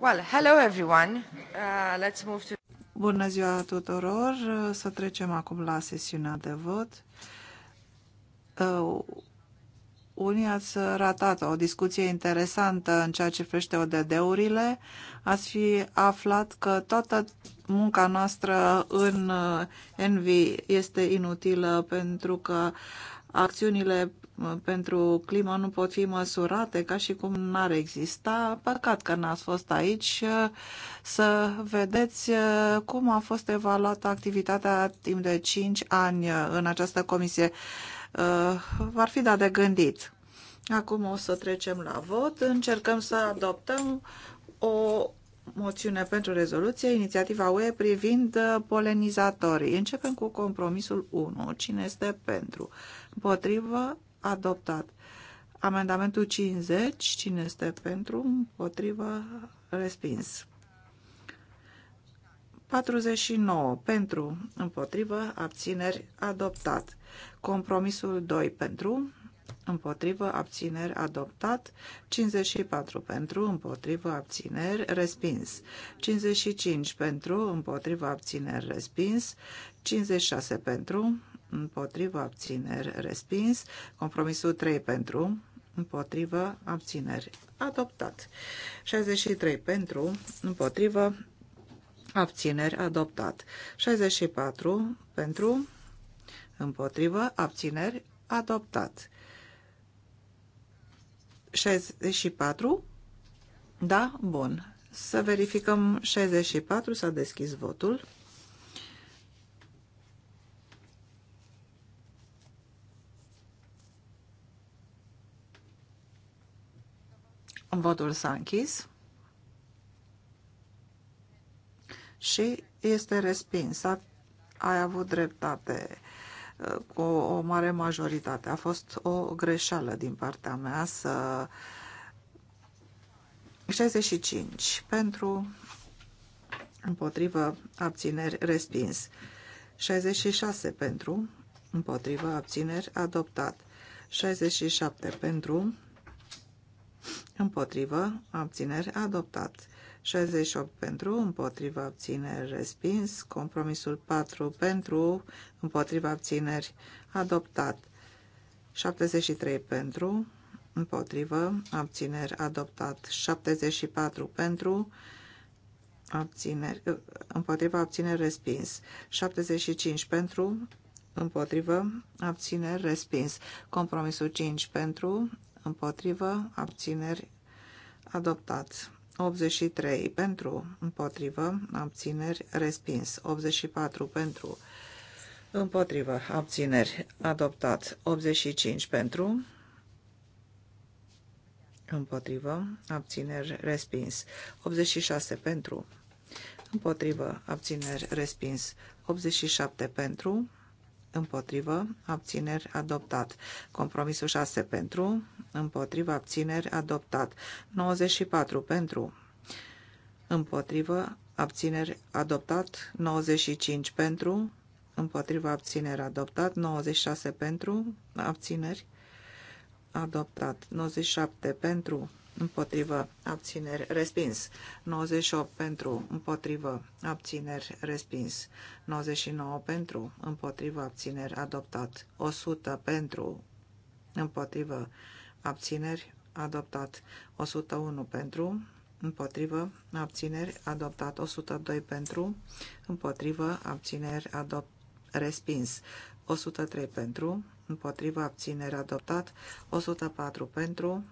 Well, hello everyone. Uh, let's move to... Bună ziua tuturor! Uh, să trecem acum la sesiunea de vot. Uh, unii ați ratat o discuție interesantă în ceea ce privește ODD-urile. Ați fi aflat că toată munca noastră în uh, Envi este inutilă pentru că acțiunile pentru climă nu pot fi măsurate ca și cum n-ar exista. Păcat că n-ați fost aici uh, să vedeți uh, cum a fost evaluată activitatea timp de 5 ani uh, în această comisie. V-ar fi dat de gândit. Acum o să trecem la vot. Încercăm să adoptăm o moțiune pentru rezoluție, inițiativa UE privind polenizatorii. Începem cu compromisul 1. Cine este pentru? Împotrivă? adoptat. Amendamentul 50, cine este pentru, împotrivă, respins. 49, pentru, împotrivă, abțineri, adoptat. Compromisul 2, pentru, împotrivă, abțineri, adoptat. 54, pentru, împotrivă, abțineri, respins. 55, pentru, împotrivă, abțineri, respins. 56, pentru, împotrivă, abțineri, respins. Compromisul 3 pentru, împotrivă, abțineri, adoptat. 63 pentru, împotrivă, abțineri, adoptat. 64 pentru, împotrivă, abțineri, adoptat. 64? Da? Bun. Să verificăm 64, s-a deschis votul. Votul s-a închis. Și este respins. A, ai avut dreptate uh, cu o mare majoritate. A fost o greșeală din partea mea să 65 pentru împotrivă abțineri respins. 66 pentru împotrivă abțineri adoptat. 67 pentru împotrivă, abțineri, adoptat. 68 pentru, împotrivă, abțineri, respins. Compromisul 4 pentru, împotrivă, abțineri, adoptat. 73 pentru, împotrivă, abțineri, adoptat. 74 pentru, abțineri, împotrivă, abțineri respins, 75 pentru, împotrivă, abțineri respins, compromisul 5 pentru, împotrivă, abțineri, adoptat. 83 pentru, împotrivă, abțineri, respins. 84 pentru, împotrivă, abțineri, adoptat. 85 pentru, împotrivă, abțineri, respins. 86 pentru, împotrivă, abțineri, respins. 87 pentru, împotrivă, abțineri, adoptat. Compromisul 6 pentru, împotrivă, abțineri, adoptat. 94 pentru, împotrivă, abțineri, adoptat. 95 pentru, împotrivă, abțineri, adoptat. 96 pentru, abțineri, adoptat. 97 pentru, împotrivă, abțineri, respins. 98 pentru, împotrivă, abțineri, respins. 99 pentru, împotrivă, abțineri, adoptat. 100 pentru, împotrivă, abțineri, adoptat. 101 pentru, împotrivă, abțineri, adoptat. 102 pentru, împotrivă, abțineri, adopt, respins. 103 pentru, împotrivă, abțineri, adoptat. 104 pentru,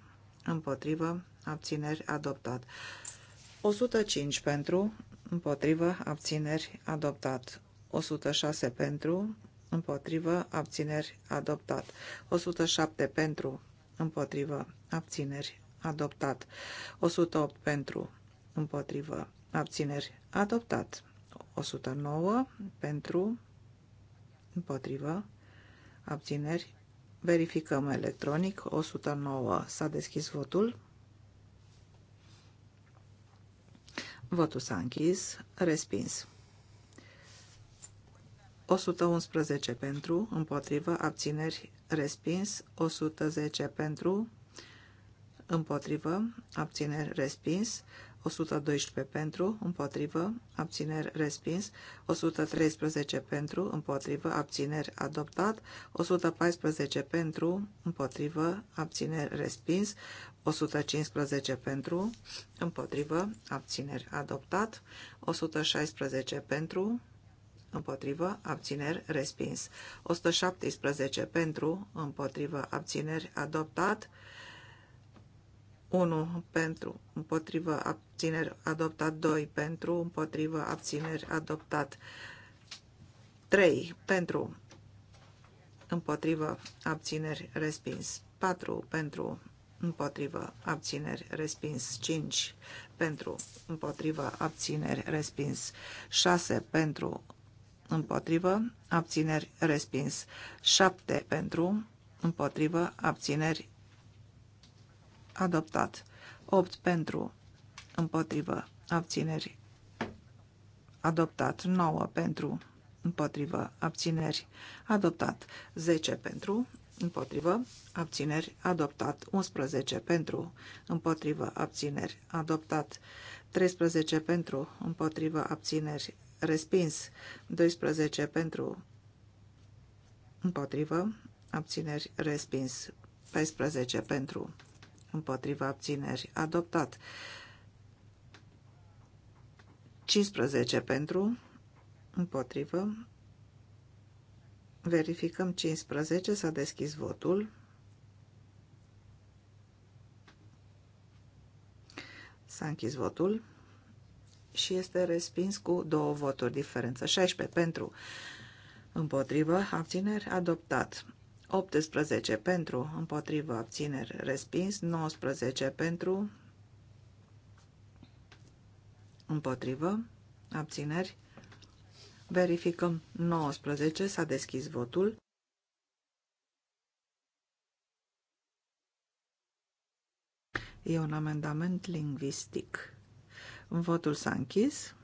împotrivă, abțineri, adoptat. 105 pentru, împotrivă, abțineri, adoptat. 106 pentru, împotrivă, abțineri, adoptat. 107 pentru, împotrivă, abțineri, adoptat. 108 pentru, împotrivă, abțineri, adoptat. 109 pentru, împotrivă, abțineri, Verificăm electronic. 109 s-a deschis votul. Votul s-a închis. Respins. 111 pentru, împotrivă, abțineri, respins. 110 pentru, împotrivă, abțineri, respins. 112 pentru, împotrivă, abțineri respins, 113 pentru, împotrivă, abțineri adoptat, 114 pentru, împotrivă, abțineri respins, 115 pentru, împotrivă, abțineri adoptat, 116 pentru, împotrivă, abțineri, respins. 117 pentru, împotrivă, abțineri, adoptat. 1 pentru, împotrivă, abțineri, adoptat 2 pentru, împotrivă, abțineri, adoptat 3 pentru, împotrivă, abțineri, respins 4 pentru, împotrivă, abțineri, respins 5 pentru, împotrivă, abțineri, respins 6 pentru, împotrivă, abțineri, respins 7 pentru, împotrivă, abțineri, adoptat. 8 pentru, împotrivă, abțineri, adoptat. 9 pentru, împotrivă, abțineri, adoptat. 10 pentru, împotrivă, abțineri, adoptat. 11 pentru, împotrivă, abțineri, adoptat. 13 pentru, împotrivă, abțineri, respins. 12 pentru, împotrivă, abțineri, respins. 14 pentru, împotriva abțineri adoptat. 15 pentru, împotrivă. Verificăm 15, s-a deschis votul. S-a închis votul și este respins cu două voturi diferență. 16 pentru, împotrivă, abțineri, adoptat. 18 pentru, împotrivă, abțineri, respins. 19 pentru, împotrivă, abțineri. Verificăm 19, s-a deschis votul. E un amendament lingvistic. Votul s-a închis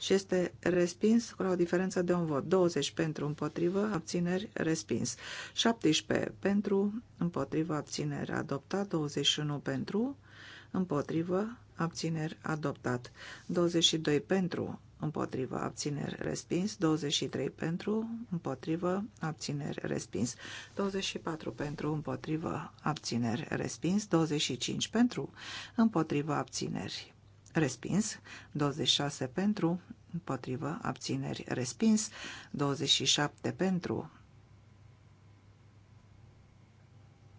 și este respins cu o diferență de un vot. 20 pentru împotrivă, abțineri, respins. 17 pentru împotrivă, abțineri, adoptat. 21 pentru împotrivă, abțineri, adoptat. 22 pentru împotrivă, abțineri, respins, 23 pentru, împotrivă, abțineri, respins, 24 pentru, împotrivă, abțineri, respins, 25 pentru, împotrivă, abțineri, respins, 26 pentru, împotrivă, abțineri, respins, 27 pentru,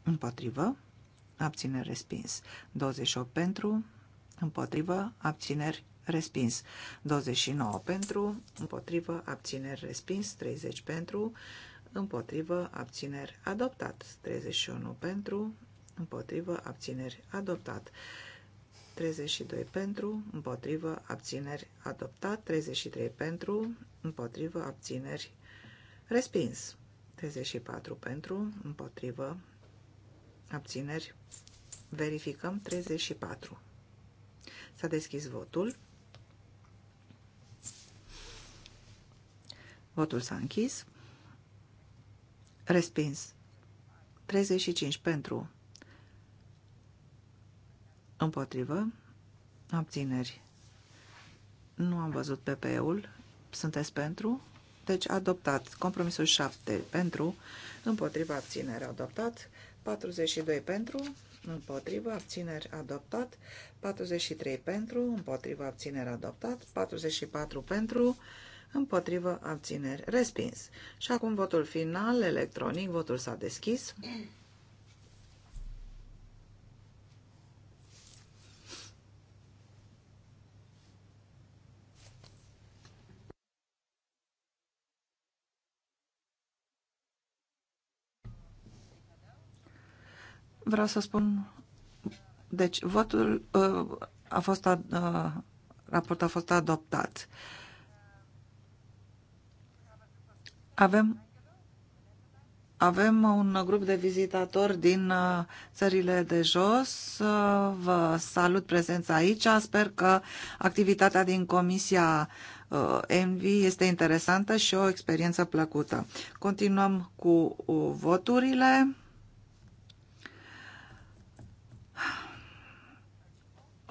împotrivă, abțineri, respins, 28 pentru, împotrivă, abțineri, respins, 29 pentru, împotrivă, abțineri, respins, 30 pentru, împotrivă, abțineri, adoptat, 31 pentru, împotrivă, abțineri, adoptat, 32 pentru, împotrivă, abțineri, adoptat. 33 pentru, împotrivă, abțineri, respins. 34 pentru, împotrivă, abțineri, verificăm 34. S-a deschis votul. Votul s-a închis. Respins. 35 pentru, Împotrivă. Abțineri. Nu am văzut PP-ul. Sunteți pentru? Deci adoptat. Compromisul 7 pentru. Împotrivă abțineri adoptat. 42 pentru. Împotrivă abțineri adoptat. 43 pentru. Împotrivă abțineri adoptat. 44 pentru. Împotrivă abțineri respins. Și acum votul final electronic. Votul s-a deschis. Vreau să spun, deci votul uh, a fost, ad, uh, raportul a fost adoptat. Avem avem un grup de vizitatori din uh, țările de jos. Vă salut prezența aici. Sper că activitatea din Comisia Envi este interesantă și o experiență plăcută. Continuăm cu voturile.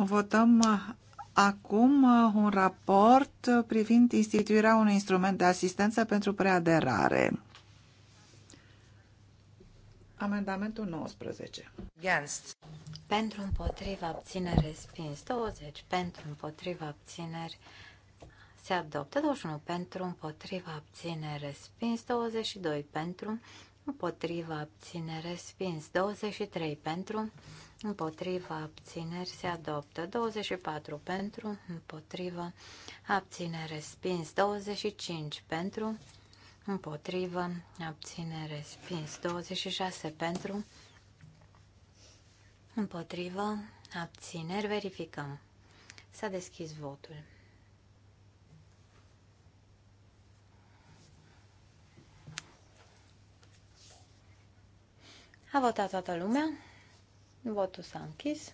Votăm uh, acum uh, un raport uh, privind instituirea unui instrument de asistență pentru preaderare. Amendamentul 19. Against. Pentru împotriva abțineri respins. 20. Pentru împotriva abțineri se adoptă. 21. Pentru împotriva abțineri respins. 22. Pentru împotriva abțineri respins. 23. Pentru împotriva, abțineri se adoptă. 24 pentru, împotriva, abținere respins. 25 pentru, împotriva abținere respins. 26 pentru, împotriva abțineri verificăm. S-a deschis votul. A votat toată lumea? Votul s-a închis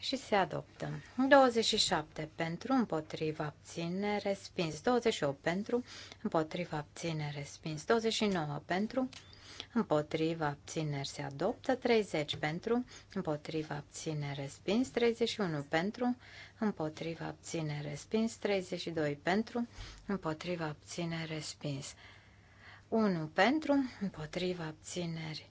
și se adoptă. 27 pentru, împotriva, abține, respins. 28 pentru, împotriva, abține, respins. 29 pentru, împotriva, abțineri, se adoptă. 30 pentru, împotriva, abține, respins. 31 pentru, împotriva, abține, respins. 32 pentru, împotriva, abține, respins. 1 pentru, împotriva, abțineri,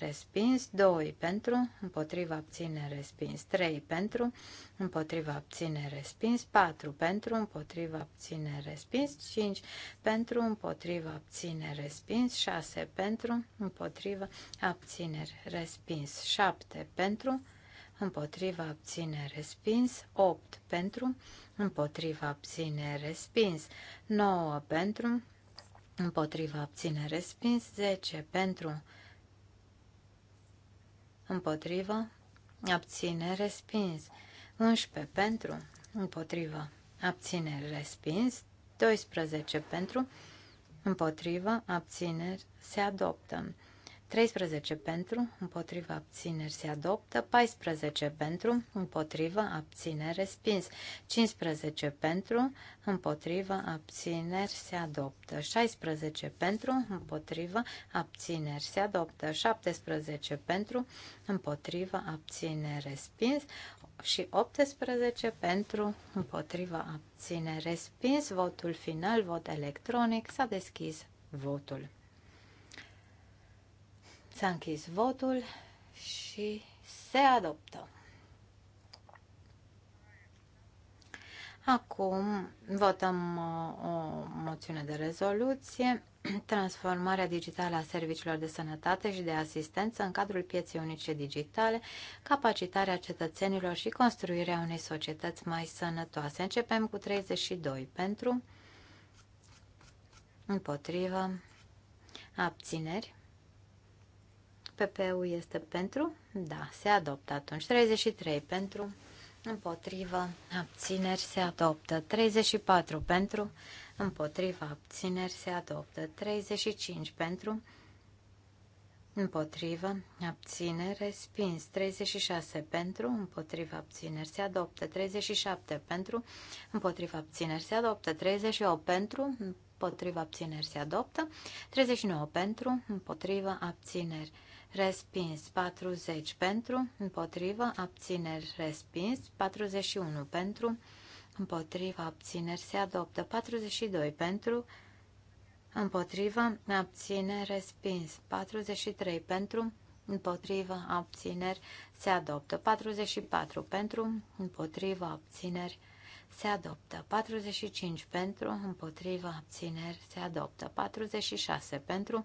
respins, 2 pentru, împotriva abține respins, 3 pentru, împotriva abține respins, 4 pentru, împotriva abține respins, 5 pentru, împotriva abține respins, 6 pentru, împotriva abține respins, 7 pentru, împotriva abține respins, 8 pentru, împotriva abține respins, 9 pentru, împotriva abține respins, 10 pentru, împotrivă, Abține, respins. 11 pentru, împotrivă, Abține, respins. 12 pentru, împotrivă, abțineri, se adoptă. 13 pentru, împotriva abțineri se adoptă, 14 pentru, împotriva abțineri respins, 15 pentru, împotriva abțineri se adoptă, 16 pentru, împotriva abțineri se adoptă, 17 pentru, împotriva abțineri respins și 18 pentru, împotriva abțineri respins, votul final, vot electronic, s-a deschis votul. S-a închis votul și se adoptă. Acum votăm uh, o moțiune de rezoluție, transformarea digitală a serviciilor de sănătate și de asistență în cadrul pieței unice digitale, capacitarea cetățenilor și construirea unei societăți mai sănătoase. Începem cu 32 pentru, împotrivă, abțineri, PP-ul este pentru? Da, se adoptă atunci. 33 pentru, împotrivă, abțineri se adoptă. 34 pentru, împotrivă, abțineri se adoptă. 35 pentru, Împotrivă, abțineri, respins. 36 pentru, împotrivă, abțineri, se adoptă. 37 pentru, împotrivă, abțineri, se adoptă. 38 pentru, împotrivă, abțineri, se adoptă. 39 pentru, împotrivă, abțineri, respins 40 pentru, împotrivă, abțineri, respins 41 pentru, împotrivă, abțineri, se adoptă 42 pentru, împotrivă, abțineri, respins 43 pentru, împotrivă, abțineri, se adoptă 44 pentru, împotrivă, abțineri, se adoptă 45 pentru, împotrivă, abțineri, se adoptă 46 pentru, împotrivă,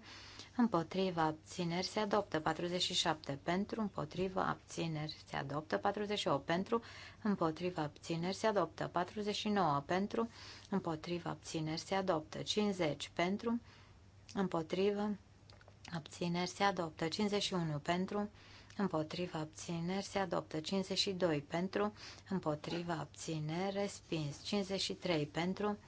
împotriva abțineri se adoptă 47 pentru, împotriva abțineri se adoptă 48 pentru, împotriva abțineri se adoptă 49 pentru, împotriva abțineri se adoptă 50 pentru, împotriva abțineri se adoptă 51 pentru, împotriva abțineri se adoptă 52 pentru, împotriva abțineri respins 53 pentru,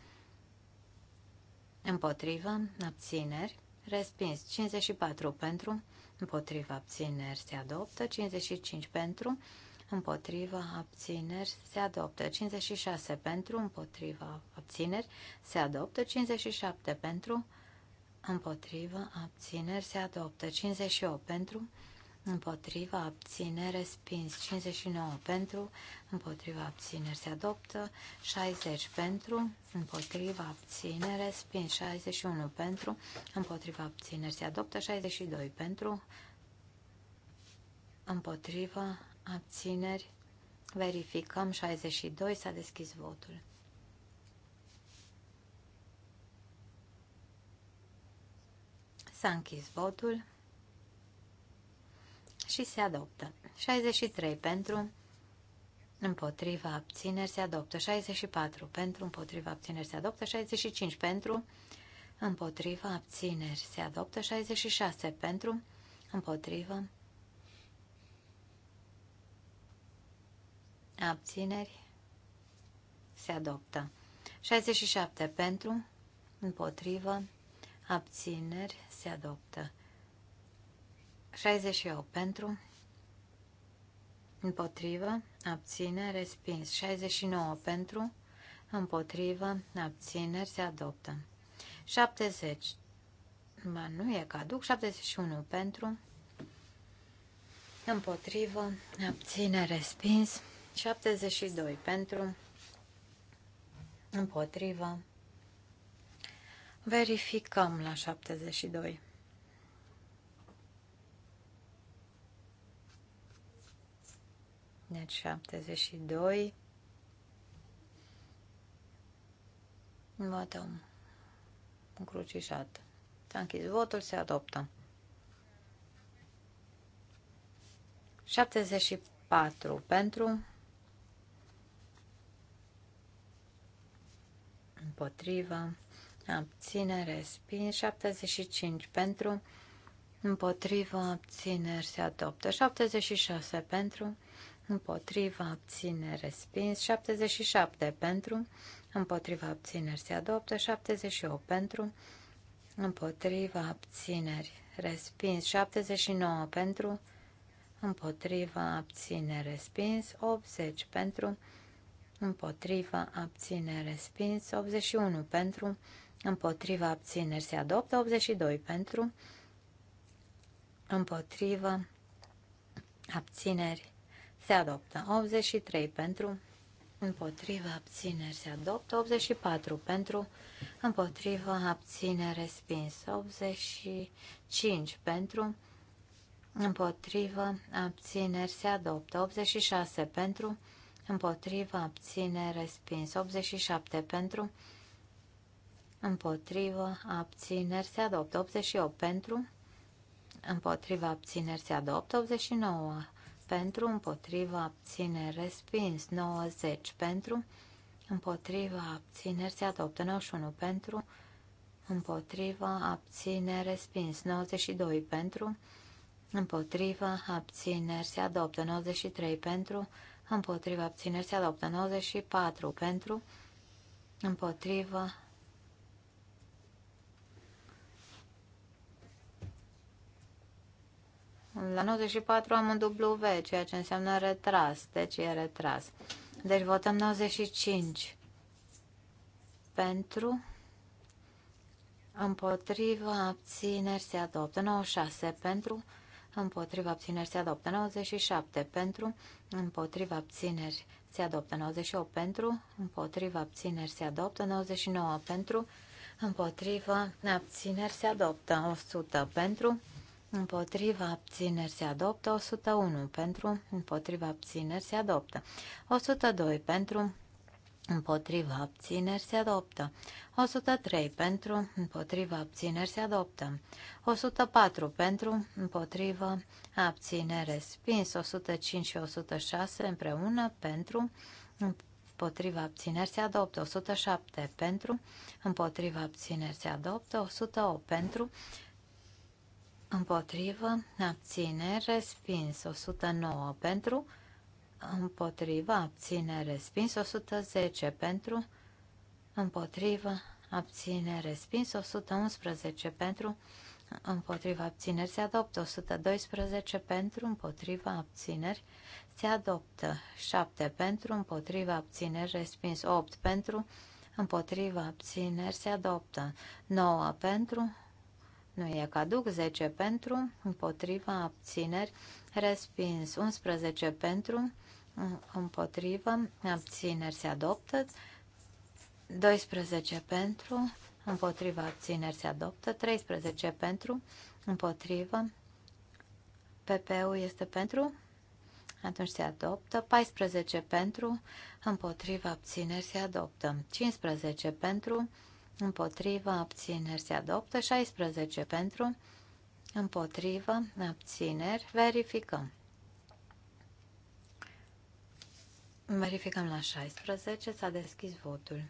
împotriva abțineri Respins. 54 pentru. Împotriva abțineri se adoptă. 55 pentru. Împotriva abțineri se adoptă. 56 pentru. Împotriva abțineri se adoptă. 57 pentru. Împotriva abțineri se adoptă. 58 pentru împotriva abțineri respins. 59 pentru, împotriva abțineri se adoptă. 60 pentru, împotriva abțineri respins. 61 pentru, împotriva abțineri se adoptă. 62 pentru, împotriva abțineri. Verificăm 62, s-a deschis votul. S-a închis votul și se adoptă. 63 pentru, împotriva abțineri se adoptă. 64 pentru, împotriva abțineri se adoptă. 65 pentru, împotriva abțineri se adoptă. 66 pentru, împotriva abțineri se adoptă. 67 pentru, împotriva abțineri se adoptă. 68 pentru, împotrivă, abține, respins. 69 pentru, împotrivă, abțineri, se adoptă. 70, mă, nu e caduc, 71 pentru, împotrivă, abține, respins. 72 pentru, împotrivă. Verificăm la 72. net deci, 72. Votăm încrucișat. S-a închis votul, se adoptă. 74 pentru, împotrivă, abținere, respins, 75 pentru, împotrivă, abțineri, se adoptă, 76 pentru, împotriva abțineri respins, 77 pentru, împotriva abțineri se adoptă, 78 pentru, împotriva abțineri respins, 79 pentru, împotriva abțineri respins, 80 pentru, împotriva abțineri respins, 81 pentru, împotriva abțineri se adoptă, 82 pentru, împotriva abțineri se adoptă. 83 pentru, împotriva, abțineri, se adoptă. 84 pentru, împotriva, abțineri, respins. 85 pentru, împotriva, abțineri, se adoptă. 86 pentru, împotriva, abțineri, respins. 87 pentru, împotriva, abțineri, se adoptă. 88 pentru, împotriva, abțineri, se adoptă. 89 pentru, împotriva, abține, respins. 90 pentru, împotriva, abțineri, se adoptă. 91 pentru, împotriva, abține, respins. 92 pentru, împotriva, abțineri, se adoptă. 93 pentru, împotriva, abțineri, se adoptă. 94 pentru, împotriva, La 94 am un W, ceea ce înseamnă retras, deci e retras. Deci votăm 95 pentru, împotriva, abțineri se adoptă, 96 pentru, împotriva, abțineri se adoptă, 97 pentru, împotriva, abțineri se adoptă, 98 pentru, împotriva, abțineri se adoptă, 99 pentru, împotriva, abțineri se adoptă, 100 pentru, Împotriva abțineri se adoptă 101 pentru, împotriva abțineri se adoptă 102 pentru, împotriva abțineri se adoptă 103 pentru, împotriva abțineri se adoptă 104 pentru, împotriva abțineri respins 105 și 106 împreună pentru, împotriva abțineri se adoptă 107 pentru, împotriva abțineri se adoptă 108 pentru, împotrivă, abține, respins. 109 pentru, împotrivă, abține, respins. 110 pentru, împotrivă, abține, respins. 111 pentru, împotriva abțineri se adoptă 112 pentru împotriva abțineri se adoptă 7 pentru împotriva abțineri respins 8 pentru împotriva abțineri se adoptă 9 pentru nu e caduc, 10 pentru, împotriva, abțineri, respins, 11 pentru, împotriva, abțineri se adoptă, 12 pentru, împotriva, abțineri se adoptă, 13 pentru, împotriva, PP-ul este pentru, atunci se adoptă, 14 pentru, împotriva, abțineri se adoptă, 15 pentru, împotrivă, abțineri se adoptă, 16 pentru, împotrivă, abțineri, verificăm. Verificăm la 16, s-a deschis votul.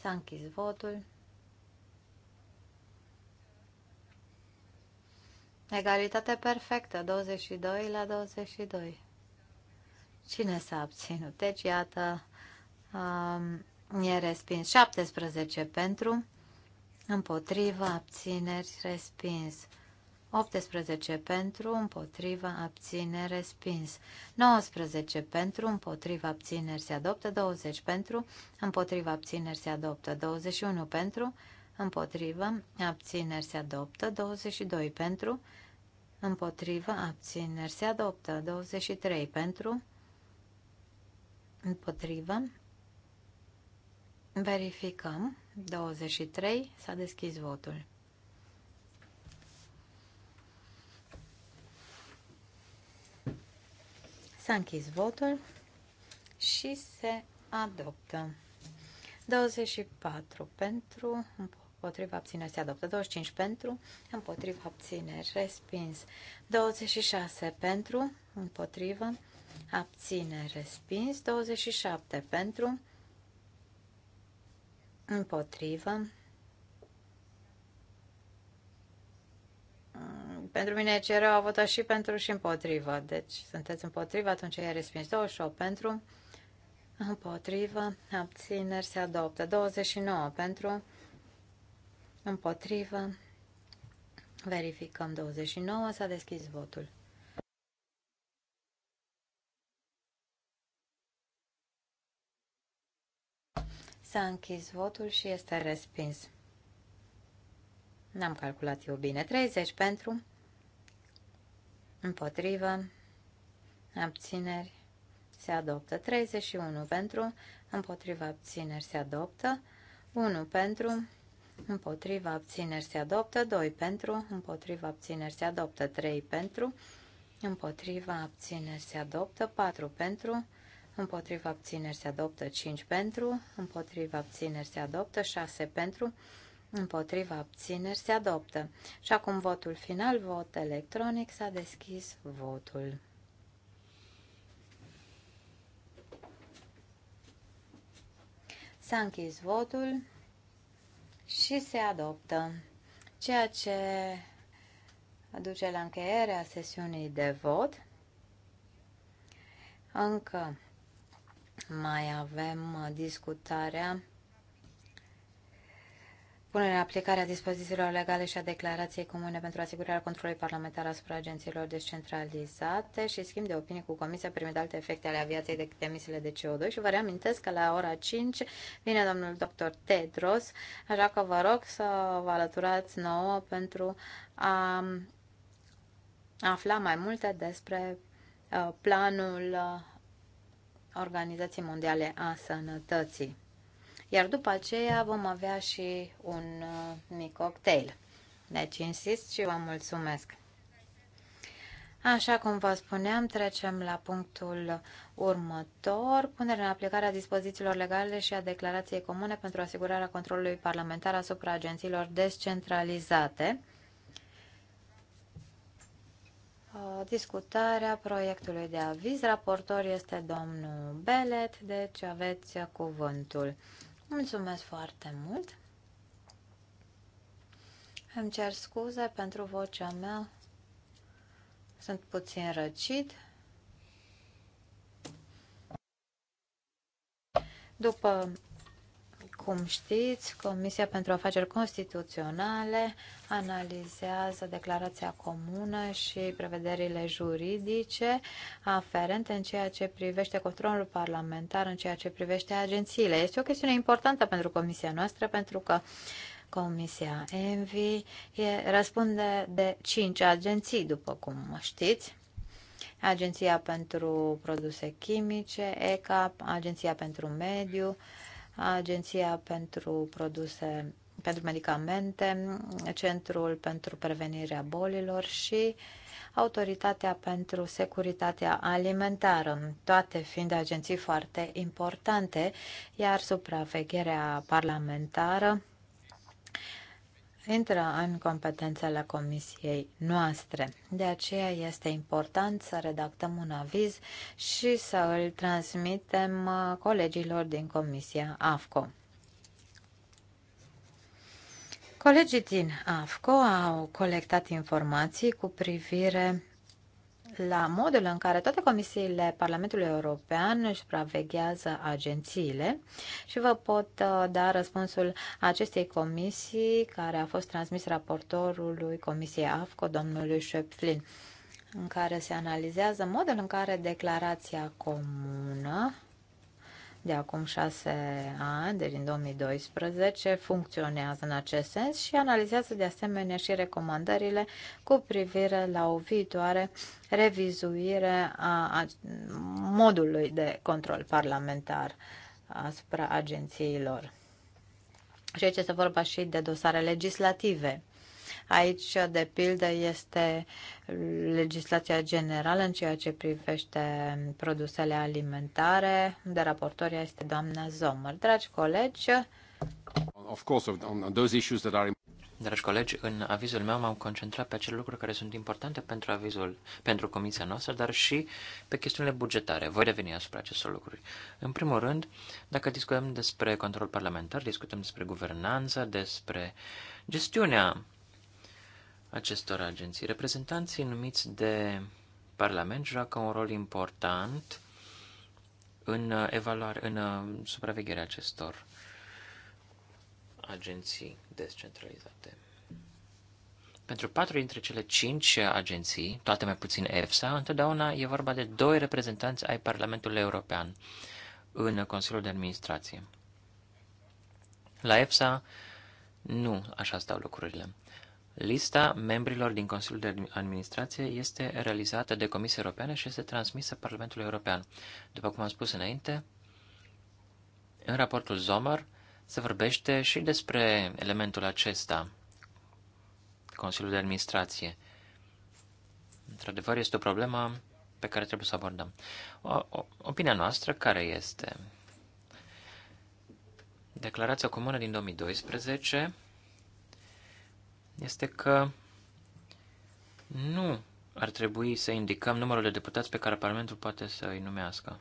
S-a închis votul. Egalitate perfectă, 22 la 22. Cine s-a abținut? Deci, iată, um, e respins 17 pentru, împotriva, abțineri, respins. 18 pentru, împotriva, abține, respins. 19 pentru, împotriva, abțineri, se adoptă. 20 pentru, împotriva, abțineri, se adoptă. 21 pentru, împotriva, abțineri, se adoptă. 22 pentru, împotriva, abțineri, se adoptă. 23 pentru, împotrivă. Verificăm. 23. S-a deschis votul. S-a închis votul și se adoptă. 24 pentru, împotriva abțineri se adoptă. 25 pentru, împotriva abțineri respins. 26 pentru, împotriva abține, respins. 27 pentru, împotrivă. Pentru mine ce rău a votat și pentru și împotrivă. Deci sunteți împotrivă, atunci e respins. 28 pentru, împotrivă, abțineri se adoptă. 29 pentru, împotrivă, verificăm 29, s-a deschis votul. S-a închis votul și este respins. N-am calculat eu bine. 30 pentru, împotrivă, abțineri, se adoptă. 31 pentru, împotriva abțineri, se adoptă. 1 pentru, împotriva abțineri, se adoptă. 2 pentru, împotriva abțineri, se adoptă. 3 pentru, împotriva abțineri, se adoptă. 4 pentru, împotriva abțineri se adoptă 5 pentru, împotriva abțineri se adoptă 6 pentru, împotriva abțineri se adoptă. Și acum votul final, vot electronic, s-a deschis votul. S-a închis votul și se adoptă, ceea ce aduce la încheierea sesiunii de vot. Încă mai avem uh, discutarea punerea aplicarea aplicare a dispozițiilor legale și a declarației comune pentru asigurarea controlului parlamentar asupra agențiilor descentralizate și schimb de opinie cu Comisia primind alte efecte ale aviației decât emisiile de CO2 și vă reamintesc că la ora 5 vine domnul dr. Tedros, așa că vă rog să vă alăturați nouă pentru a afla mai multe despre uh, planul uh, Organizației Mondiale a Sănătății. Iar după aceea vom avea și un uh, mic cocktail. Deci insist și vă mulțumesc. Așa cum vă spuneam, trecem la punctul următor, punerea în aplicare a dispozițiilor legale și a declarației comune pentru asigurarea controlului parlamentar asupra agențiilor descentralizate. Uh, discutarea proiectului de aviz. Raportor este domnul Belet, deci aveți cuvântul. Mulțumesc foarte mult! Îmi cer scuze pentru vocea mea. Sunt puțin răcit. După cum știți, Comisia pentru Afaceri Constituționale analizează declarația comună și prevederile juridice aferente în ceea ce privește controlul parlamentar, în ceea ce privește agențiile. Este o chestiune importantă pentru Comisia noastră, pentru că Comisia ENVI e, răspunde de cinci agenții, după cum știți. Agenția pentru Produse Chimice, ECA, Agenția pentru Mediu, uh, Agenția pentru Produse pentru Medicamente, Centrul pentru Prevenirea Bolilor și Autoritatea pentru Securitatea Alimentară, toate fiind agenții foarte importante, iar supravegherea parlamentară intră în competențele comisiei noastre. De aceea este important să redactăm un aviz și să îl transmitem uh, colegilor din Comisia AFCO. Colegii din AFCO au colectat informații cu privire la modul în care toate comisiile Parlamentului European își supraveghează agențiile și vă pot uh, da răspunsul acestei comisii care a fost transmis raportorului Comisiei AFCO, domnului Flynn, în care se analizează modul în care declarația comună de acum șase ani, deci din 2012, funcționează în acest sens și analizează de asemenea și recomandările cu privire la o viitoare revizuire a modului de control parlamentar asupra agențiilor. Și aici este vorba și de dosare legislative. Aici, de pildă, este legislația generală în ceea ce privește produsele alimentare, de raportoria este doamna Zomăr. Dragi colegi, Of course, on those issues that are Dragi colegi, în avizul meu m-am concentrat pe acele lucruri care sunt importante pentru avizul, pentru comisia noastră, dar și pe chestiunile bugetare. Voi reveni asupra acestor lucruri. În primul rând, dacă discutăm despre control parlamentar, discutăm despre guvernanță, despre gestiunea acestor agenții. Reprezentanții numiți de Parlament joacă un rol important în uh, evaluare, în uh, supravegherea acestor agenții descentralizate. Pentru patru dintre cele cinci agenții, toate mai puțin EFSA, întotdeauna e vorba de doi reprezentanți ai Parlamentului European în Consiliul de Administrație. La EFSA nu așa stau lucrurile. Lista membrilor din Consiliul de Administrație este realizată de Comisia Europeană și este transmisă Parlamentului European. După cum am spus înainte, în raportul Zomar se vorbește și despre elementul acesta, Consiliul de Administrație. Într-adevăr, este o problemă pe care trebuie să abordăm. O, o, opinia noastră care este? Declarația comună din 2012 este că nu ar trebui să indicăm numărul de deputați pe care Parlamentul poate să îi numească.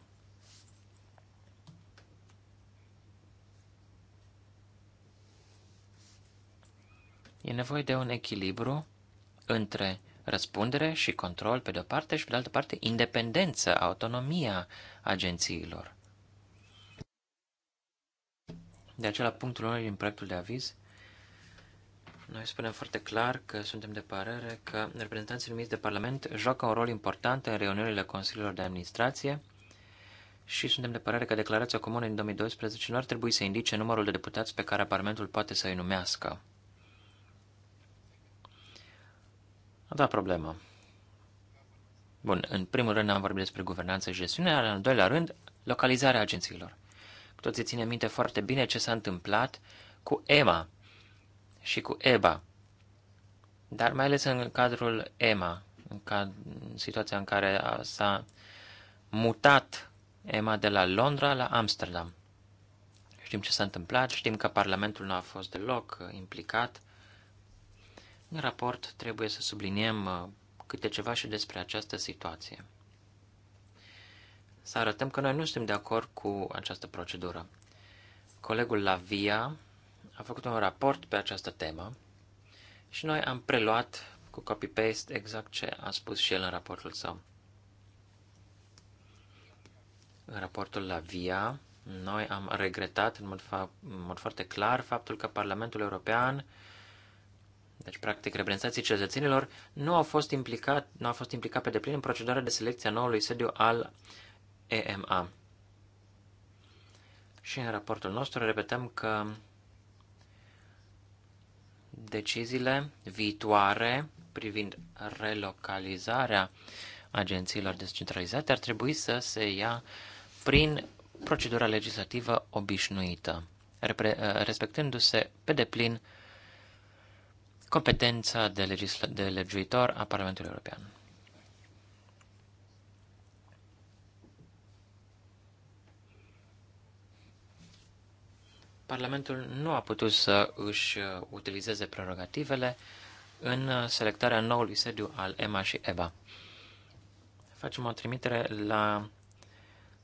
E nevoie de un echilibru între răspundere și control pe de-o parte și pe de altă parte independență, autonomia agențiilor. De acela punctul 1 din proiectul de aviz noi spunem foarte clar că suntem de părere că reprezentanții numiți de Parlament joacă un rol important în reuniunile Consiliilor de Administrație și suntem de părere că declarația comună din 2012 nu ar trebui să indice numărul de deputați pe care Parlamentul poate să-i numească. Da, problemă. Bun, în primul rând am vorbit despre guvernanță și gestiune, iar în al doilea rând, localizarea agențiilor. Toți ține minte foarte bine ce s-a întâmplat cu EMA, și cu EBA, dar mai ales în cadrul EMA, în cad- situația în care s-a mutat EMA de la Londra la Amsterdam. Știm ce s-a întâmplat, știm că Parlamentul nu a fost deloc uh, implicat. În raport trebuie să subliniem uh, câte ceva și despre această situație. Să arătăm că noi nu suntem de acord cu această procedură. Colegul Lavia a făcut un raport pe această temă și noi am preluat cu copy-paste exact ce a spus și el în raportul său. În raportul la VIA, noi am regretat în mod, fa- în mod foarte clar faptul că Parlamentul European, deci practic reprezentanții cetățenilor, nu au fost implicat, nu au fost implicat pe deplin în procedura de selecție a noului sediu al EMA. Și în raportul nostru repetăm că deciziile viitoare privind relocalizarea agențiilor descentralizate ar trebui să se ia prin procedura legislativă obișnuită, uh, respectându-se pe deplin competența de, legisla- de legiuitor a Parlamentului European. Parlamentul nu a putut să își uh, utilizeze prerogativele în uh, selectarea noului sediu al EMA și EBA. Facem o trimitere la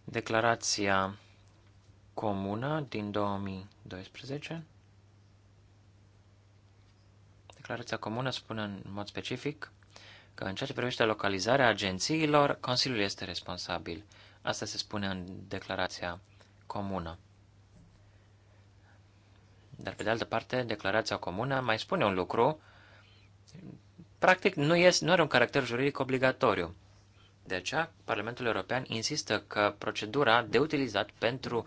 declarația comună din 2012. Declarația comună spune în mod specific că în ceea ce privește localizarea agențiilor, Consiliul este responsabil. Asta se spune în declarația comună. Dar, pe de altă parte, declarația comună mai spune un lucru. Practic, nu, este, nu are un caracter juridic obligatoriu. De aceea, Parlamentul European insistă că procedura de utilizat pentru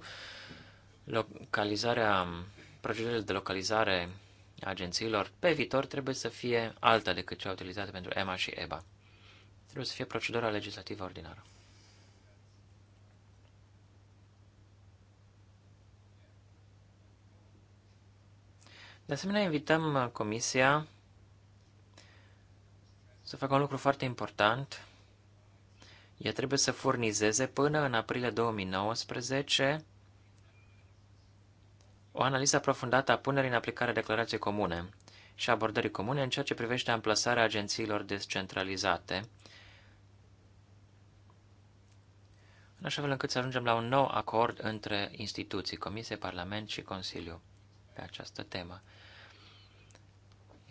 localizarea, procedurile de localizare a agențiilor pe viitor trebuie să fie alta decât cea utilizată pentru EMA și EBA. Trebuie să fie procedura legislativă ordinară. De asemenea, invităm uh, Comisia să facă un lucru foarte important. Ea trebuie să furnizeze până în aprilie 2019 o analiză aprofundată a punerii în aplicare declarației comune și abordării comune în ceea ce privește amplasarea agențiilor descentralizate, în așa fel încât să ajungem la un nou acord între instituții, Comisie, Parlament și Consiliu pe această temă.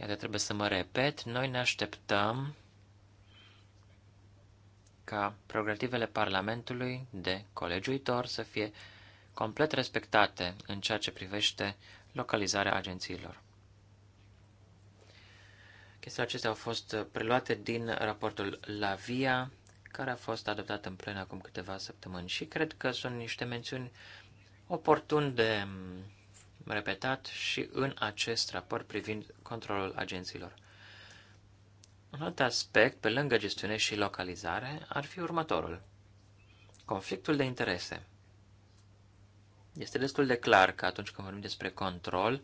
Iată, trebuie să mă repet, noi ne așteptăm ca progrativele Parlamentului de colegiuitor să fie complet respectate în ceea ce privește localizarea agențiilor. Chestiile acestea au fost preluate din raportul Lavia, care a fost adoptat în plen acum câteva săptămâni și cred că sunt niște mențiuni oportun de repetat și în acest raport privind controlul agențiilor. Un alt aspect, pe lângă gestiune și localizare, ar fi următorul. Conflictul de interese. Este destul de clar că atunci când vorbim despre control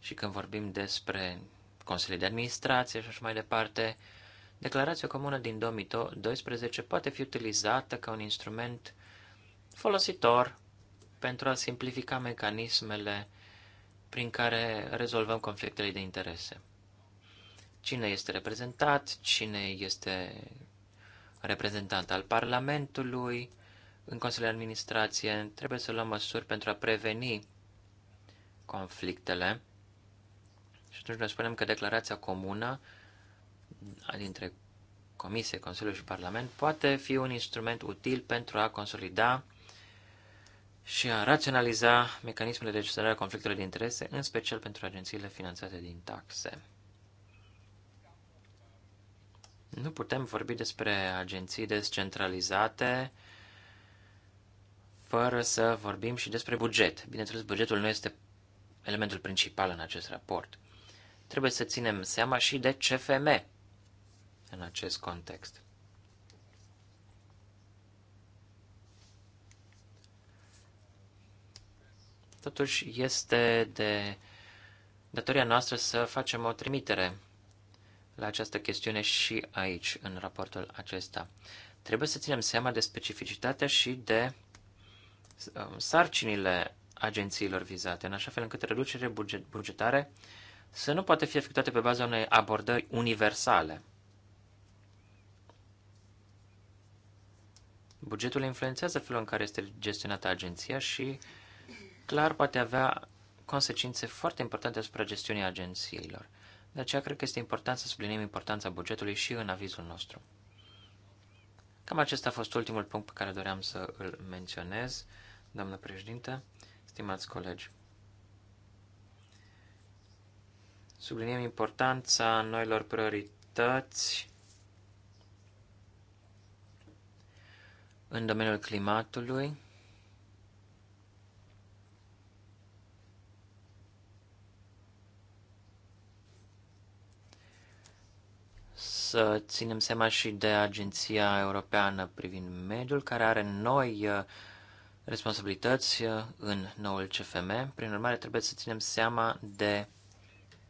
și când vorbim despre Consilii de Administrație și așa mai departe, declarația comună din 2012 poate fi utilizată ca un instrument folositor pentru a simplifica mecanismele prin care rezolvăm conflictele de interese. Cine este reprezentat, cine este reprezentant al Parlamentului, în Consiliul de Administrație, trebuie să luăm măsuri pentru a preveni conflictele. Și atunci noi spunem că declarația comună dintre Comisie, Consiliu și Parlament poate fi un instrument util pentru a consolida și a raționaliza mecanismele de gestionare a conflictelor de interese, în special pentru agențiile finanțate din taxe. Nu putem vorbi despre agenții descentralizate fără să vorbim și despre buget. Bineînțeles, bugetul nu este elementul principal în acest raport. Trebuie să ținem seama și de CFM în acest context. Totuși, este de datoria noastră să facem o trimitere la această chestiune și aici, în raportul acesta. Trebuie să ținem seama de specificitatea și de um, sarcinile agențiilor vizate, în așa fel încât reducere bugetare să nu poate fi efectuate pe baza unei abordări universale. Bugetul influențează felul în care este gestionată agenția și clar poate avea consecințe foarte importante asupra gestiunii agențiilor. De aceea cred că este important să subliniem importanța bugetului și în avizul nostru. Cam acesta a fost ultimul punct pe care doream să îl menționez, doamnă președinte, stimați colegi. Subliniem importanța noilor priorități în domeniul climatului, să ținem seama și de Agenția Europeană privind mediul, care are noi uh, responsabilități uh, în noul CFM. Prin urmare, trebuie să ținem seama de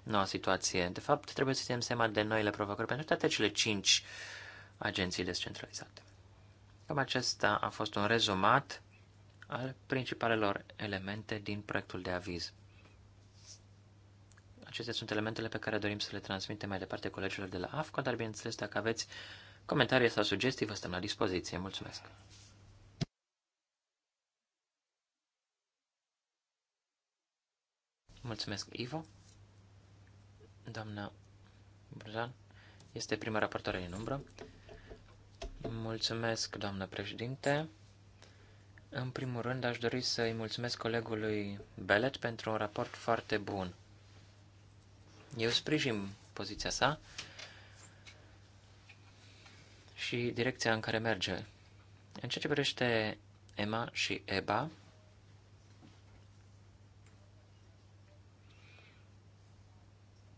noua situație. De fapt, trebuie să ținem seama de noile provocări pentru toate cele cinci agenții descentralizate. Cam acesta a fost un rezumat al principalelor elemente din proiectul de aviz. Acestea sunt elementele pe care dorim să le transmitem mai departe colegilor de la AFCO, dar bineînțeles, dacă aveți comentarii sau sugestii, vă stăm la dispoziție. Mulțumesc! Mulțumesc, Ivo. Doamna Brzan este prima raportoare din umbră. Mulțumesc, doamnă președinte. În primul rând, aș dori să-i mulțumesc colegului Belet pentru un raport foarte bun. Eu sprijin poziția sa și direcția în care merge. În ceea ce privește Emma și Eba,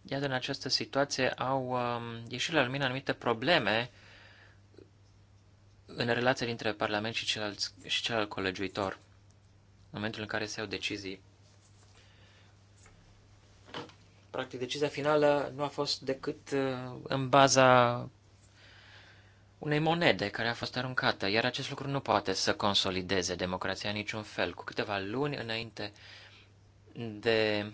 iată, în această situație au um, ieșit la lumină anumite probleme în relația dintre Parlament și, celălalt, și celălalt colegiuitor, în momentul în care se iau decizii Practic, decizia finală nu a fost decât uh, în baza unei monede care a fost aruncată, iar acest lucru nu poate să consolideze democrația niciun fel. Cu câteva luni înainte de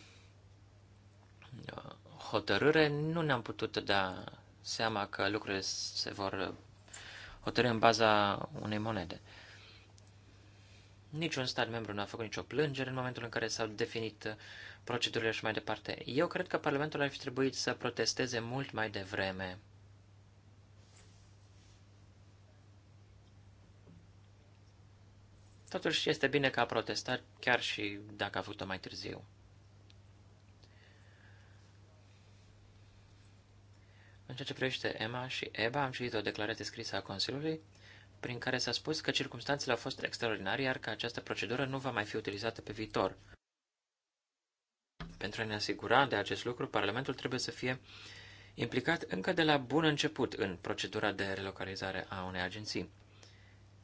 uh, hotărâre, nu ne-am putut da seama că lucrurile se vor hotărâ în baza unei monede. Niciun stat membru nu a făcut nicio plângere în momentul în care s-au definit procedurile și mai departe. Eu cred că Parlamentul ar fi trebuit să protesteze mult mai devreme. Totuși este bine că a protestat, chiar și dacă a făcut-o mai târziu. În ceea ce privește Emma și Eba, am citit o declarație scrisă a Consiliului prin care s-a spus că circumstanțele au fost extraordinare, iar că această procedură nu va mai fi utilizată pe viitor. Pentru a ne asigura de acest lucru, Parlamentul trebuie să fie implicat încă de la bun început în procedura de relocalizare a unei agenții.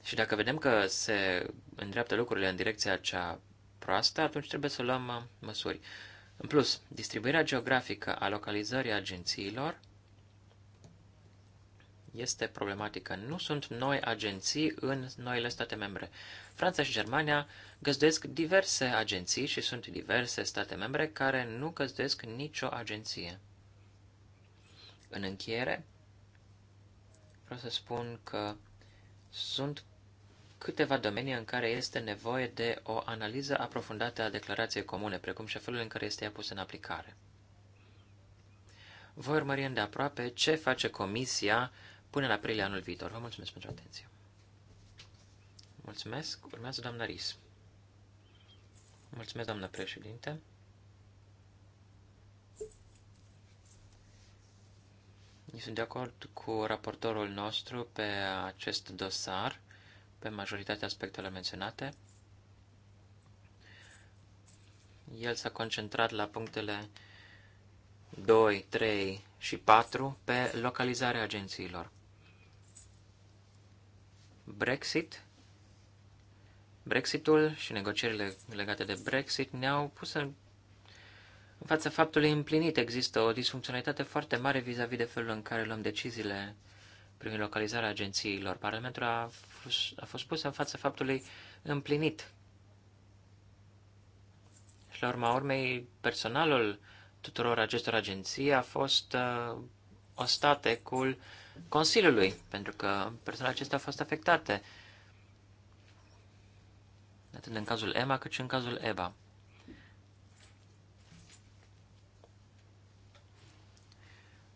Și dacă vedem că se îndreaptă lucrurile în direcția cea proastă, atunci trebuie să luăm uh, măsuri. În plus, distribuirea geografică a localizării agențiilor este problematică. Nu sunt noi agenții în noile state membre. Franța și Germania găzduiesc diverse agenții și sunt diverse state membre care nu găzduiesc nicio agenție. În încheiere, vreau să spun că sunt câteva domenii în care este nevoie de o analiză aprofundată a declarației comune, precum și felul în care este ea pusă în aplicare. Voi urmări îndeaproape ce face Comisia până la aprilie anul viitor. Vă mulțumesc pentru atenție. Mulțumesc. Urmează doamna Ris. Mulțumesc, doamna președinte. Eu sunt de acord cu raportorul nostru pe acest dosar, pe majoritatea aspectelor menționate. El s-a concentrat la punctele 2, 3 și 4 pe localizarea agențiilor. Brexit. Brexitul și negocierile legate de Brexit ne-au pus în, în fața faptului împlinit. Există o disfuncționalitate foarte mare vis-a-vis -vis de felul în care luăm deciziile privind localizarea agențiilor. Parlamentul a fost, a fost pus în fața faptului împlinit. Și la urma urmei, personalul tuturor acestor agenții a fost uh, ostatecul Consiliului, pentru că persoanele acestea au fost afectate, atât în cazul Emma, cât și în cazul Eva,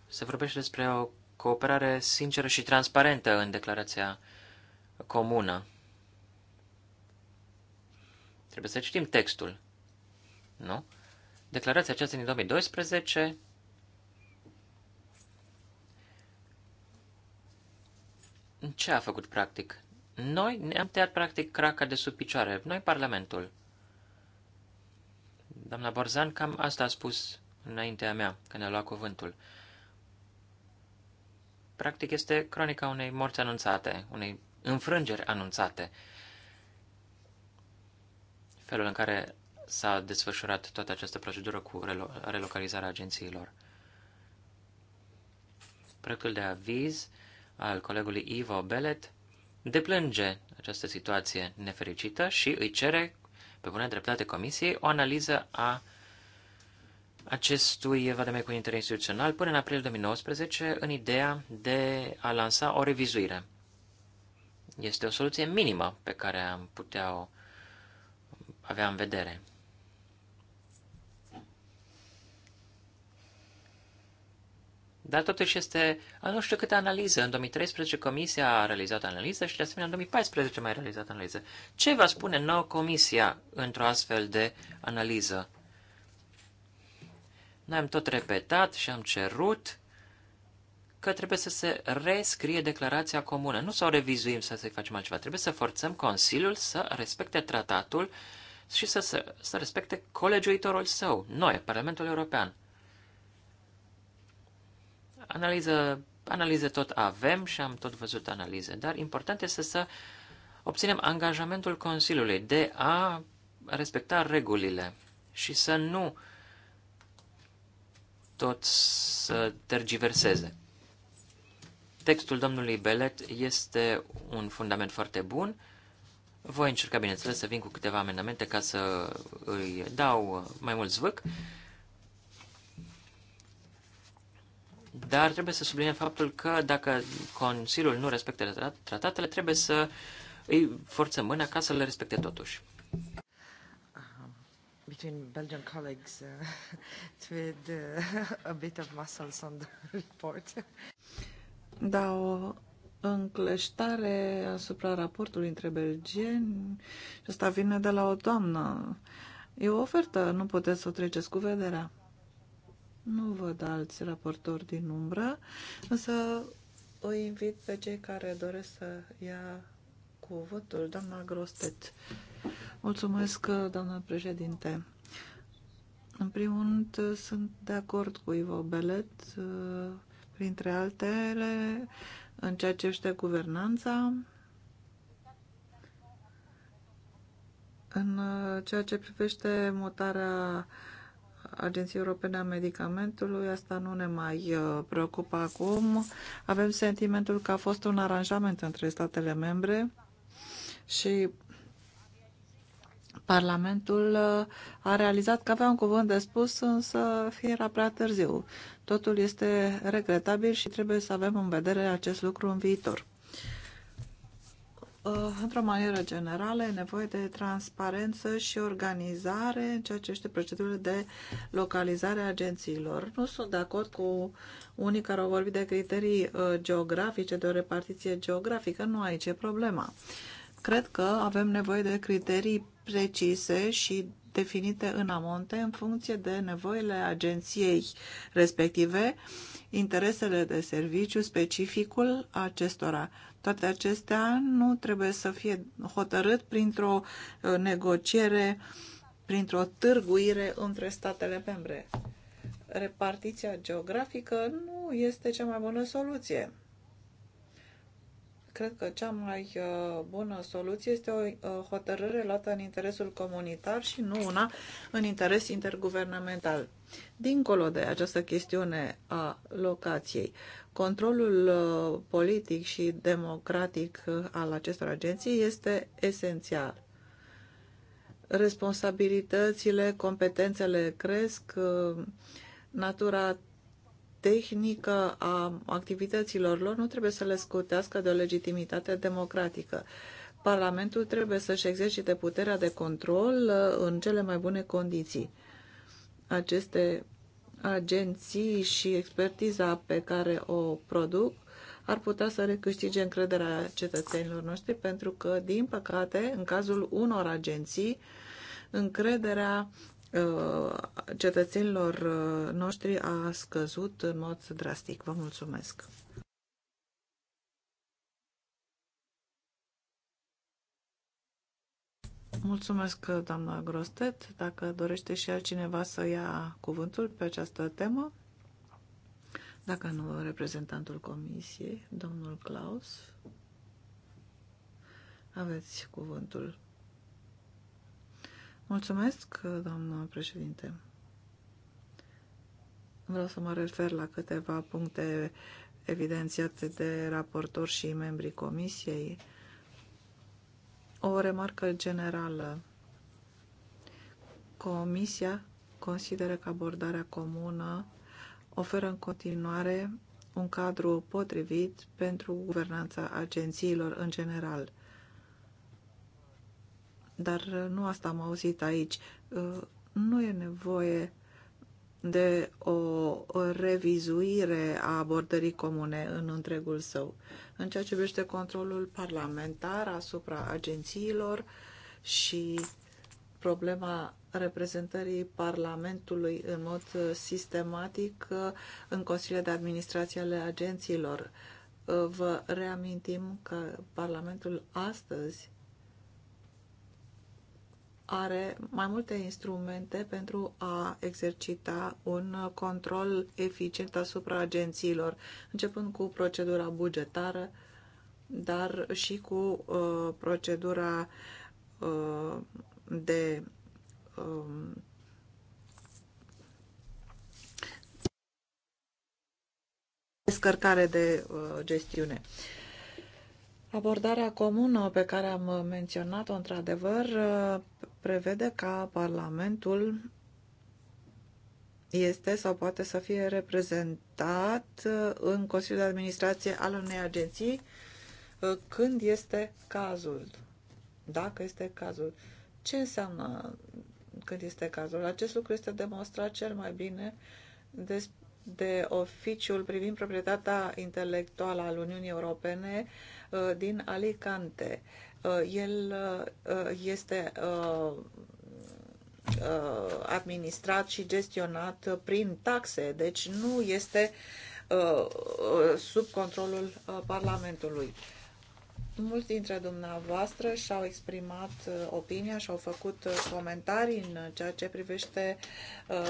Se vorbește despre o cooperare sinceră și transparentă în declarația comună. Trebuie să citim textul, nu? Declarația aceasta din 2012 Ce a făcut practic? Noi ne-am tăiat practic craca de sub picioare, noi Parlamentul. Doamna Borzan cam asta a spus înaintea mea, când a luat cuvântul. Practic este cronica unei morți anunțate, unei înfrângeri anunțate. Felul în care s-a desfășurat toată această procedură cu relo- relocalizarea agențiilor. Proiectul de aviz uh, al colegului Ivo Belet deplânge această situație nefericită și îi cere, pe bună dreptate comisiei, o analiză a acestui vademe cu interinstituțional până în aprilie 2019 în ideea de a lansa o revizuire. Este o soluție minimă pe care am putea o avea în vedere. Dar totuși este, nu știu câte analize În 2013 Comisia a realizat analiză și de asemenea în 2014 mai a realizat analiză. Ce va spune nou Comisia într-o astfel de analiză? Noi am tot repetat și am cerut că trebuie să se rescrie declarația comună. Nu să o revizuim, să se facem altceva. Trebuie să forțăm Consiliul să respecte tratatul și să, să, să respecte colegiuitorul său, noi, Parlamentul European. Analiză, analiză tot avem și am tot văzut analize, dar important este să obținem angajamentul Consiliului de a respecta regulile și să nu tot să tergiverseze. Textul domnului Belet este un fundament foarte bun. Voi încerca, bineînțeles, să vin cu câteva amendamente ca să îi dau mai mult zvâc dar trebuie să subliniem faptul că dacă Consiliul nu respectă tratatele, trebuie să îi forțăm mâna ca să le respecte totuși. Uh, between Belgian colleagues, uh, with uh, a bit of muscles on the report. Da, o încleștare asupra raportului între belgeni. și asta vine de la o doamnă. E o ofertă, nu puteți să o treceți cu vederea. Nu văd alți raportori din umbră, însă o invit pe cei care doresc să ia cuvântul. Doamna Grostet. Mulțumesc, doamnă președinte. În primul rând, sunt de acord cu Ivo Belet, printre altele, în ceea ce este guvernanța, în ceea ce privește mutarea uh, Agenției Europene a Medicamentului, asta nu ne mai uh, preocupă acum. Avem sentimentul că a fost un aranjament între statele membre și Parlamentul uh, a realizat că avea un cuvânt de spus, însă era prea târziu. Totul este regretabil și trebuie să avem în vedere acest lucru în viitor. Uh, într-o manieră generală, e nevoie de transparență și organizare în ceea ce este procedurile de localizare a agențiilor. Nu sunt de acord cu unii care au vorbit de criterii uh, geografice, de o repartiție geografică. Nu aici e problema. Cred că avem nevoie de criterii precise și definite în amonte în funcție de nevoile agenției respective, interesele de serviciu, specificul acestora toate acestea nu trebuie să fie hotărât printr-o uh, negociere, printr-o târguire între statele membre. Repartiția geografică nu este cea mai bună soluție. Cred că cea mai uh, bună soluție este o uh, hotărâre luată în interesul comunitar și nu una în interes interguvernamental. Dincolo de această chestiune a locației, controlul uh, politic și democratic al acestor agenții este esențial responsabilitățile, competențele cresc, natura tehnică a activităților lor nu trebuie să le scutească de o legitimitate democratică. Parlamentul trebuie să-și exercite puterea de control uh, în cele mai bune condiții. Aceste agenții și expertiza pe care o produc ar putea să recâștige încrederea cetățenilor noștri pentru că, din păcate, în cazul unor agenții, încrederea Uh, cetățenilor uh, noștri a scăzut în mod drastic. Vă mulțumesc! Mulțumesc, doamna Grostet. Dacă dorește și altcineva să ia cuvântul pe această temă, dacă nu, reprezentantul comisiei, domnul Claus, aveți cuvântul. Mulțumesc, doamnă președinte. Vreau să mă refer la câteva puncte evidențiate de raportor și membrii comisiei. O remarcă generală. Comisia consideră că abordarea comună oferă în continuare un cadru potrivit pentru guvernanța agențiilor în general – dar nu asta am auzit aici. Uh, nu e nevoie de o revizuire a abordării comune în întregul său. În ceea ce privește controlul parlamentar asupra agențiilor și problema reprezentării Parlamentului în mod sistematic în Consiliile de Administrație ale agențiilor. Uh, vă reamintim că Parlamentul astăzi are mai multe instrumente pentru a exercita un control eficient asupra agențiilor, începând cu procedura bugetară, dar și cu uh, procedura uh, de um, descărcare de uh, gestiune. Abordarea comună pe care am menționat-o, într-adevăr, uh, prevede ca Parlamentul este sau poate să fie reprezentat uh, în Consiliul de Administrație al unei agenții uh, când este cazul. Dacă este cazul. Ce înseamnă când este cazul? Acest lucru este demonstrat cel mai bine de, de oficiul privind proprietatea intelectuală al Uniunii Europene uh, din Alicante Uh, el uh, este uh, administrat și gestionat prin taxe, deci nu este sub controlul Parlamentului. Mulți dintre dumneavoastră și-au exprimat opinia și-au făcut comentarii în ceea ce privește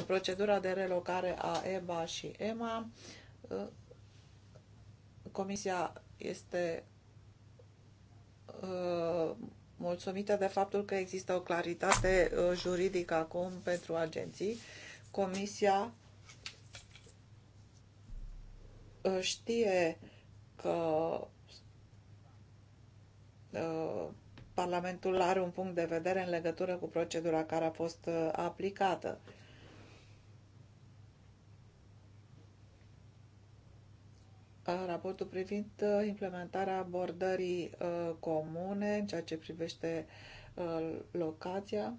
procedura de relocare a EBA și EMA. Comisia este Uh, mulțumită de faptul că există o claritate uh, juridică acum pentru agenții. Comisia uh, știe că Parlamentul are un punct de vedere în legătură cu procedura care a fost aplicată. Uh, raportul privind uh, implementarea abordării uh, comune în ceea ce privește locația.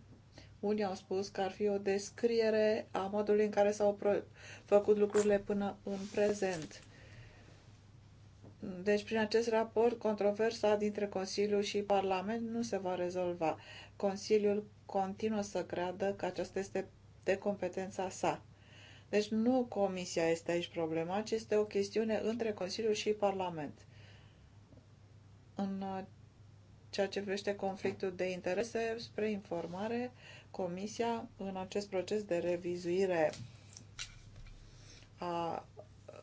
Unii au spus că ar fi o descriere a modului în care s-au făcut lucrurile până în prezent. Deci, prin acest raport, controversa dintre Consiliu și Parlament nu se va rezolva. Consiliul continuă să creadă că aceasta este de competența sa. Deci nu Comisia este aici problema, ci este o chestiune între Consiliu și Parlament. În uh, ceea ce privește conflictul de interese, spre informare, Comisia, în acest proces de revizuire a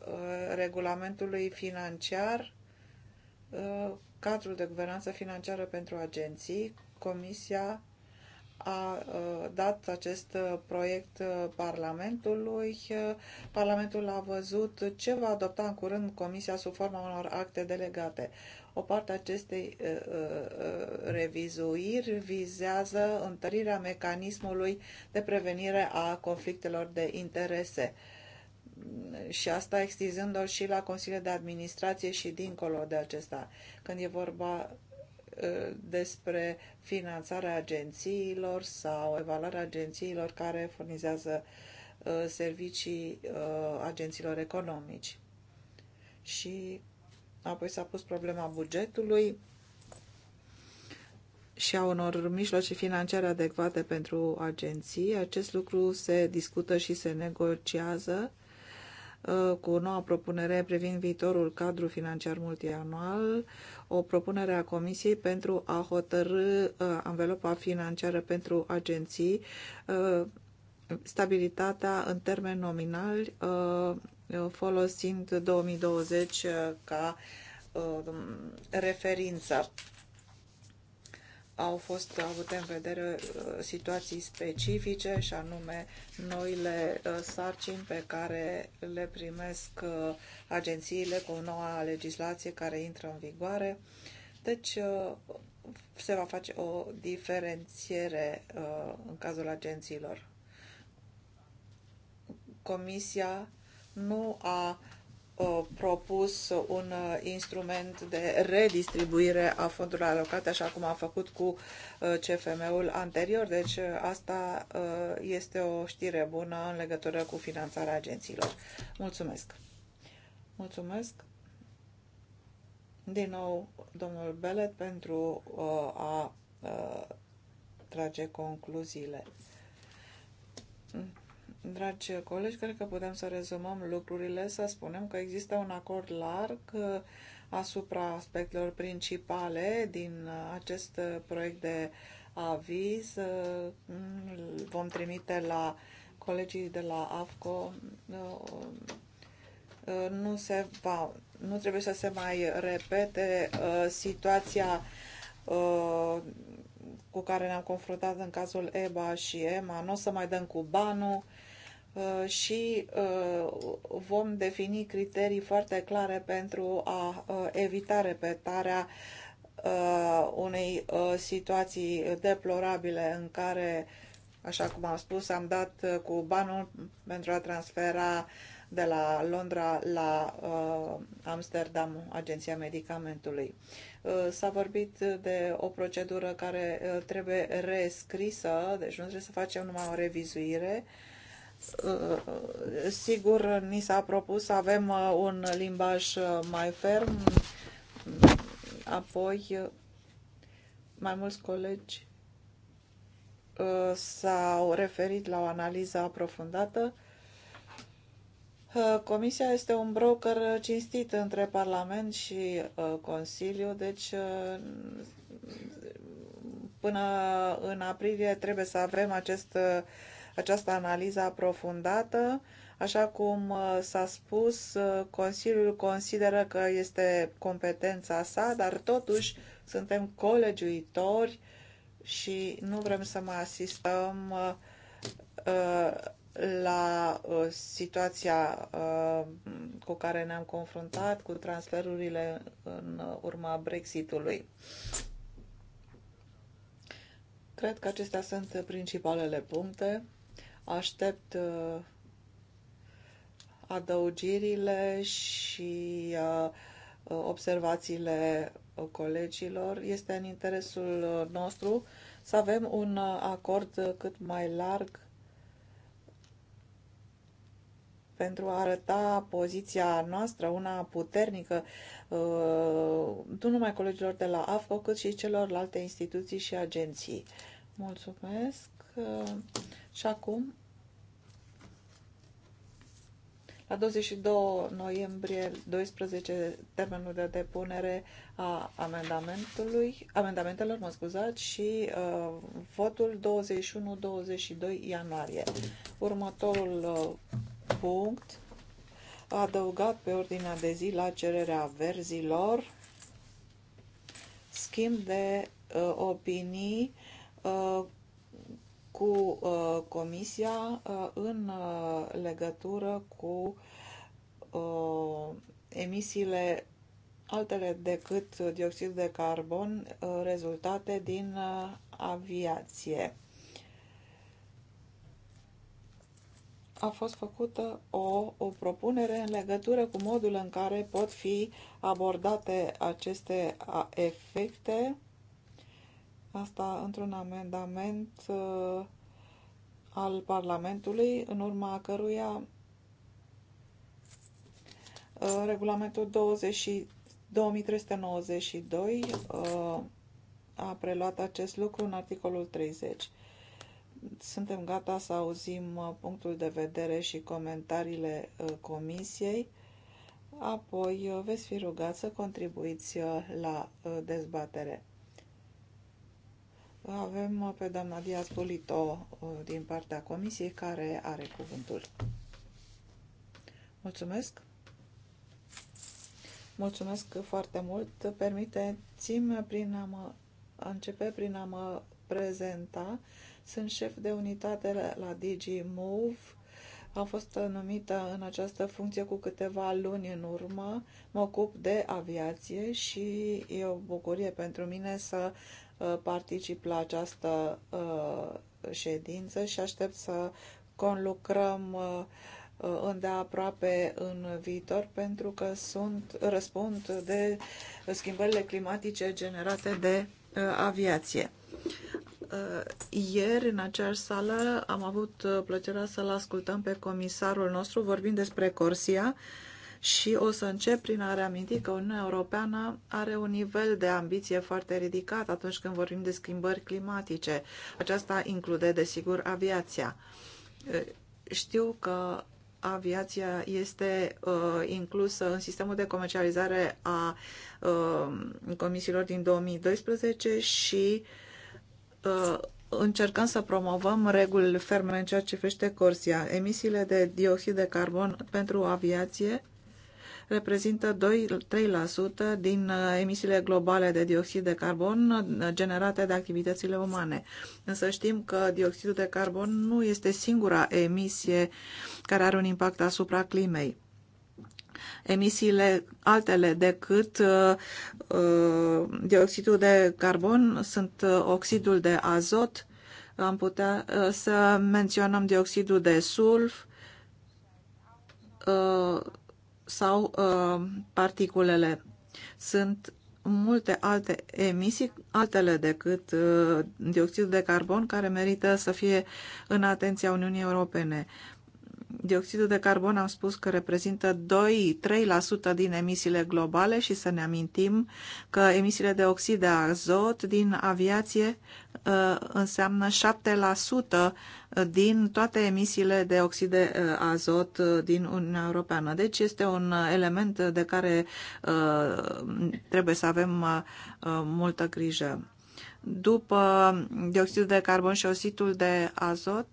uh, regulamentului financiar, uh, cadrul de guvernanță financiară pentru agenții, Comisia a dat acest uh, proiect uh, Parlamentului. Parlamentul a văzut ce va adopta în curând Comisia sub forma unor acte delegate. O parte a acestei uh, revizuiri vizează întărirea mecanismului de prevenire a conflictelor de interese și asta extizându-l și la Consiliul de Administrație și dincolo de acesta. Când e vorba despre finanțarea agențiilor sau evaluarea agențiilor care furnizează uh, servicii uh, agențiilor economici. Și apoi s-a pus problema bugetului și a unor mijloace financiare adecvate pentru agenții. Acest lucru se discută și se negociază Uh, cu noua propunere privind viitorul cadru financiar multianual, o propunere a Comisiei pentru a hotărâ uh, anvelopa financiară pentru agenții, uh, stabilitatea în termeni nominali, folosind 2020 ca referință au fost avute în vedere uh, situații specifice și anume noile uh, sarcini pe care le primesc uh, agențiile cu noua legislație care intră în vigoare. Deci se va face o diferențiere în cazul agențiilor. Comisia nu a propus un uh, instrument de redistribuire a fondurilor alocate, așa cum am făcut cu uh, CFM-ul anterior. Deci uh, asta este o știre bună în legătură cu finanțarea agențiilor. Mulțumesc! Mulțumesc din nou domnul Belet pentru a trage concluziile. Dragi colegi, cred că putem să rezumăm lucrurile, să spunem că există un acord larg uh, asupra aspectelor principale din uh, acest uh, proiect de aviz. Vom trimite la colegii de la AFCO. Nu, se va, nu trebuie să se mai repete situația cu care ne-am confruntat în cazul EBA și EMA. Nu o să mai dăm cu banul Uh, și uh, vom defini criterii foarte clare pentru a uh, evita repetarea unei situații deplorabile în care, așa cum am spus, am dat cu banul pentru a transfera de la Londra la uh, Amsterdam, Agenția Medicamentului. Uh, s-a vorbit de o procedură care uh, trebuie rescrisă, deci nu trebuie să facem numai o revizuire, uh, Uh, sigur, ni s-a propus să avem uh, un limbaj uh, mai ferm, mm, apoi mai mulți colegi s-au referit la o analiză aprofundată. Comisia este un broker cinstit între Parlament și Consiliu, deci până în aprilie trebuie să avem acest această analiză aprofundată, așa cum uh, s-a spus, uh, Consiliul consideră că este competența sa, dar totuși suntem colegiuitori și nu vrem să mai asistăm uh, la situația cu care ne-am confruntat cu transferurile în urma Brexitului. Cred că acestea sunt principalele puncte. Aștept uh, adăugirile și uh, uh, observațiile colegilor. Este în interesul nostru să avem un acord cât mai larg pentru a arăta poziția noastră, una puternică, nu numai colegilor de la AFCO, cât și celorlalte instituții și agenții. Mulțumesc! Și acum, la 22 noiembrie 12, termenul de depunere a amendamentului, amendamentelor, mă scuzați, și uh, votul 21-22 ianuarie. Următorul uh, punct adăugat pe ordinea de zi la cererea verzilor schimb de uh, opinii uh, cu uh, Comisia uh, în uh, legătură cu uh, emisiile altele decât dioxid de carbon uh, rezultate din uh, aviație. a fost făcută o, o propunere în legătură cu modul în care pot fi abordate aceste uh, efecte asta într-un amendament uh, al Parlamentului, în urma căruia uh, regulamentul 20, 2392 uh, a preluat acest lucru în articolul 30. Suntem gata să auzim punctul de vedere și comentariile comisiei, apoi veți fi rugați să contribuiți la dezbatere. Avem uh, pe doamna Diaz Polito uh, din partea comisiei care are cuvântul. Mulțumesc! Mulțumesc foarte mult! Permiteți-mi prin a mă a începe prin a mă prezenta. Sunt șef de unitate la DigiMove. Am fost numită în această funcție cu câteva luni în urmă. Mă ocup de aviație și e o bucurie pentru mine să Uh, particip la această uh, ședință și aștept să conlucrăm uh, îndeaproape în viitor pentru că sunt, răspund de schimbările climatice generate de aviație. Ieri, în aceeași sală, am avut plăcerea să-l ascultăm pe comisarul nostru vorbind despre Corsia, și o să încep prin a reaminti că Uniunea Europeană are un nivel de ambiție foarte ridicat atunci când vorbim de schimbări climatice. Aceasta include, desigur, aviația. Știu că aviația este uh, inclusă în sistemul de comercializare a uh, comisiilor din 2012 și uh, încercăm să promovăm reguli ferme în ceea ce privește Corsia. Emisiile de dioxid de carbon pentru aviație reprezintă 2-3% din uh, emisiile globale de dioxid de carbon uh, generate de activitățile umane. Însă știm că dioxidul de carbon nu este singura emisie care are un impact asupra climei emisiile altele decât uh, uh dioxidul de carbon sunt oxidul de azot, am putea uh, să menționăm dioxidul de sulf, uh, sau uh, particulele. Sunt multe alte emisii, altele decât uh, dioxidul de carbon, care merită să fie în atenția Uniunii Europene. Dioxidul de carbon, am spus că reprezintă 2-3% din emisiile globale și să ne amintim că emisiile de oxid de azot din aviație Uh, înseamnă 7% din toate emisiile de oxid de uh, azot uh, din Uniunea Europeană. Deci este un element de care trebuie să avem multă grijă. După dioxidul de carbon și ositul de azot,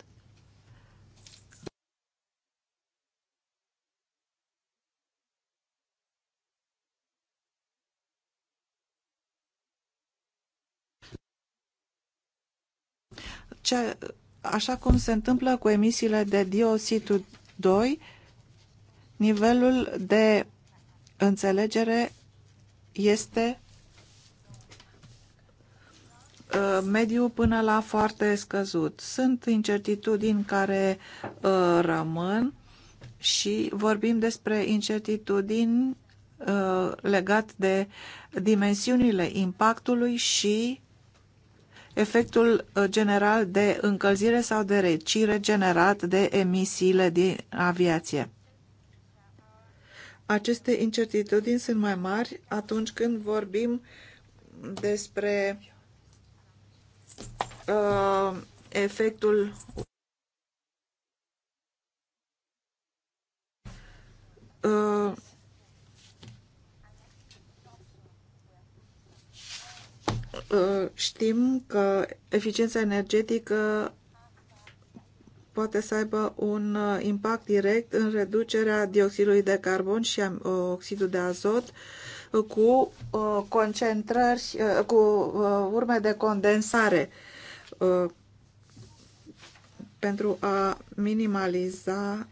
ce, așa cum se întâmplă cu emisiile de dioxid 2, nivelul de înțelegere este ă, mediu până la foarte scăzut. Sunt incertitudini care uh, rămân și vorbim despre incertitudini uh, legat de dimensiunile impactului și efectul uh, general de încălzire sau de recire generat de emisiile din aviație. Aceste incertitudini sunt mai mari atunci când vorbim despre uh, efectul uh, Uh, știm că eficiența energetică poate să aibă un uh, impact direct în reducerea dioxidului de carbon și uh, oxidul de azot cu concentrări, cu urme de condensare pentru a minimaliza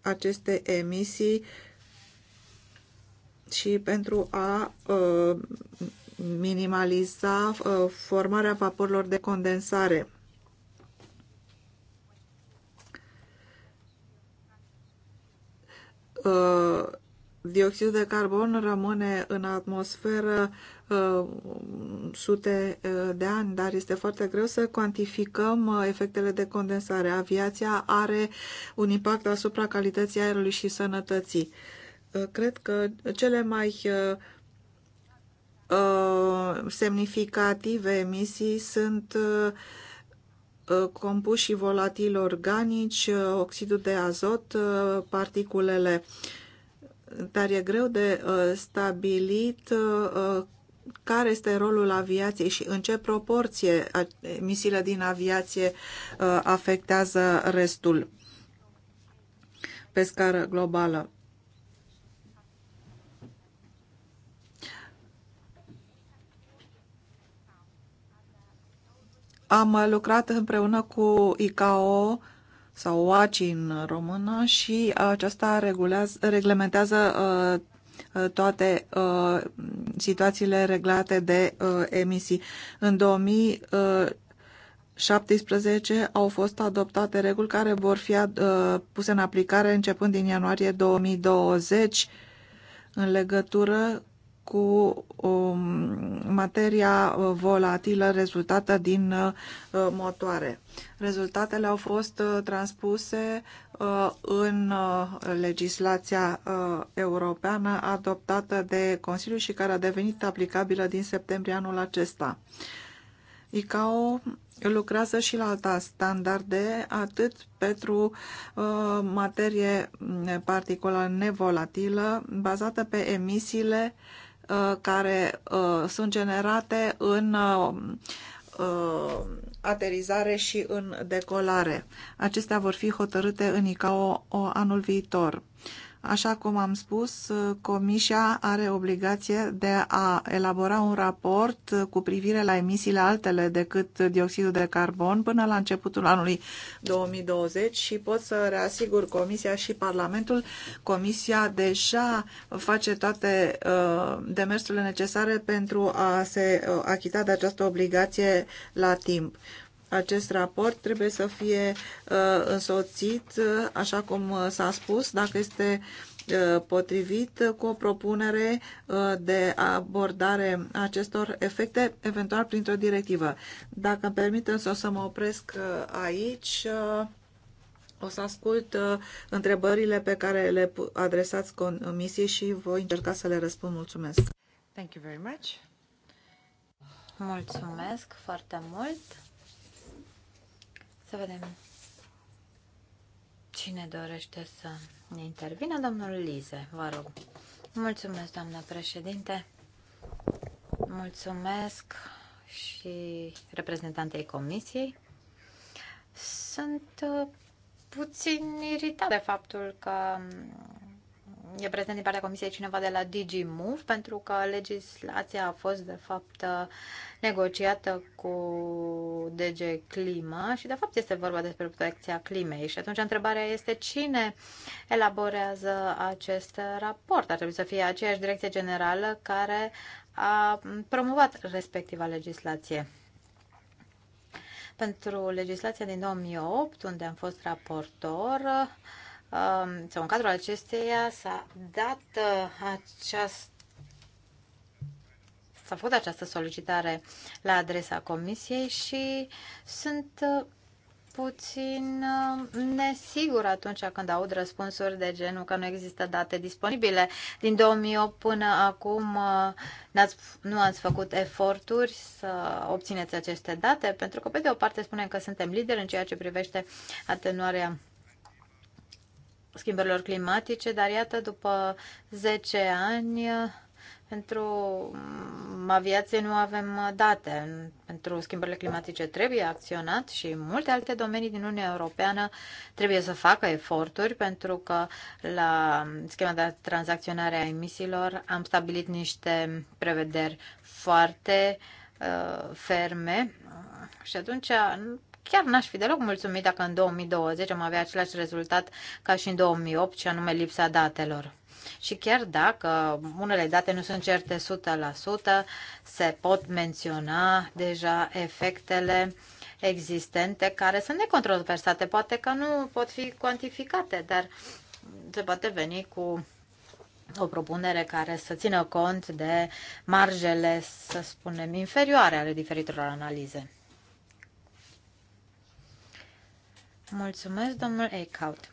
aceste emisii și pentru a minimaliza uh, formarea vaporilor de condensare. Uh, dioxidul de carbon rămâne în atmosferă uh, sute de ani, dar este foarte greu să cuantificăm efectele de condensare. Aviația are un impact asupra calității aerului și sănătății. Cred că cele mai uh, Uh, semnificative emisii sunt uh, uh, compuși volatili organici, oxidul de azot, particulele. Dar e greu de stabilit care este rolul aviației și în ce proporție emisiile din aviație afectează restul pe scară globală. Am lucrat împreună cu ICAO sau OACI în română și aceasta reglementează uh, uh, toate uh, situațiile reglate de emisii. În 2017 au fost adoptate reguli care vor fi puse în aplicare începând din ianuarie 2020 în legătură cu um, materia uh, volatilă rezultată din uh, motoare. Rezultatele au fost uh, transpuse în legislația europeană adoptată de Consiliu și care a devenit aplicabilă din septembrie anul acesta. ICAO lucrează și la alta standarde, atât pentru uh, materie mm, particulă nevolatilă, bazată pe emisiile uh, Uh, care uh, sunt generate în uh, aterizare și în decolare. Acestea vor fi hotărâte în ICAO anul viitor. Așa cum am spus, Comisia are obligație de a elabora un raport cu privire la emisiile altele decât dioxidul de carbon până la începutul anului 2020 și pot să reasigur Comisia și Parlamentul. Comisia deja face toate uh, demersurile necesare pentru a se uh, achita de această obligație la timp acest raport trebuie să fie uh, însoțit, uh, așa cum uh, s-a spus, dacă este potrivit cu o propunere de abordare a acestor efecte, eventual printr-o directivă. Dacă îmi permite o să mă opresc aici. O să ascult întrebările pe care le adresați comisiei și voi încerca să le răspund. Mulțumesc! Thank you very much! Mulțumesc foarte mult! Să vedem cine dorește să ne intervină. Domnul Lize, vă rog. Mulțumesc, doamnă președinte. Mulțumesc și reprezentantei comisiei. Sunt uh, puțin iritat de faptul că um, e prezent din partea Comisiei cineva de la DigiMove, pentru că legislația a fost, de fapt, negociată cu DG Climă și, de fapt, este vorba despre protecția climei. Și atunci întrebarea este cine elaborează acest raport? Ar trebui să fie aceeași direcție generală care a promovat respectiva legislație pentru legislația din 2008, unde am fost raportor, Um, sau în cadrul acesteia s-a dat uh, această s-a făcut această solicitare la adresa comisiei și sunt uh, puțin uh, nesigur atunci când aud răspunsuri de genul că nu există date disponibile. Din 2008 până acum -ați, nu ați făcut eforturi să obțineți aceste date, pentru că pe de o parte spunem că suntem lideri în ceea ce privește atenuarea schimbărilor climatice, dar iată, după 10 ani, pentru aviație nu avem date. Pentru schimbările climatice trebuie acționat și multe alte domenii din Uniunea Europeană trebuie să facă eforturi pentru că la schema de tranzacționare a emisiilor am stabilit niște prevederi foarte uh, ferme și atunci chiar n-aș fi deloc mulțumit dacă în 2020 am avea același rezultat ca și în 2008, și anume lipsa datelor. Și chiar dacă unele date nu sunt certe 100%, se pot menționa deja efectele existente care sunt necontroversate. Poate că nu pot fi cuantificate, dar se poate veni cu o propunere care să țină cont de marjele, să spunem, inferioare ale diferitelor analize. Mulțumesc, domnul Eichhout.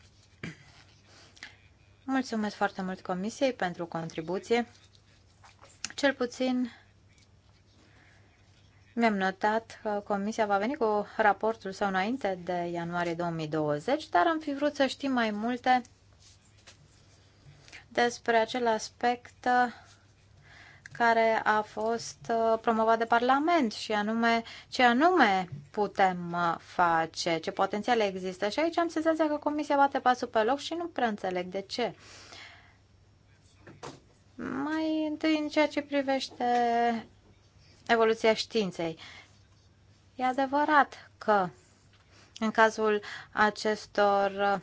Mulțumesc foarte mult Comisiei pentru contribuție. Cel puțin mi-am notat că Comisia va veni cu raportul său înainte de ianuarie 2020, dar am fi vrut să știm mai multe despre acel aspect care a fost uh, promovat de Parlament și anume ce anume putem uh, face, ce potențial există. Și aici am senzația că Comisia bate pasul pe loc și nu prea înțeleg de ce. Mai întâi în ceea ce privește evoluția științei. E adevărat că în cazul acestor uh,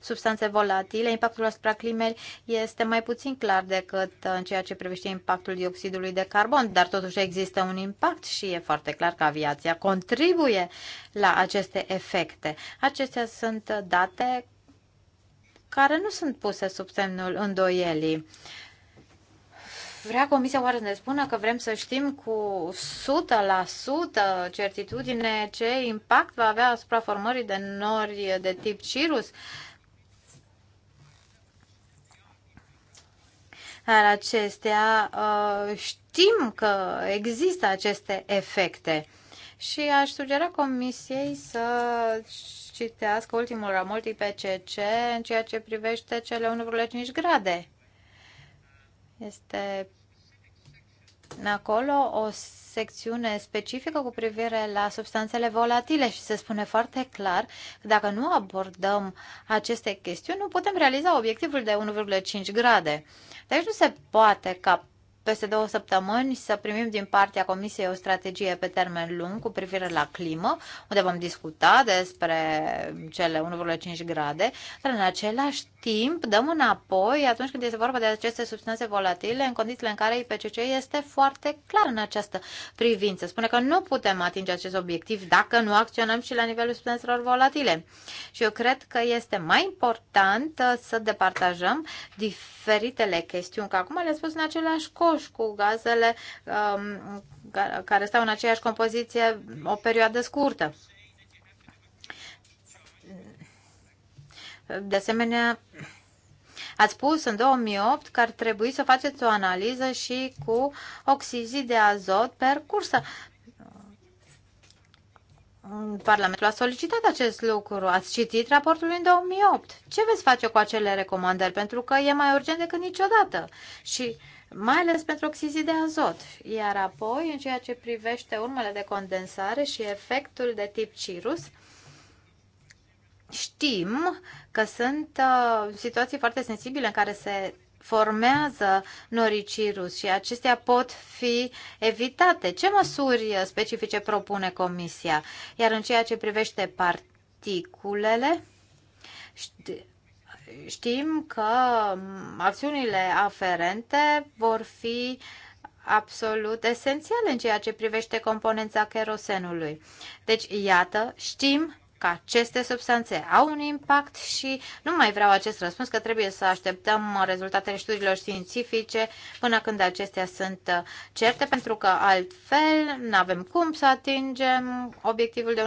substanțe volatile, impactul asupra climei este mai puțin clar decât în ceea ce privește impactul dioxidului de carbon, dar totuși există un impact și e foarte clar că aviația contribuie la aceste efecte. Acestea sunt date care nu sunt puse sub semnul îndoielii. Vrea Comisia oare să ne spună că vrem să știm cu 100% certitudine ce impact va avea asupra formării de nori de tip Cirrus? Uh, al acestea, uh, știm că există aceste efecte. Și aș sugera Comisiei să citească ultimul ramult IPCC în ceea ce privește cele 1,5 grade. Este acolo o secțiune specifică cu privire la substanțele volatile și se spune foarte clar că dacă nu abordăm aceste chestiuni, nu putem realiza obiectivul de 1,5 grade. Deci nu se poate ca peste două săptămâni să primim din partea Comisiei o strategie pe termen lung cu privire la climă, unde vom discuta despre cele 1,5 grade, dar în același timp dăm înapoi atunci când este vorba de aceste substanțe volatile, în condițiile în care IPCC este foarte clar în această privință. Spune că nu putem atinge acest obiectiv dacă nu acționăm și la nivelul substanțelor volatile. Și eu cred că este mai important să departajăm diferitele chestiuni, că acum le-am spus în același cod roșu, cu gazele um, care stau în aceeași compoziție o perioadă scurtă. De asemenea, ați spus în 2008 că ar trebui să faceți o analiză și cu oxizii de azot per cursă. Parlamentul a solicitat acest lucru. Ați citit raportul în 2008. Ce veți face cu acele recomandări? Pentru că e mai urgent decât niciodată. Și uh, mai ales pentru oxizii de azot, iar apoi, în ceea ce privește urmele de condensare și efectul de tip cirus, știm că sunt uh, situații foarte sensibile în care se formează noricirus și acestea pot fi evitate. Ce măsuri specifice propune Comisia? Iar în ceea ce privește particulele, știm că acțiunile aferente vor fi absolut esențiale în ceea ce privește componența kerosenului. Deci, iată, știm că aceste substanțe au un impact și nu mai vreau acest răspuns că trebuie să așteptăm rezultatele studiilor științifice până când acestea sunt uh, certe, pentru că altfel nu avem cum să atingem obiectivul de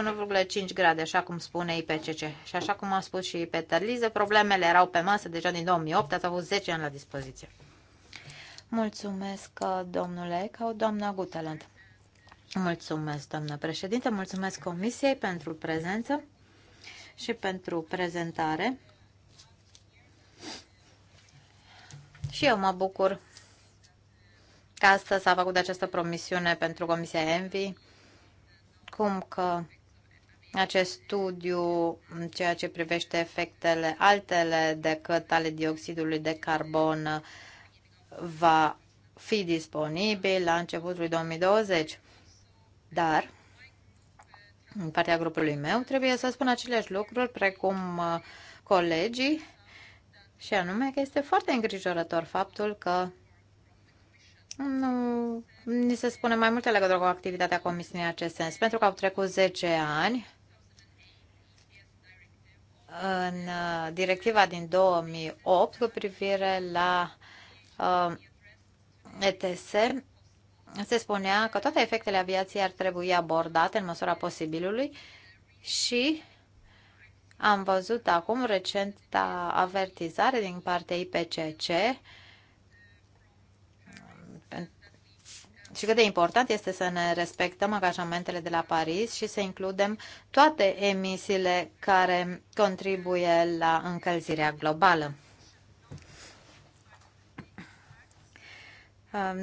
1,5 grade, așa cum spune IPCC. Și așa cum a spus și Peter Lize, problemele erau pe masă deja din 2008, ați avut 10 ani la dispoziție. Mulțumesc, uh, domnule, ca o doamna Guteland. Mulțumesc, doamnă președinte, mulțumesc Comisiei pentru prezență și pentru prezentare. Și eu mă bucur că astăzi s-a făcut această promisiune pentru Comisia Envi, cum că acest studiu în ceea ce privește efectele altele decât ale dioxidului de carbon va fi disponibil la începutul 2020. Dar, în partea grupului meu, trebuie să spun aceleași lucruri precum uh, colegii, și anume că este foarte îngrijorător faptul că nu ni se spune mai multe legătură cu activitatea Comisiei în acest sens, pentru că au trecut 10 ani în uh, directiva din 2008 cu privire la uh, ETS se spunea că toate efectele aviației ar trebui abordate în măsura posibilului și am văzut acum recenta avertizare din partea IPCC și cât de important este să ne respectăm angajamentele de la Paris și să includem toate emisiile care contribuie la încălzirea globală.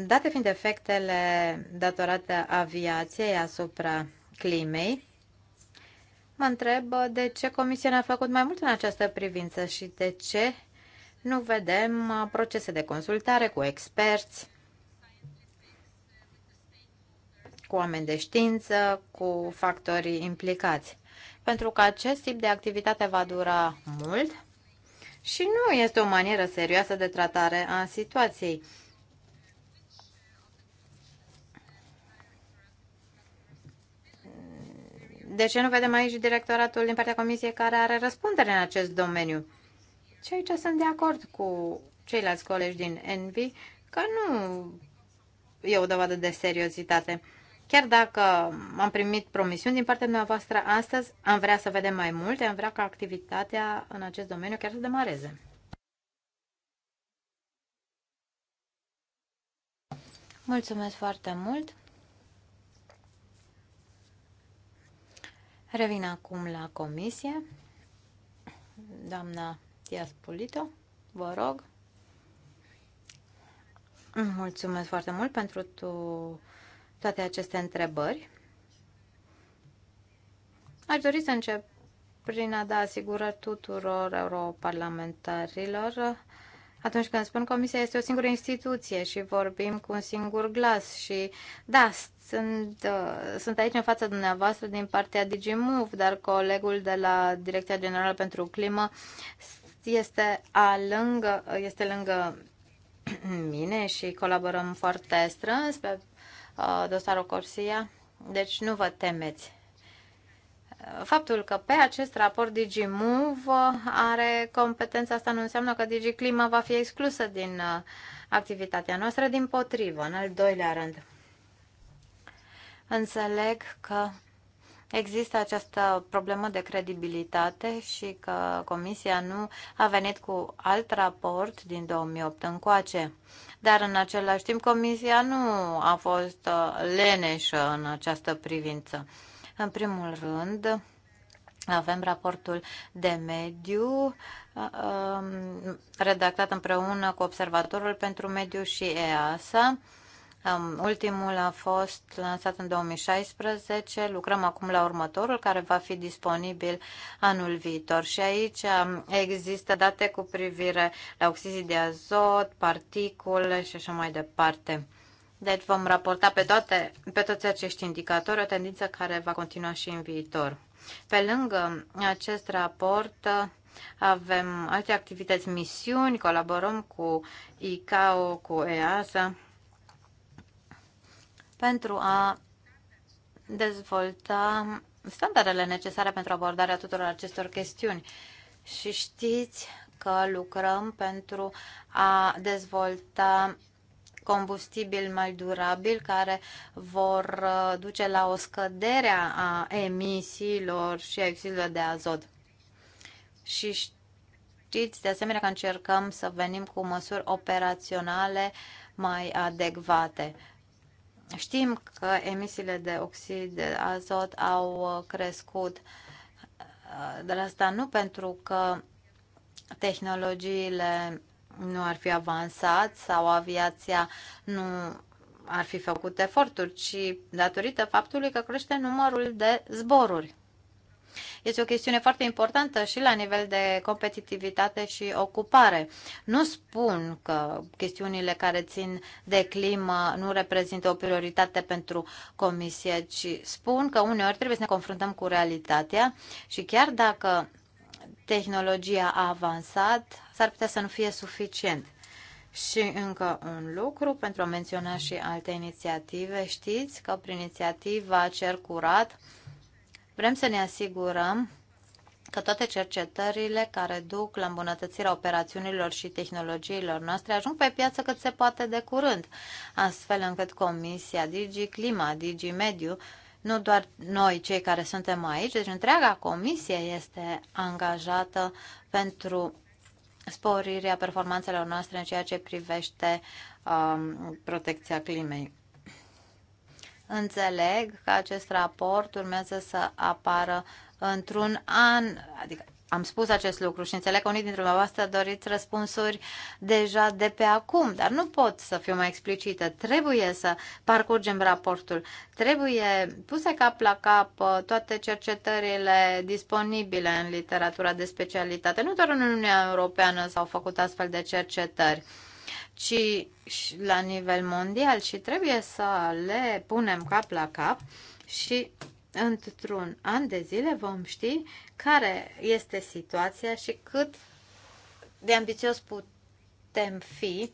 Date fiind efectele datorate aviației asupra climei, mă întreb uh, de ce Comisia ne-a făcut mai mult în această privință și de ce nu vedem uh, procese de consultare cu experți, cu oameni de știință, cu factorii implicați. Pentru că acest tip de activitate va dura mult și nu este o manieră serioasă de tratare a situației. De ce nu vedem aici directoratul din partea comisiei care are răspundere în acest domeniu? Și aici sunt de acord cu ceilalți colegi din ENVI, că nu e o dovadă de seriozitate. Chiar dacă am primit promisiuni din partea dumneavoastră astăzi, am vrea să vedem mai multe, am vrea ca activitatea în acest domeniu chiar să demareze. Mulțumesc foarte mult! Revin acum la comisie. Doamna Iaspolito, vă rog. Mulțumesc foarte mult pentru tu, toate aceste întrebări. Aș dori să încep prin a da asigurări tuturor europarlamentarilor atunci când spun Comisia este o singură instituție și vorbim cu un singur glas și da, sunt, uh, sunt aici în fața dumneavoastră din partea DigiMove, dar colegul de la Direcția Generală pentru Climă este, alângă, este lângă mine și colaborăm foarte strâns pe uh, dosarul Corsia, deci nu vă temeți. Uh, faptul că pe acest raport DigiMove are competența asta nu înseamnă că DigiClima va fi exclusă din uh, activitatea noastră, din potrivă, în al doilea rând. Înțeleg că există această problemă de credibilitate și că Comisia nu a venit cu alt raport din 2008 încoace. Dar în același timp Comisia nu a fost uh, leneșă în această privință. În primul rând, avem raportul de mediu uh, um, redactat împreună cu Observatorul pentru Mediu și EASA ultimul a fost lansat în 2016, lucrăm acum la următorul, care va fi disponibil anul viitor. Și aici există date cu privire la oxizii de azot, particule și așa mai departe. Deci vom raporta pe, toate, pe toți acești indicatori, o tendință care va continua și în viitor. Pe lângă acest raport, avem alte activități, misiuni, colaborăm cu ICAO, cu EASA pentru a dezvolta standardele necesare pentru abordarea tuturor acestor chestiuni. Și știți că lucrăm pentru a dezvolta combustibil mai durabil, care vor uh, duce la o scădere a emisiilor și a exilului de azot. Și știți de asemenea că încercăm să venim cu măsuri operaționale mai adecvate. Știm că emisiile de oxid de azot au uh, crescut, uh, dar asta nu pentru că tehnologiile nu ar fi avansat sau aviația nu ar fi făcut eforturi, ci datorită faptului că crește numărul de zboruri. Este o chestiune foarte importantă și la nivel de competitivitate și ocupare. Nu spun că chestiunile care țin de climă nu reprezintă o prioritate pentru Comisie, ci spun că uneori trebuie să ne confruntăm cu realitatea și chiar dacă tehnologia a avansat, s-ar putea să nu fie suficient. Și încă un lucru, pentru a menționa și alte inițiative, știți că prin inițiativa Cer Curat, Vrem să ne asigurăm că toate cercetările care duc la îmbunătățirea operațiunilor și tehnologiilor noastre ajung pe piață cât se poate de curând, astfel încât Comisia Digi Clima, Digi Mediu, nu doar noi cei care suntem aici, deci întreaga comisie este angajată pentru sporirea performanțelor noastre în ceea ce privește um, protecția climei. Înțeleg că acest raport urmează să apară într-un an, adică am spus acest lucru și înțeleg că unii dintre dumneavoastră doriți răspunsuri deja de pe acum, dar nu pot să fiu mai explicită. Trebuie să parcurgem raportul. Trebuie puse cap la cap uh, toate cercetările disponibile în literatura de specialitate. Nu doar în Uniunea Europeană s-au făcut astfel de cercetări ci la nivel mondial și trebuie să le punem cap la cap și într-un an de zile vom ști care este situația și cât de ambițios putem fi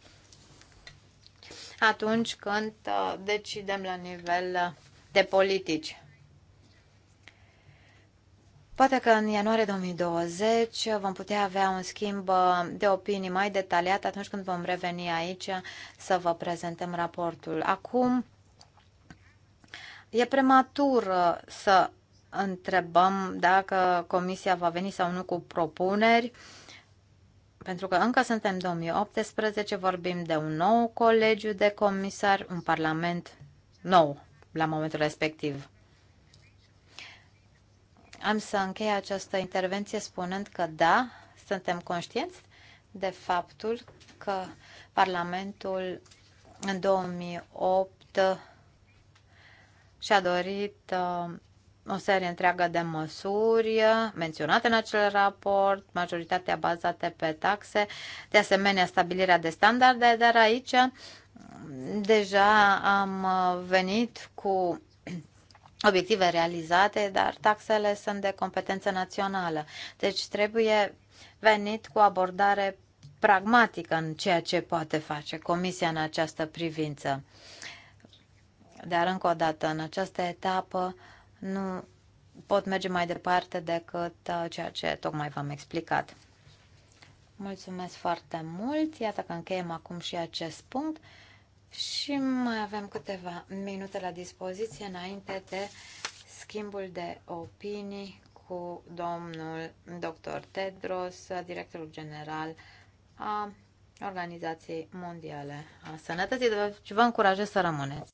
atunci când uh, decidem la nivel de politici. Poate că în ianuarie 2020 vom putea avea un schimb uh, de opinii mai detaliat atunci când vom reveni aici să vă prezentăm raportul. Acum e prematur uh, să întrebăm dacă Comisia va veni sau nu cu propuneri, pentru că încă suntem 2018, vorbim de un nou colegiu de comisari, un parlament nou la momentul respectiv. Am să închei această intervenție spunând că da, suntem conștienți de faptul că Parlamentul în 2008 și-a dorit uh, o serie întreagă de măsuri menționate în acel raport, majoritatea bazate pe taxe, de asemenea stabilirea de standarde, dar aici deja am venit cu obiective realizate, dar taxele sunt de competență națională. Deci trebuie venit cu abordare pragmatică în ceea ce poate face Comisia în această privință. Dar, încă o dată, în această etapă nu pot merge mai departe decât uh, ceea ce tocmai v-am explicat. Mulțumesc foarte mult! Iată că încheiem acum și acest punct. Și mai avem câteva minute la dispoziție înainte de schimbul de opinii cu domnul dr. Tedros, directorul general a Organizației Mondiale a Sănătății. Deci vă încurajez să rămâneți.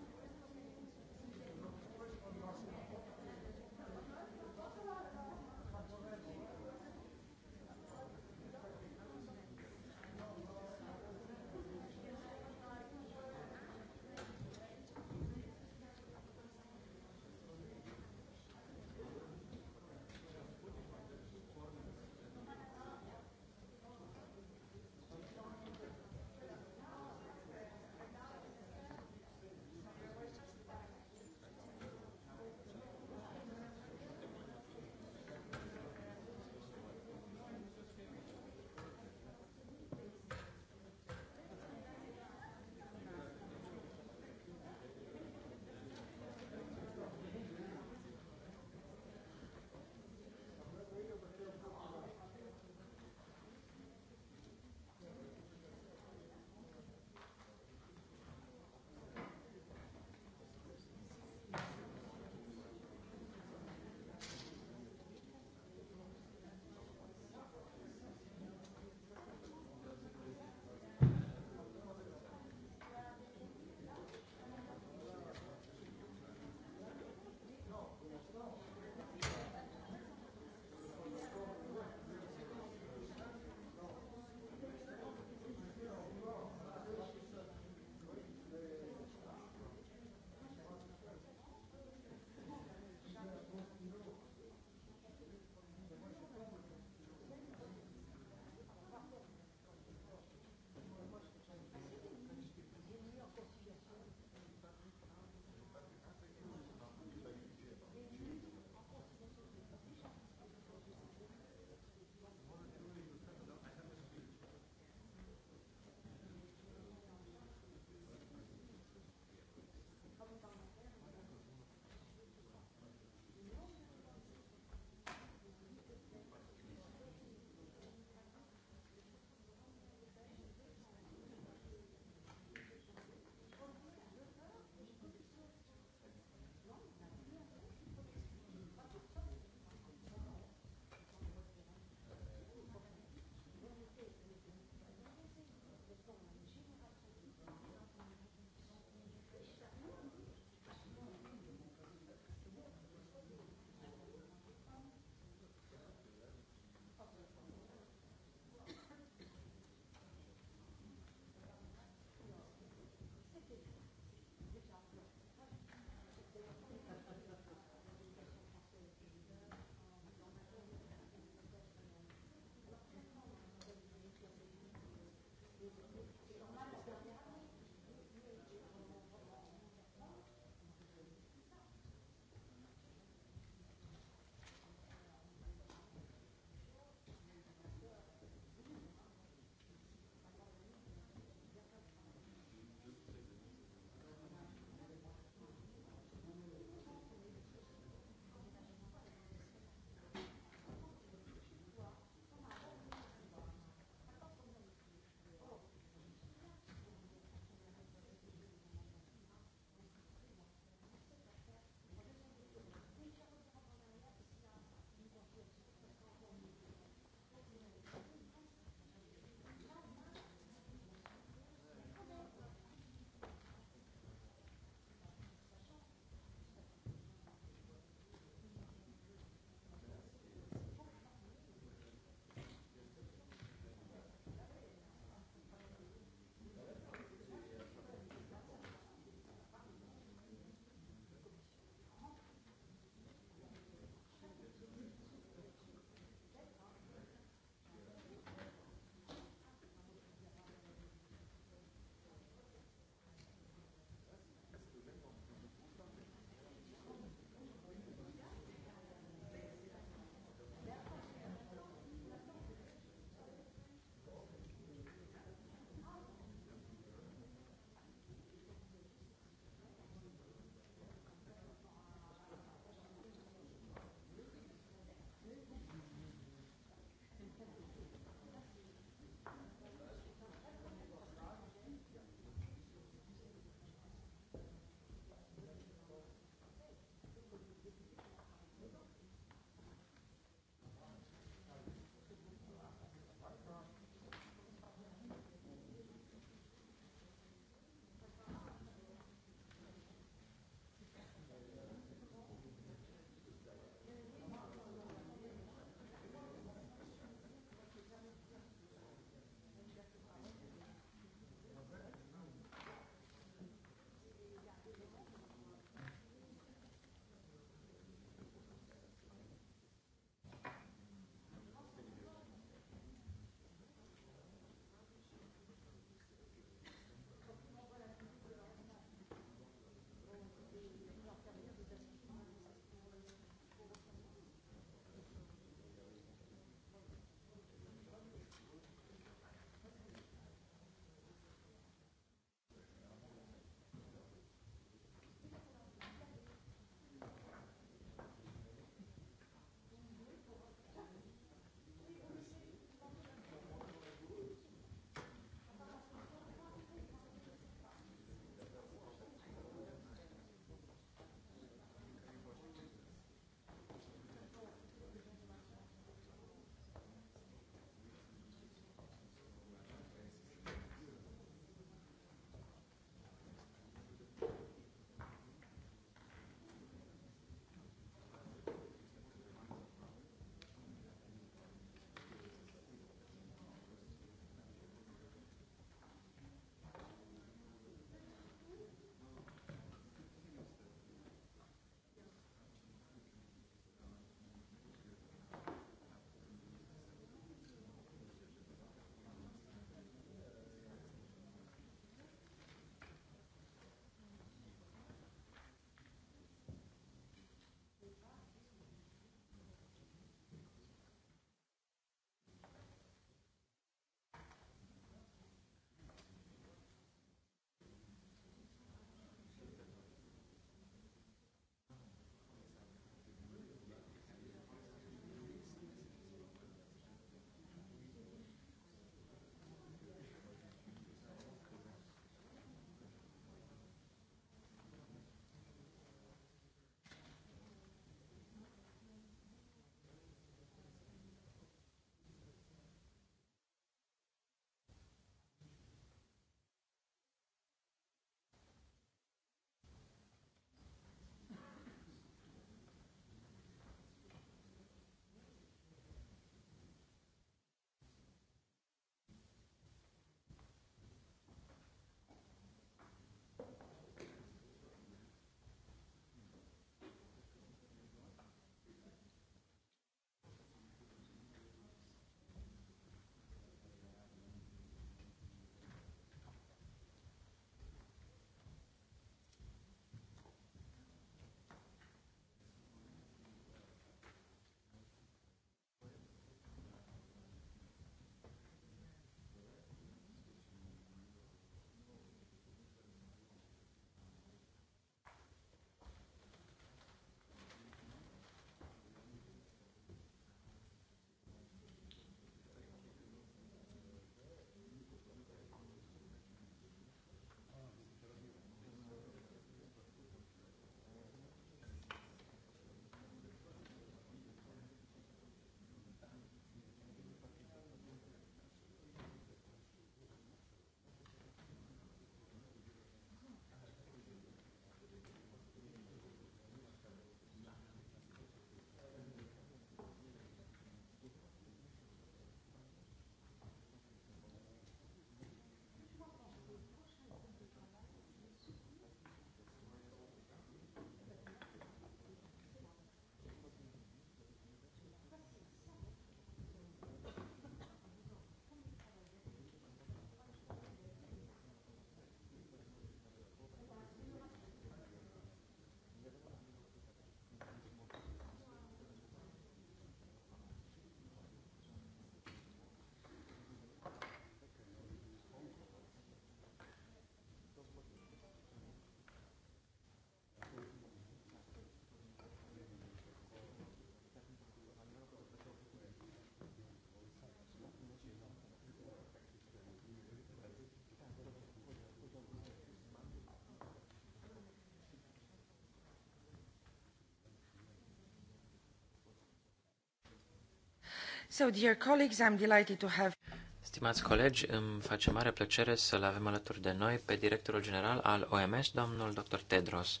So, dear colleagues, I'm delighted to have... Stimați colegi, îmi face mare plăcere să-l avem alături de noi pe directorul general al OMS, domnul dr. Tedros,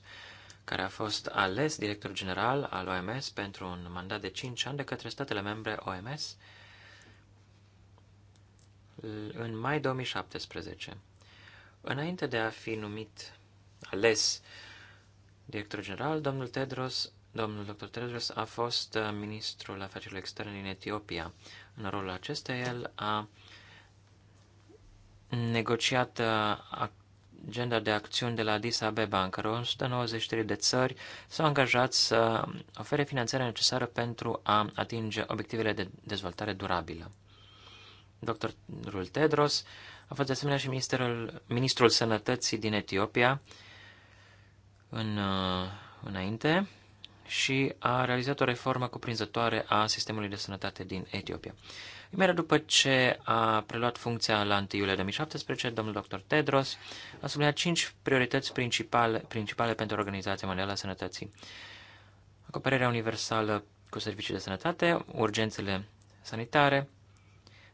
care a fost ales director general al OMS pentru un mandat de 5 ani de către statele membre OMS în mai 2017. Înainte de a fi numit ales director general, domnul Tedros Domnul dr. Tedros a fost uh, ministrul afacerilor externe din Etiopia. În rolul acesta, el a negociat uh, agenda de acțiuni de la Addis Abeba, în care 193 de țări s-au angajat să ofere finanțarea necesară pentru a atinge obiectivele de dezvoltare durabilă. Dr. Tedros a fost de asemenea și ministerul, ministrul sănătății din Etiopia în, uh, înainte și a realizat o reformă cuprinzătoare a sistemului de sănătate din Etiopia. Imediat după ce a preluat funcția la 1 iulie 2017, domnul dr. Tedros a subliniat cinci priorități principale, principale pentru Organizația Mondială a Sănătății. Acoperirea universală cu servicii de sănătate, urgențele sanitare,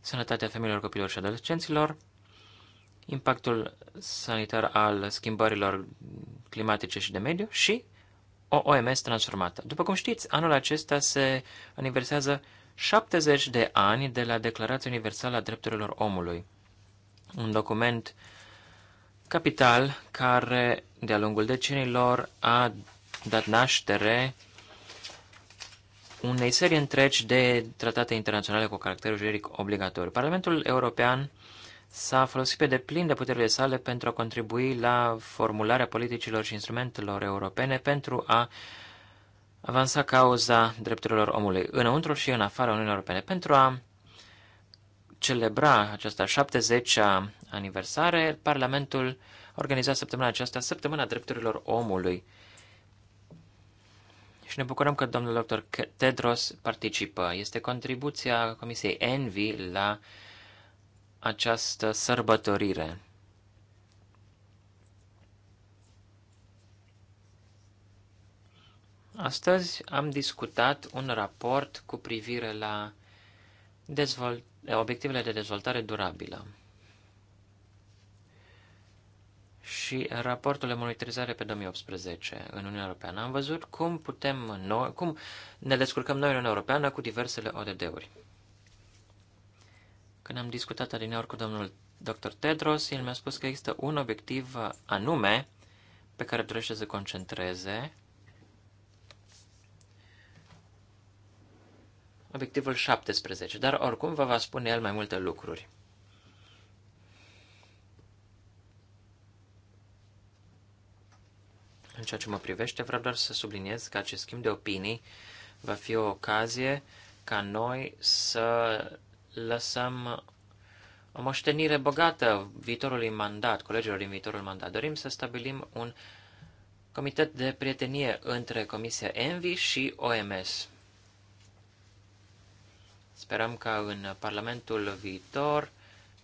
sănătatea femeilor, copilor și adolescenților, impactul sanitar al schimbărilor climatice și de mediu și o OMS transformată. După cum știți, anul acesta se aniversează 70 de ani de la Declarația Universală a Drepturilor Omului, un document capital care, de-a lungul decenilor, a dat naștere unei serii întregi de tratate internaționale cu caracter juridic obligatoriu. Parlamentul European s-a folosit pe deplin de puterile sale pentru a contribui la formularea politicilor și instrumentelor europene pentru a avansa cauza drepturilor omului înăuntru și în afara Uniunii Europene. Pentru a celebra această 70-a aniversare, Parlamentul organizat săptămâna aceasta Săptămâna Drepturilor Omului. Și ne bucurăm că domnul dr. Tedros participă. Este contribuția Comisiei Envi la uh, această sărbătorire. Astăzi am discutat un raport cu privire la obiectivele de dezvoltare durabilă. și raportul de monitorizare pe 2018 în Uniunea Europeană. Am văzut cum putem noi, cum ne descurcăm noi în Uniunea Europeană cu diversele ODD-uri. Când am discutat adineori cu domnul dr. Tedros, el mi-a spus că există un obiectiv anume pe care dorește să se concentreze. Obiectivul 17, dar oricum vă va spune el mai multe lucruri. În ceea ce mă privește, vreau doar să subliniez că acest schimb de opinii va fi o ocazie ca noi să lăsăm o moștenire bogată viitorului mandat, colegilor din viitorul mandat. Dorim să stabilim un comitet de prietenie între Comisia Envi și OMS. Sperăm ca în Parlamentul viitor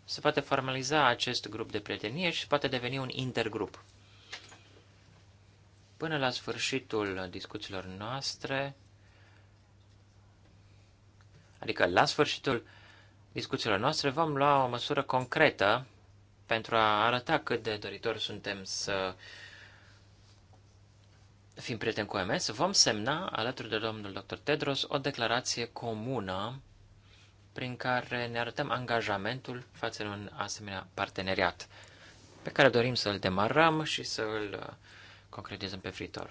se poate formaliza acest grup de prietenie și poate deveni un intergrup. Până la sfârșitul discuțiilor noastre, adică la sfârșitul discuțiile noastre vom lua o măsură concretă pentru a arăta cât de doritori suntem să fim prieteni cu OMS, vom semna, alături de domnul dr. Tedros, o declarație comună prin care ne arătăm angajamentul față de un asemenea parteneriat pe care dorim să-l demarăm și să-l uh, concretizăm pe viitor.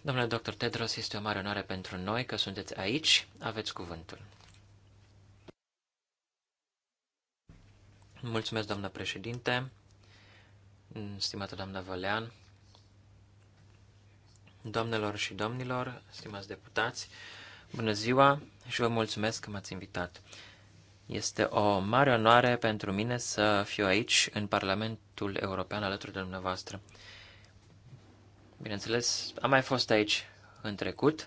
Domnule dr. Tedros, este o mare onoare pentru noi că sunteți aici, aveți cuvântul. Mulțumesc, doamnă președinte, stimată doamnă Vălean, doamnelor și domnilor, stimați deputați, bună ziua și vă mulțumesc că m-ați invitat. Este o mare onoare pentru mine să fiu aici, în Parlamentul European, alături de dumneavoastră. Bineînțeles, am mai fost aici în trecut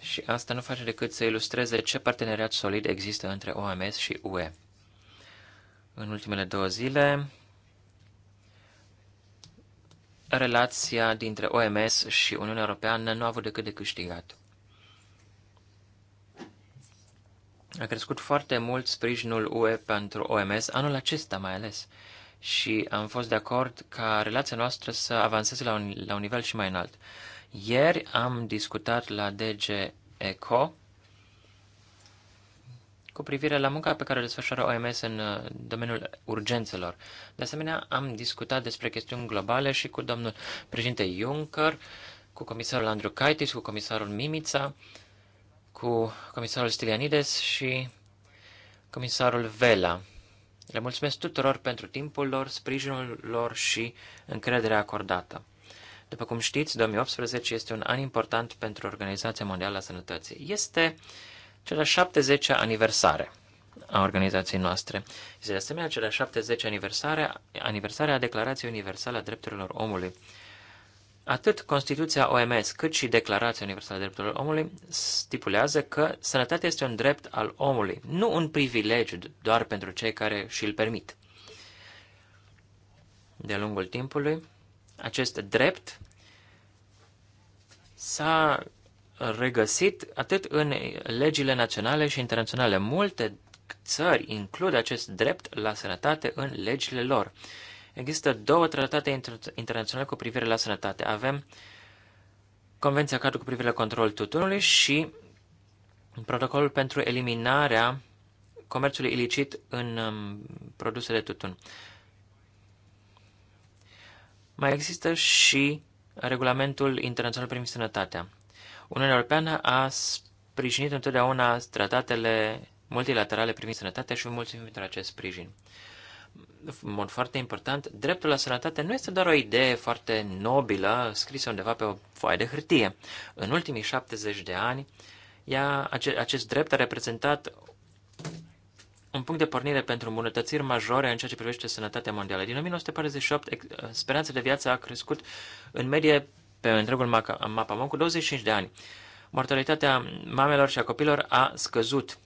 și asta nu face decât să ilustreze ce parteneriat solid există între OMS și UE în ultimele două zile relația dintre OMS și Uniunea Europeană nu a avut decât de câștigat. A crescut foarte mult sprijinul UE pentru OMS, anul acesta mai ales, și am fost de acord ca relația noastră să avanseze la un, la un nivel și mai înalt. Ieri am discutat la DG ECO cu privire la munca pe care o desfășoară OMS în uh, domeniul urgențelor. De asemenea, am discutat despre chestiuni globale și cu domnul președinte Juncker, cu comisarul Andrew Kaitis, cu comisarul Mimița, cu comisarul Stilianides și comisarul Vela. Le mulțumesc tuturor pentru timpul lor, sprijinul lor și încrederea acordată. După cum știți, 2018 este un an important pentru Organizația Mondială a Sănătății. Este uh, cea a 70-a aniversare a organizației noastre. Este de asemenea cea a 70-a aniversare, aniversare a Declarației Universale a Drepturilor Omului. Atât Constituția OMS cât și Declarația Universală a Drepturilor Omului stipulează că sănătatea este un drept al omului, nu un privilegiu doar pentru cei care și îl permit. De-a lungul timpului, acest drept s-a regăsit atât în legile naționale și internaționale. Multe țări includ acest drept la sănătate în legile lor. Există două tratate inter- internaționale cu privire la sănătate. Avem Convenția cadru cu privire la controlul tutunului și protocolul pentru eliminarea comerțului ilicit în um, produse de tutun. Mai există și regulamentul internațional privind sănătatea. Uniunea Europeană a sprijinit întotdeauna tratatele multilaterale privind sănătatea și vă mulțumim pentru acest sprijin. În mod foarte important, dreptul la sănătate nu este doar o idee foarte nobilă scrisă undeva pe o foaie de hârtie. În ultimii 70 de ani, ea, ace, acest drept a reprezentat un punct de pornire pentru îmbunătățiri majore în ceea ce privește sănătatea mondială. Din 1948, speranța de viață a crescut în medie pe întregul mapamon cu 25 de ani. Mortalitatea mamelor și a copilor a scăzut.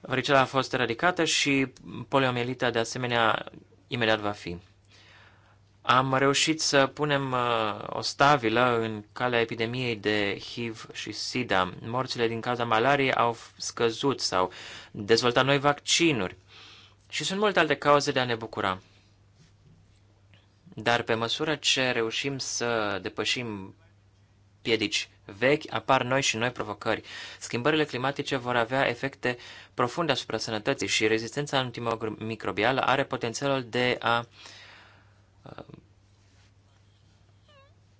Varicela a fost eradicată și poliomielita de asemenea imediat va fi. Am reușit să punem uh, o stabilă în calea epidemiei de HIV și SIDA. Morțile din cauza malariei au scăzut sau dezvoltat noi vaccinuri. Și sunt multe alte cauze de a ne bucura. Dar pe măsură ce reușim să depășim piedici vechi, apar noi și noi provocări. Schimbările climatice vor avea efecte profunde asupra sănătății și rezistența antimicrobială are potențialul de a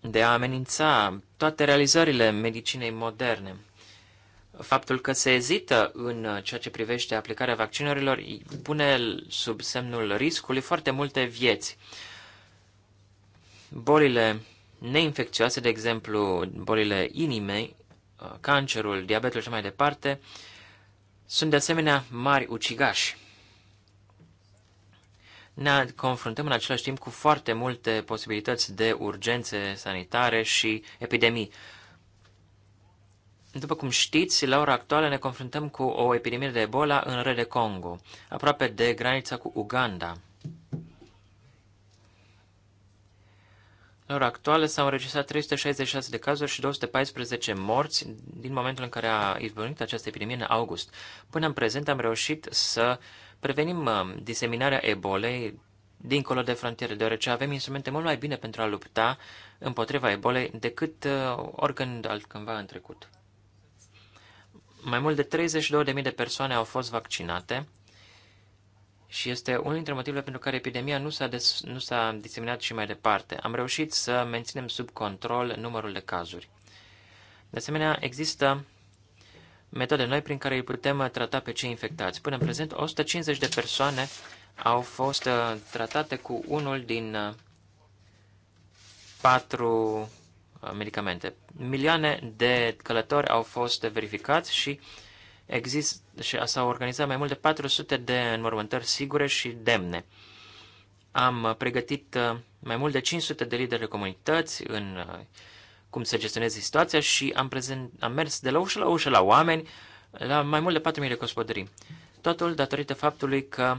de a amenința toate realizările medicinei moderne faptul că se ezită în uh, ceea ce privește aplicarea vaccinurilor pune sub semnul riscului foarte multe vieți. Bolile neinfecțioase, de exemplu bolile inimei, uh, cancerul, diabetul și mai departe, sunt de asemenea mari ucigași. Ne confruntăm în același timp cu foarte multe posibilități de urgențe sanitare și epidemii. După cum știți, la ora actuală ne confruntăm cu o epidemie de Ebola în Rele Congo, aproape de granița cu Uganda. La ora actuală s-au înregistrat 366 de cazuri și 214 morți din momentul în care a izbucnit această epidemie în august. Până în prezent am reușit să prevenim uh, diseminarea ebolei dincolo de frontiere, deoarece avem instrumente mult mai bine pentru a lupta împotriva ebolei decât uh, oricând altcândva în trecut. Mai mult de 32.000 de persoane au fost vaccinate și este unul dintre motivele pentru care epidemia nu s-a, nu s-a diseminat și mai departe. Am reușit să menținem sub control numărul de cazuri. De asemenea, există metode noi prin care îi putem trata pe cei infectați. Până în prezent, 150 de persoane au fost uh, tratate cu unul din uh, patru Uh, medicamente. Milioane de călători au fost verificați și exist, și s-au organizat mai mult de 400 de înmormântări sigure și demne. Am pregătit uh, mai mult de 500 de lideri de comunități în uh, cum să gestioneze situația și am, prezent, am mers de la ușă la ușă la oameni, la mai mult de 4.000 de gospodării. Totul datorită faptului că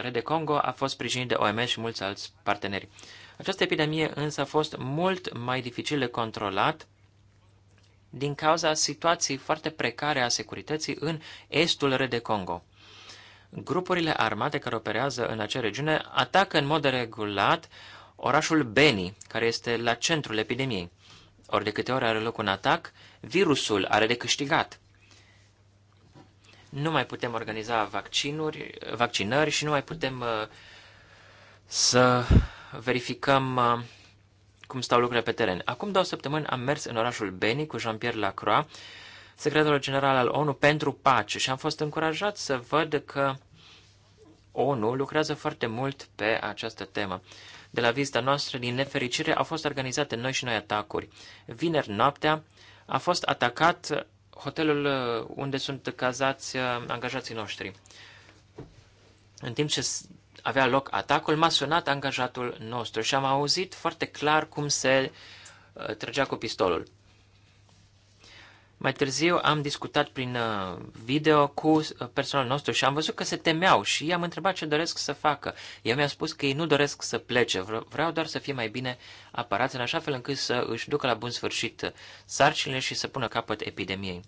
Rede Congo a fost sprijinit de OMS și mulți alți parteneri. Această epidemie însă a fost mult mai dificil de controlat din cauza situației foarte precare a securității în estul rede Congo. Grupurile armate care operează în acea regiune atacă în mod regulat orașul Beni, care este la centrul epidemiei. Ori de câte ori are loc un atac, virusul are de câștigat. Nu mai putem organiza vaccinuri, vaccinări și nu mai putem uh, să verificăm uh, cum stau lucrurile pe teren. Acum două săptămâni am mers în orașul Beni cu Jean-Pierre Lacroix, secretarul general al ONU pentru pace și am fost încurajat să văd că ONU lucrează foarte mult pe această temă. De la vizita noastră, din nefericire, au fost organizate noi și noi atacuri. Vineri noaptea a fost atacat hotelul uh, unde sunt cazați uh, angajații noștri. În timp ce avea loc atacul, m-a sunat angajatul nostru și am auzit foarte clar cum se uh, trăgea cu pistolul. Mai târziu am discutat prin uh, video cu uh, personalul nostru și am văzut că se temeau și i-am întrebat ce doresc să facă. Ea mi-a spus că ei nu doresc să plece, vreau doar să fie mai bine apărați în așa fel încât să își ducă la bun sfârșit sarcinile și să pună capăt epidemiei.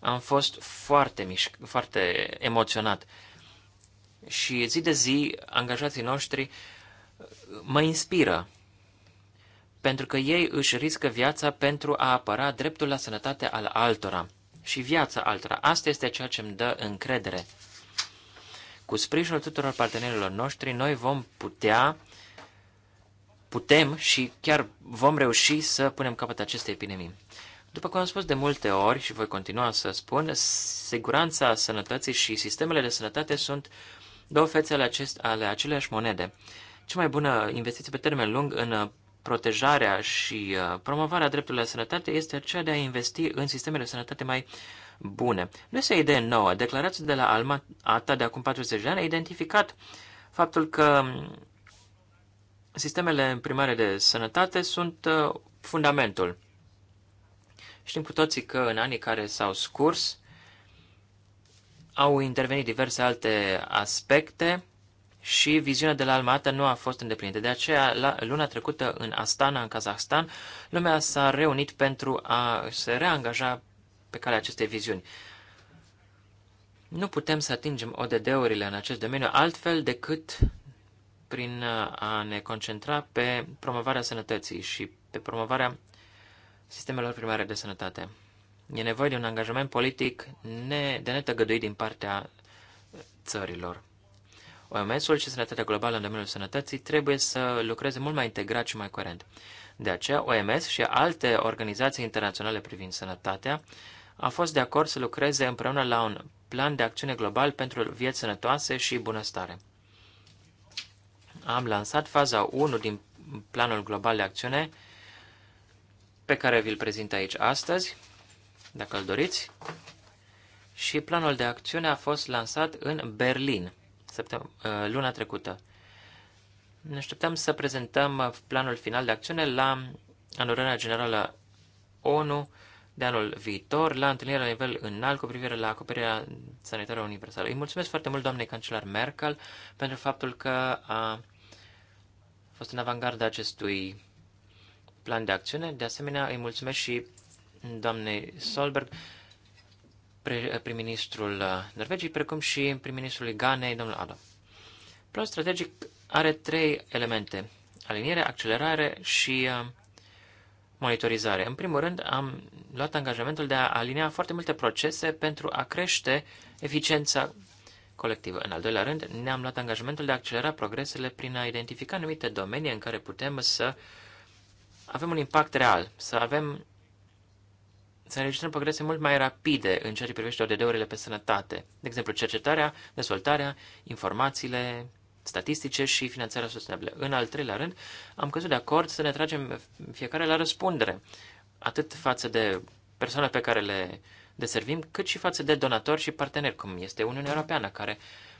Am fost foarte, mișc- foarte emoționat și zi de zi angajații noștri mă inspiră, pentru că ei își riscă viața pentru a apăra dreptul la sănătate al altora și viața altora. Asta este ceea ce îmi dă încredere. Cu sprijinul tuturor partenerilor noștri, noi vom putea, putem și chiar vom reuși să punem capăt acestei epidemii. După cum am spus de multe ori și voi continua să spun, siguranța sănătății și sistemele de sănătate sunt două fețe ale, acest, ale aceleași monede. Cea mai bună investiție pe termen lung în uh, protejarea și uh, promovarea dreptului la sănătate este cea de a investi în sistemele de sănătate mai bune. Nu este o idee nouă. Declarația de la Alma Ata de acum 40 de ani a identificat faptul că um, sistemele primare de sănătate sunt uh, fundamentul. Știm cu toții că în anii care s-au scurs, au intervenit diverse alte aspecte și viziunea de la Almată nu a fost îndeplinită. De aceea, la, luna trecută în Astana, în Kazahstan, lumea s-a reunit pentru a se reangaja pe calea acestei viziuni. Nu putem să atingem ODD-urile în acest domeniu altfel decât prin uh, a ne concentra pe promovarea sănătății și pe promovarea sistemelor primare de sănătate. E nevoie de un angajament politic ne, de netăgăduit din partea țărilor. OMS-ul și Sănătatea Globală în domeniul sănătății trebuie să lucreze mult mai integrat și mai coerent. De aceea, OMS și alte organizații internaționale privind sănătatea a fost de acord să lucreze împreună la un plan de acțiune global pentru vieți sănătoase și bunăstare. Am lansat faza 1 din planul global de acțiune pe care vi-l prezint aici astăzi dacă îl doriți. Și planul de acțiune a fost lansat în Berlin uh, luna trecută. Ne așteptăm să prezentăm uh, planul final de acțiune la anularea generală ONU de anul viitor, la întâlnirea la nivel înalt cu privire la acoperirea sanitară universală. Îi mulțumesc foarte mult doamnei cancelar Merkel pentru faptul că a fost în avangarda acestui plan de acțiune. De asemenea, îi mulțumesc și doamnei Solberg, prim-ministrul uh, Norvegiei, precum și prim-ministrului Ganei, domnul Adam. Plan strategic are trei elemente. Aliniere, accelerare și uh, monitorizare. În primul rând, am luat angajamentul de a alinea foarte multe procese pentru a crește eficiența colectivă. În al doilea rând, ne-am luat angajamentul de a accelera progresele prin a identifica anumite domenii în care putem să avem un impact real, să avem să înregistrăm progrese mult mai rapide în ceea ce privește ODD-urile pe sănătate. De exemplu, cercetarea, dezvoltarea, informațiile statistice și finanțarea sustenabilă. În al treilea rând, am căzut de acord să ne tragem fiecare la răspundere, atât față de persoane pe care le deservim, cât și față de donatori și parteneri, cum este Uniunea Europeană, care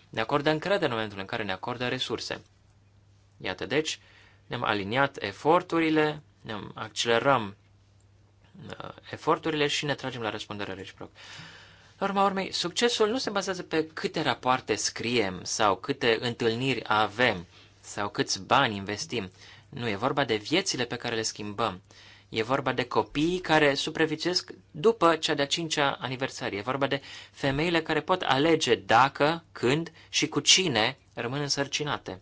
ne acordă încredere în momentul în care ne acordă resurse. Iată, deci, ne-am aliniat eforturile, ne-am accelerăm Uh, eforturile și ne tragem la răspundere reciproc. La urma urmei, succesul nu se bazează pe câte rapoarte scriem sau câte întâlniri avem sau câți bani investim. Nu, e vorba de viețile pe care le schimbăm. E vorba de copiii care supraviețuiesc după cea de-a cincea aniversarie. E vorba de femeile care pot alege dacă, când și cu cine rămân însărcinate.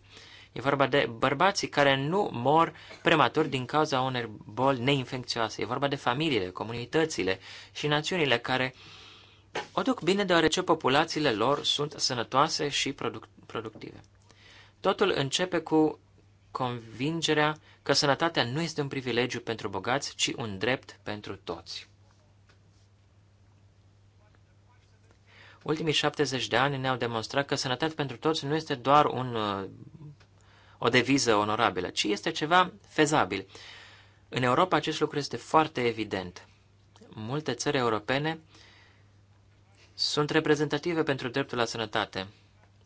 E vorba de bărbații care nu mor prematur din cauza unor boli neinfecțioase. E vorba de familiile, comunitățile și națiunile care o duc bine deoarece populațiile lor sunt sănătoase și produc- productive. Totul începe cu convingerea că sănătatea nu este un privilegiu pentru bogați, ci un drept pentru toți. Ultimii 70 de ani ne-au demonstrat că sănătatea pentru toți nu este doar un uh, o deviză onorabilă, ci este ceva fezabil. În Europa acest lucru este foarte evident. Multe țări europene sunt reprezentative pentru dreptul la sănătate.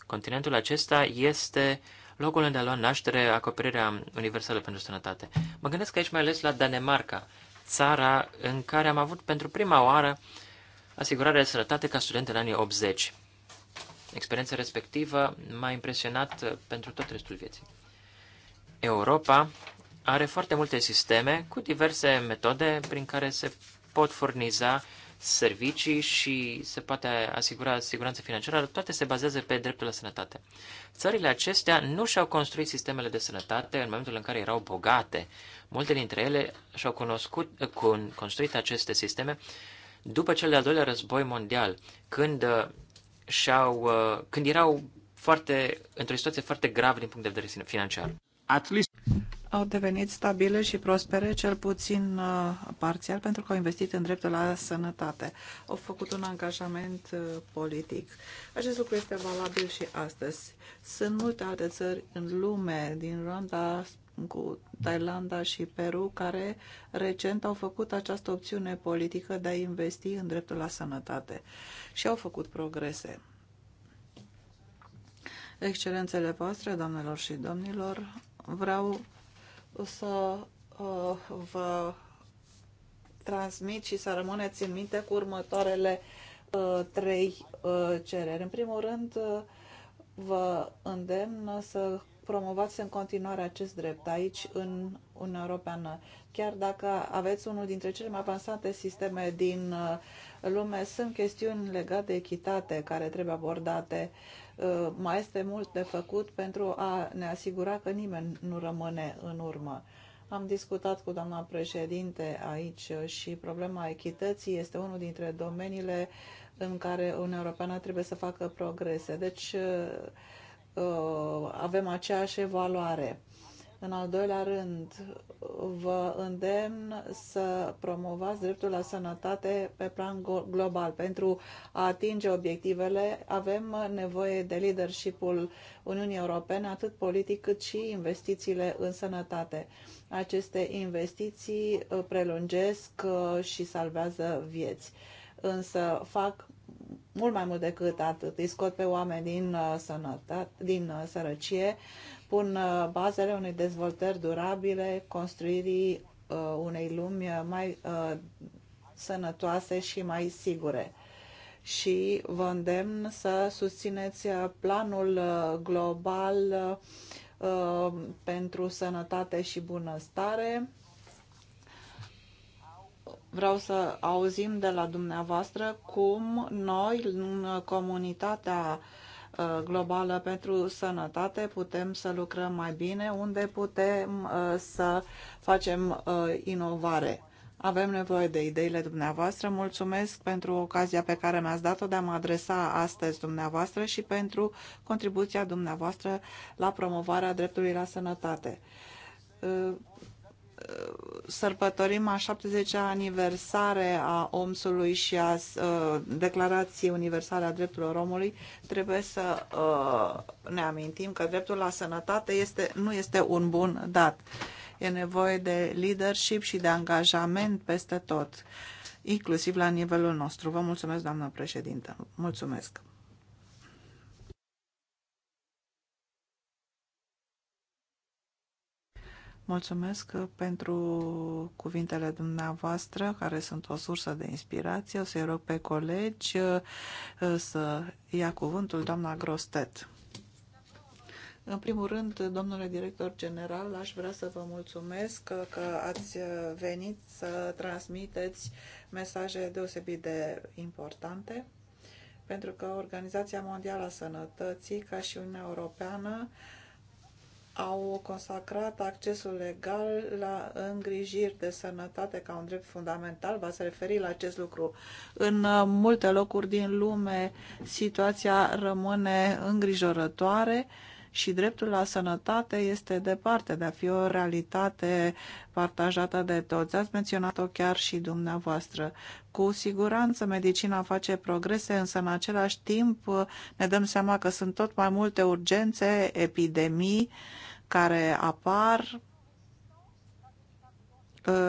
Continentul acesta este locul unde a luat naștere acoperirea universală pentru sănătate. Mă gândesc aici mai ales la Danemarca, țara în care am avut pentru prima oară asigurarea de sănătate ca student în anii 80. Experiența respectivă m-a impresionat pentru tot restul vieții. Europa are foarte multe sisteme cu diverse metode prin care se pot furniza servicii și se poate asigura siguranță financiară, toate se bazează pe dreptul la sănătate. Țările acestea nu și-au construit sistemele de sănătate în momentul în care erau bogate. Multe dintre ele și-au cunoscut, construit aceste sisteme după cel de-al doilea război mondial, când, uh, și-au, uh, când erau foarte, într-o situație foarte gravă din punct de vedere financiar. Au devenit stabile și prospere, cel puțin uh, parțial, pentru că au investit în dreptul la sănătate. Au făcut un angajament uh, politic. Acest lucru este valabil și astăzi. Sunt multe alte țări în lume, din Rwanda, cu Thailanda și Peru, care recent au făcut această opțiune politică de a investi în dreptul la sănătate și au făcut progrese. Excelențele voastre, doamnelor și domnilor, vreau să uh, vă transmit și să rămâneți în minte cu următoarele uh, trei uh, cereri. În primul rând, vă îndemn să promovați în continuare acest drept aici în Uniunea Europeană. Chiar dacă aveți unul dintre cele mai avansate sisteme din lume, sunt chestiuni legate de echitate care trebuie abordate Uh, mai este mult de făcut pentru a ne asigura că nimeni nu rămâne în urmă. Am discutat cu doamna președinte aici și problema echității este unul dintre domeniile în care Uniunea Europeană trebuie să facă progrese. Deci uh, uh, avem aceeași evaluare. În al doilea rând, vă îndemn să promovați dreptul la sănătate pe plan global. Pentru a atinge obiectivele, avem nevoie de leadership-ul Uniunii Europene, atât politic cât și investițiile în sănătate. Aceste investiții uh, prelungesc uh, și salvează vieți, însă fac mult mai mult decât atât. Îi scot pe oameni din, uh, sănătate, din sărăcie, pun uh, bazele unei dezvoltări durabile, construirii uh, unei lumi uh, mai sănătoase și mai sigure. Și vă îndemn să susțineți planul global pentru sănătate și bunăstare. Vreau să auzim de la dumneavoastră cum noi, în comunitatea uh, Uh, globală pentru sănătate, putem să lucrăm mai bine, unde putem uh, să facem uh, inovare. Avem nevoie de ideile dumneavoastră. Mulțumesc pentru ocazia pe care mi-ați dat-o de a mă adresa astăzi dumneavoastră și pentru contribuția dumneavoastră la promovarea dreptului la sănătate sărbătorim a 70-a aniversare a OMS-ului și a uh, Declarației Universale a Drepturilor Omului, trebuie să uh, ne amintim că dreptul la sănătate este, nu este un bun dat. E nevoie de leadership și de angajament peste tot, inclusiv la nivelul nostru. Vă mulțumesc, doamnă președintă. Mulțumesc. Mulțumesc uh, pentru cuvintele dumneavoastră, care sunt o sursă de inspirație. O să-i rog pe colegi uh, uh, să ia cuvântul doamna Grostet. În primul rând, domnule director general, aș vrea să vă mulțumesc că, că ați venit să transmiteți mesaje deosebit de importante, pentru că Organizația Mondială a Sănătății, ca și Uniunea Europeană, uh, au consacrat accesul legal la îngrijiri de sănătate ca un drept fundamental. V-ați referit la acest lucru. În uh, multe locuri din lume situația rămâne îngrijorătoare. Uh, și dreptul la sănătate este departe de a fi o realitate partajată de toți. Ați menționat-o chiar și dumneavoastră. Cu siguranță medicina face progrese, însă în același timp ne dăm seama că sunt tot mai multe urgențe, epidemii care apar,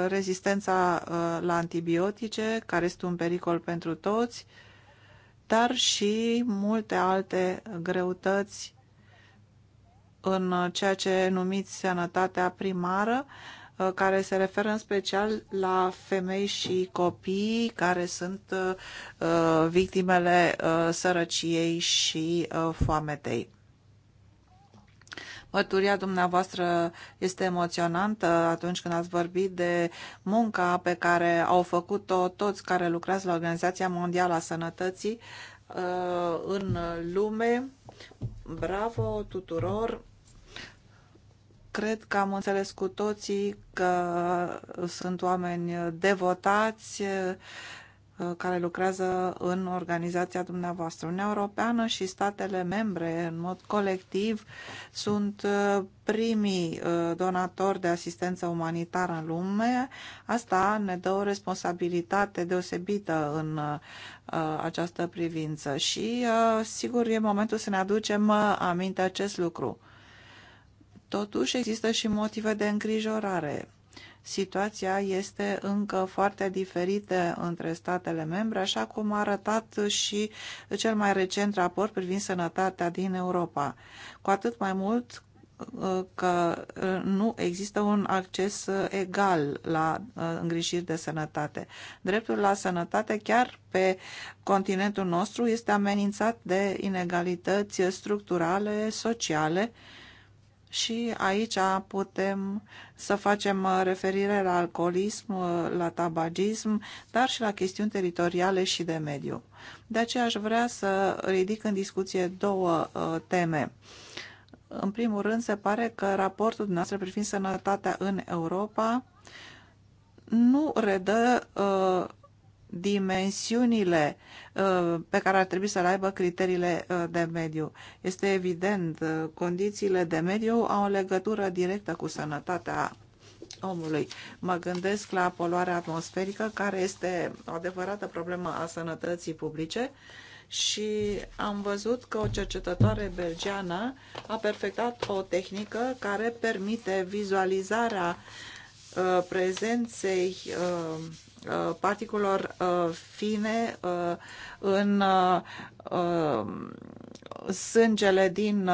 rezistența uh, la antibiotice, care este un pericol pentru toți, dar și multe alte greutăți în ceea ce numiți sănătatea primară, uh, care se referă în special la femei și copii care sunt uh, uh, victimele sărăciei și foametei. Mărturia dumneavoastră este emoționantă atunci când ați vorbit de munca pe care au făcut-o toți care lucrează la Organizația Mondială a Sănătății în lume. Bravo tuturor! Cred că am înțeles cu toții că sunt oameni devotați eh, care lucrează în organizația dumneavoastră. Uniunea Europeană și statele membre, în mod colectiv, sunt eh, primii eh, donatori de asistență umanitară în lume. Asta ne dă o responsabilitate deosebită în această privință și, sigur, e momentul să ne aducem aminte acest lucru. Totuși, există și motive de îngrijorare. Situația este încă foarte diferită între statele membre, așa cum a arătat și cel mai recent raport privind sănătatea din Europa. Cu atât mai mult uh, că uh, nu există un acces uh, egal la îngrijiri de sănătate. Dreptul la sănătate chiar pe continentul nostru este amenințat de inegalități structurale, sociale, și aici putem să facem uh, referire la alcoolism, uh, la tabagism, dar și la chestiuni teritoriale și de mediu. De aceea aș vrea să ridic în discuție două uh, teme. În primul rând, se pare că raportul dumneavoastră privind sănătatea în Europa nu redă uh, dimensiunile uh, pe care ar trebui să le aibă criteriile uh, de mediu. Este evident, uh, condițiile de mediu au o legătură directă cu sănătatea omului. Mă gândesc la poluarea atmosferică, care este o adevărată problemă a sănătății publice și am văzut că o cercetătoare belgeană a perfectat o tehnică care permite vizualizarea prezenței Uh, particulor uh, fine uh, în sângele din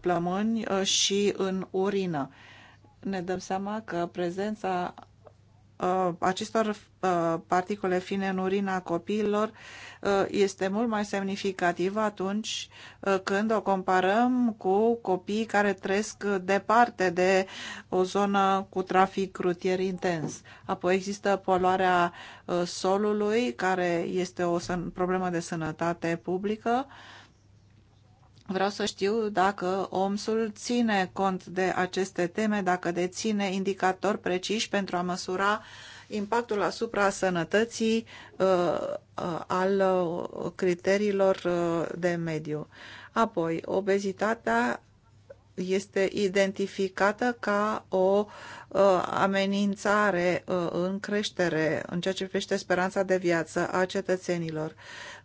plămâni și în urină. Ne dăm seama că prezența Uh, acestor uh, particule fine în urina copiilor uh, este mult mai semnificativ atunci când o comparăm cu copiii care trăiesc departe de o zonă cu trafic rutier intens. Apoi există poluarea solului, care este o problemă de sănătate publică, Vreau să știu dacă OMS-ul ține cont de aceste teme, dacă deține indicatori preciși pentru a măsura impactul asupra sănătății uh, uh, al uh, criteriilor uh, de mediu. Apoi, obezitatea este identificată ca o uh, amenințare uh, în creștere în ceea ce privește speranța de viață a cetățenilor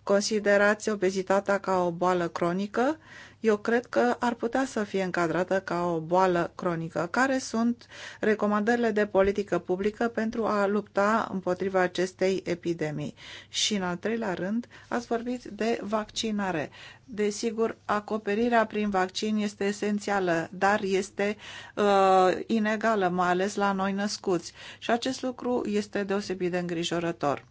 considerați obezitatea ca o boală cronică, eu cred că ar putea să fie încadrată ca o boală cronică. Care sunt recomandările de politică publică pentru a lupta împotriva acestei epidemii? Și în al treilea rând, ați vorbit de vaccinare. Desigur, acoperirea prin vaccin este esențială, dar este uh, inegală, mai ales la noi născuți. Și acest lucru este deosebit de îngrijorător.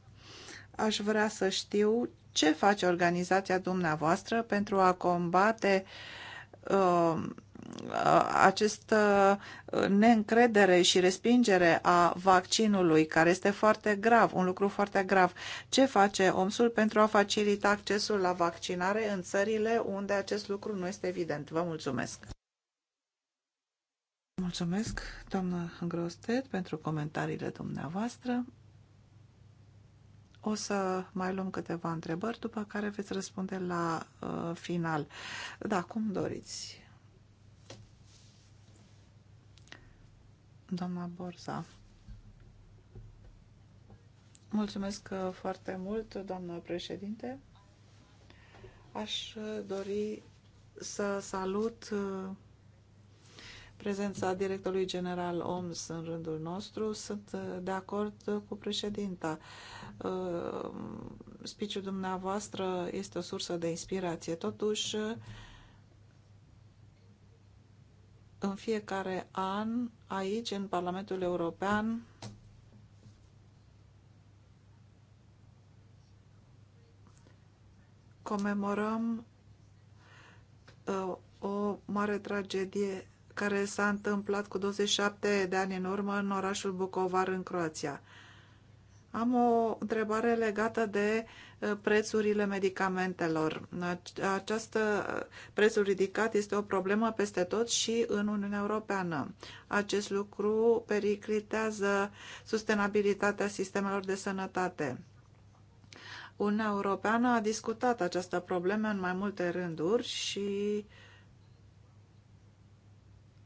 Aș vrea să știu ce face organizația dumneavoastră pentru a combate uh, această neîncredere și respingere a vaccinului, care este foarte grav, un lucru foarte grav. Ce face OMSUL pentru a facilita accesul la vaccinare în țările unde acest lucru nu este evident? Vă mulțumesc! Mulțumesc, doamnă Grosted, pentru comentariile dumneavoastră. O să mai luăm câteva întrebări, după care veți răspunde la uh, final. Da, cum doriți. Doamna Borza. Mulțumesc uh, foarte mult, doamnă președinte. Aș uh, dori să salut uh, prezența directorului general OMS în rândul nostru. Sunt uh, de acord uh, cu președinta. Uh, spiciul dumneavoastră este o sursă de inspirație. Totuși, în fiecare an, aici, în Parlamentul European, comemorăm o mare tragedie care s-a întâmplat cu 27 de ani în urmă în orașul Bucovar, în Croația. Am o întrebare legată de uh, prețurile medicamentelor. Această uh, prețul ridicat este o problemă peste tot și în Uniunea Europeană. Acest lucru periclitează sustenabilitatea sistemelor de sănătate. Uniunea Europeană a discutat această problemă în mai multe rânduri și uh,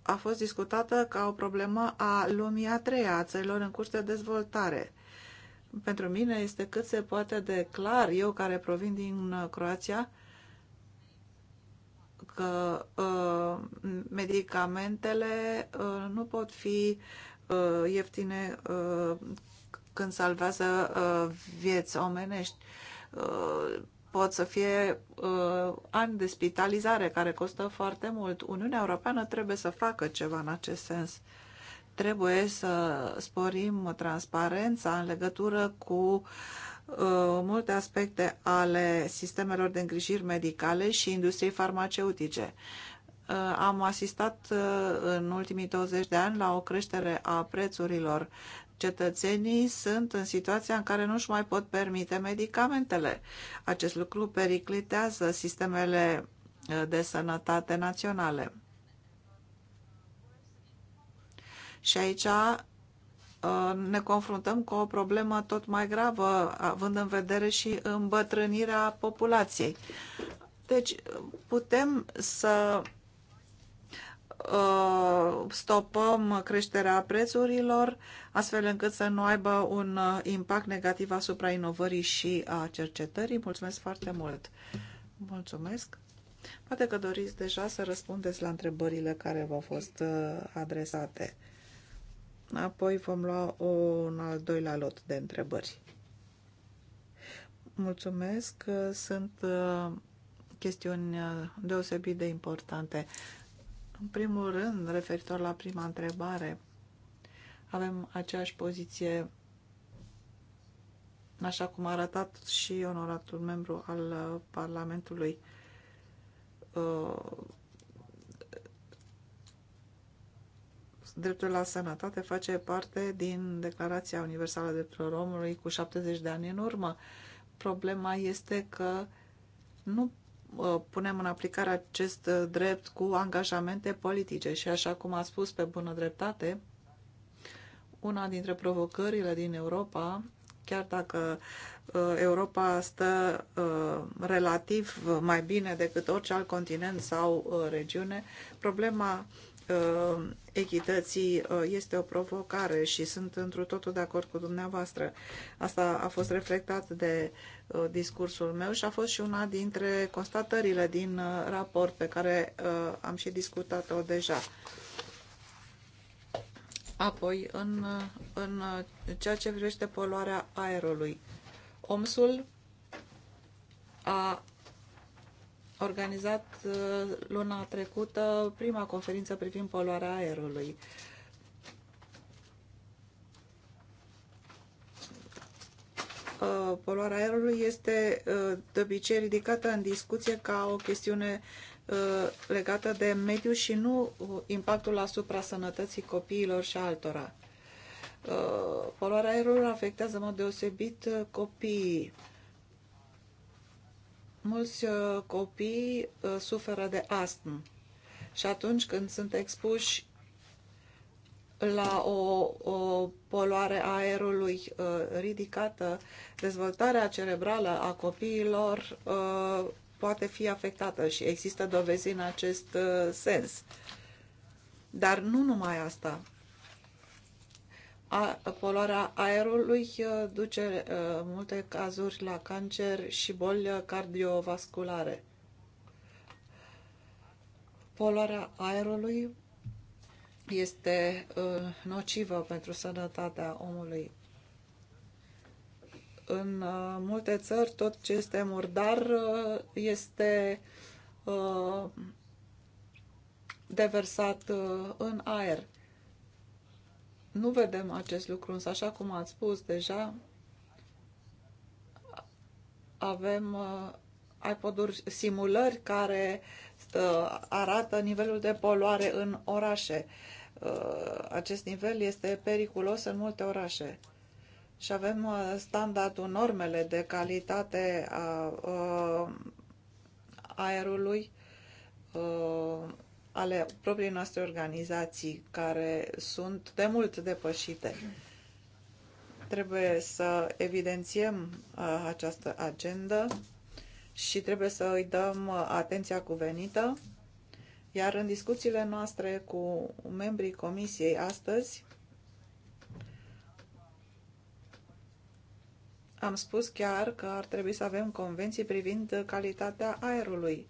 a fost discutată ca o problemă a lumii a treia, a țărilor în curs de dezvoltare. Pentru mine este cât se poate de clar, eu care provin din uh, Croația, că uh, medicamentele uh, nu pot fi uh, ieftine uh, când salvează uh, vieți omenești. Uh, pot să fie uh, ani de spitalizare care costă foarte mult. Uniunea Europeană trebuie să facă ceva în acest sens. Trebuie să sporim transparența în legătură cu uh, multe aspecte ale sistemelor de îngrijiri medicale și industriei farmaceutice. Uh, am asistat uh, în ultimii 20 de ani la o creștere a prețurilor Cetățenii sunt în situația în care nu-și mai pot permite medicamentele. Acest lucru periclitează sistemele uh, de sănătate naționale. Și aici uh, ne confruntăm cu o problemă tot mai gravă, având în vedere și îmbătrânirea populației. Deci putem să Uh, stopăm creșterea prețurilor, astfel încât să nu aibă un uh, impact negativ asupra inovării și a cercetării. Mulțumesc foarte mult! Mulțumesc! Poate că doriți deja să răspundeți la întrebările care v-au fost uh, adresate. Apoi vom lua un al doilea lot de întrebări. Mulțumesc! Sunt chestiuni deosebit de importante. În primul rând, referitor la prima întrebare, avem aceeași poziție, așa cum a arătat și onoratul membru al Parlamentului. Uh, dreptul la sănătate face parte din Declarația Universală a Drepturilor Omului cu 70 de ani în urmă. Problema este că nu Uh, punem în aplicare acest uh, drept cu angajamente politice și așa cum a spus pe bună dreptate, una dintre provocările din Europa, chiar dacă uh, Europa stă relativ mai bine decât orice alt continent sau regiune, problema Uh, echității uh, este o provocare și sunt întru totul de acord cu dumneavoastră. Asta a fost reflectat de uh, discursul meu și a fost și una dintre constatările din raport pe care am și discutat-o deja. Apoi, în, în ceea ce privește poluarea aerului, OMSUL a organizat uh, luna trecută prima conferință privind poluarea aerului. Uh, poluarea aerului este uh, de obicei ridicată în discuție ca o chestiune legată de mediu și nu impactul asupra sănătății copiilor și altora. Poluarea aerului afectează în mod deosebit copiii Mulți uh, copii uh, suferă de astm și atunci când sunt expuși la o, o poluare a aerului uh, ridicată, dezvoltarea cerebrală a copiilor uh, poate fi afectată și există dovezi în acest uh, sens. Dar nu numai asta. A, poluarea aerului uh, duce în uh, multe cazuri la cancer și boli cardiovasculare. Poluarea aerului este uh, nocivă pentru sănătatea omului. În multe țări, tot ce este murdar este deversat în aer nu vedem acest lucru, însă, așa cum ați spus deja, avem uh, iPod-uri simulări care uh, arată nivelul de poluare în orașe. Uh, acest nivel este periculos în multe orașe. Și avem uh, standardul, normele de calitate a uh, aerului, uh, ale propriei noastre organizații, care sunt de mult depășite. Trebuie să evidențiem uh, această agendă și trebuie să îi dăm uh, atenția cuvenită. Iar în discuțiile noastre cu membrii comisiei astăzi, am spus chiar că ar trebui să avem convenții privind calitatea aerului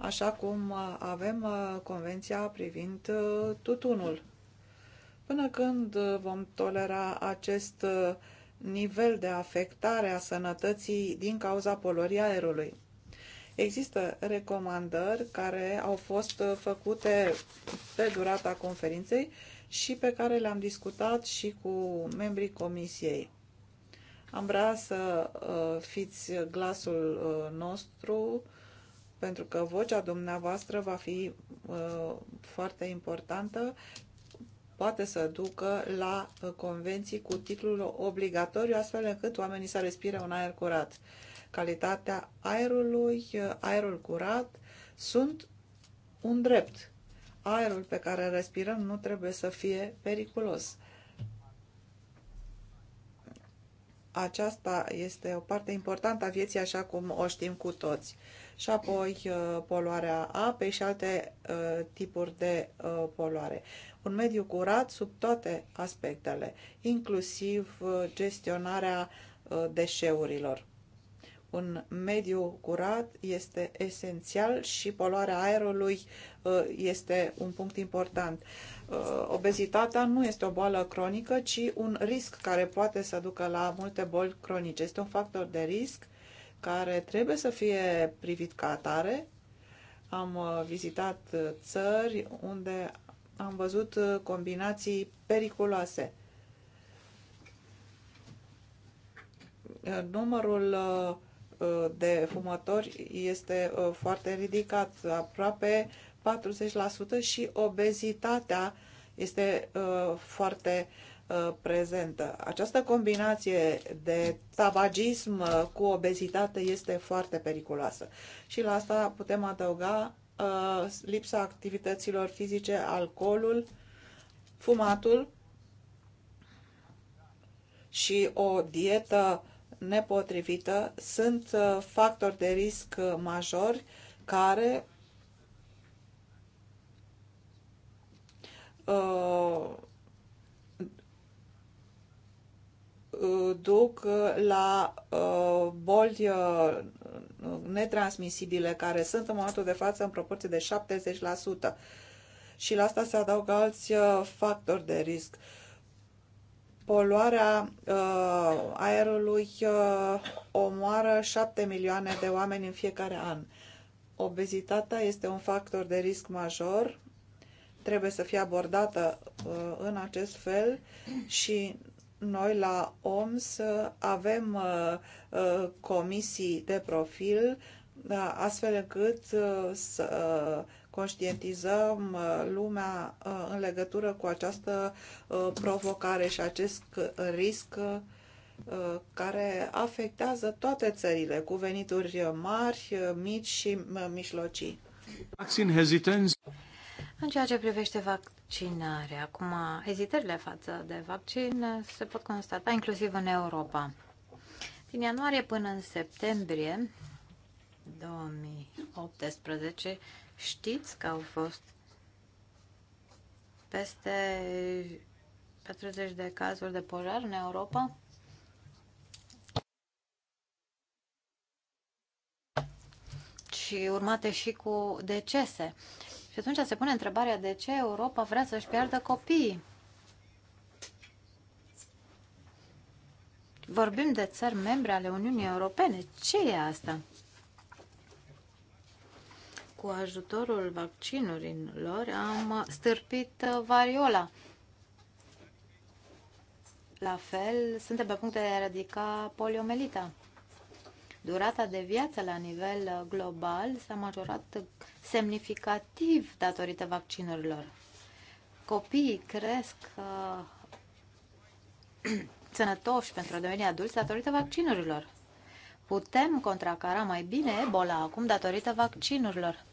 așa cum uh, avem uh, convenția privind uh, tutunul. Până când vom tolera acest nivel de afectare a sănătății din cauza poluării aerului? Există recomandări care au fost făcute pe durata conferinței și pe care le-am discutat și cu membrii comisiei. Am vrea să fiți glasul nostru pentru că vocea dumneavoastră va fi uh, foarte importantă, poate să ducă la uh, convenții cu titlul obligatoriu, astfel încât oamenii să respire un aer curat. Calitatea aerului, uh, aerul curat, sunt un drept. Aerul pe care îl respirăm nu trebuie să fie periculos. Aceasta este o parte importantă a vieții, așa cum o știm cu toți și apoi uh, poluarea apei și alte uh, tipuri de uh, poluare. Un mediu curat sub toate aspectele, inclusiv gestionarea deșeurilor. Un mediu curat este esențial și poluarea aerului este un punct important. Obezitatea nu este o boală cronică, ci un risc care poate să ducă la multe boli cronice. Este un factor de risc care trebuie să fie privit ca atare. Am uh, vizitat uh, țări unde am văzut uh, combinații periculoase. Numărul de fumători este foarte ridicat, aproape 40% și obezitatea este foarte Uh, prezentă. Această combinație de tabagism uh, cu obezitate este foarte periculoasă și la asta putem adăuga uh, lipsa activităților fizice, alcoolul, fumatul și o dietă nepotrivită sunt factori de risc majori care duc uh, la uh, boli uh, netransmisibile, care sunt în momentul de față în proporție de 70%. Și la asta se adaugă alți factori de risc. Poluarea aerului omoară 7 milioane de oameni în fiecare an. Obezitatea este un factor de risc major, trebuie să fie abordată uh, în acest fel și noi la OMS avem uh, uh, comisii de profil uh, astfel încât să conștientizăm lumea în legătură cu această provocare și acest risc care afectează toate țările cu venituri mari, mici și mijlocii. În ceea ce privește vac vaccinare. Acum, ezitările față de vaccin se pot constata inclusiv în Europa. Din ianuarie până în septembrie 2018, știți că au fost peste 40 de cazuri de pojar în Europa? Și urmate și cu decese. Și atunci se pune întrebarea de ce Europa vrea să-și piardă copiii. Vorbim de țări membre ale Uniunii Europene. Ce e asta? Cu ajutorul vaccinurilor am stârpit uh, variola. La fel, suntem pe punct de a eradica poliomelita. Durata de viață la nivel uh, global s-a majorat semnificativ datorită vaccinurilor. Copiii cresc uh, sănătoși pentru a deveni adulți datorită vaccinurilor. Putem contracara mai bine Ebola acum datorită vaccinurilor.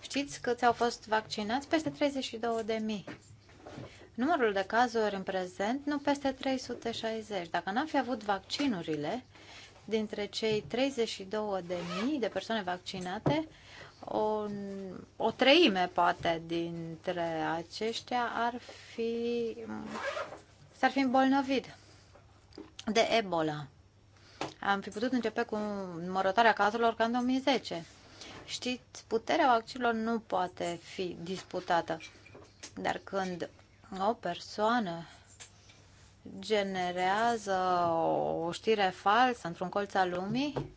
Știți câți au fost vaccinați? Peste 32 de mii. Numărul de cazuri în prezent nu peste 360. Dacă n-am fi avut vaccinurile, dintre cei 32 de mii de persoane vaccinate, o, o treime poate dintre aceștia ar fi s-ar fi îmbolnăvit de Ebola. Am fi putut începe cu numărătoarea cazurilor ca în 2010. Știți, puterea vaccinilor nu poate fi disputată. Dar când o persoană generează o știre falsă într-un colț al lumii,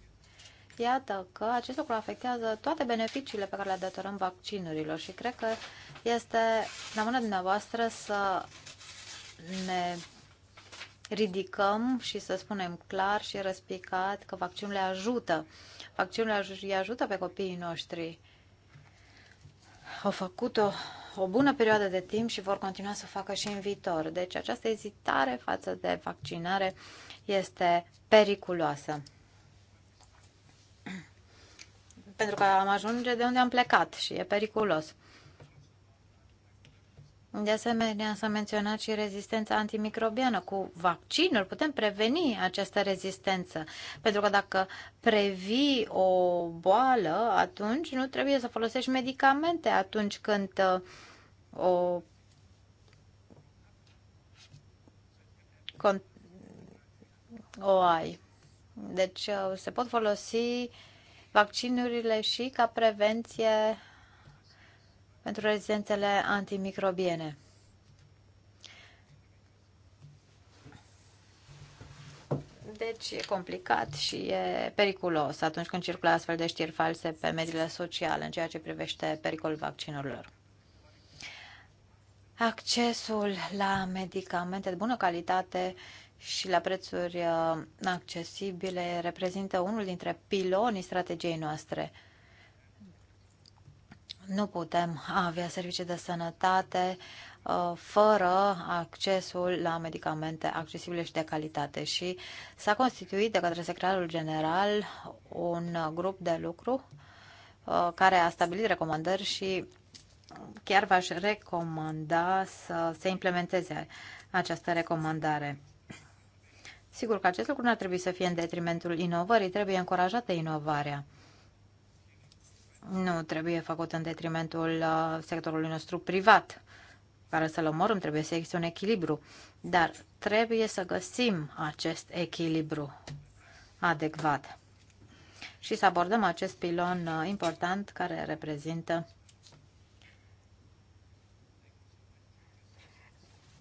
iată că acest lucru afectează toate beneficiile pe care le datorăm vaccinurilor și cred că este la mâna dumneavoastră să ne ridicăm și să spunem clar și răspicat că vaccinurile ajută. Vaccinurile îi ajută pe copiii noștri. Au făcut-o o bună perioadă de timp și vor continua să o facă și în viitor. Deci această ezitare față de vaccinare este periculoasă. Pentru că am ajunge de unde am plecat și e periculos. De asemenea, s-a menționat și rezistența antimicrobiană. Cu vaccinuri putem preveni această rezistență. Pentru că dacă previi o boală, atunci nu trebuie să folosești medicamente atunci când uh, o o ai. Deci uh, se pot folosi vaccinurile și ca prevenție pentru rezistențele antimicrobiene. Deci e complicat și e periculos atunci când circulă astfel de știri false pe mediile sociale în ceea ce privește pericolul vaccinurilor. Accesul la medicamente de bună calitate și la prețuri uh, accesibile reprezintă unul dintre pilonii strategiei noastre – nu putem avea servicii de sănătate uh, fără accesul la medicamente accesibile și de calitate și s-a constituit de către secretarul general un grup de lucru uh, care a stabilit recomandări și chiar v-aș recomanda să se implementeze această recomandare. Sigur că acest lucru nu ar trebui să fie în detrimentul inovării, trebuie încurajată inovarea nu trebuie făcut în detrimentul uh, sectorului nostru privat, care să-l omorâm, trebuie să existe un echilibru. Dar trebuie să găsim acest echilibru adecvat și să abordăm acest pilon uh, important care reprezintă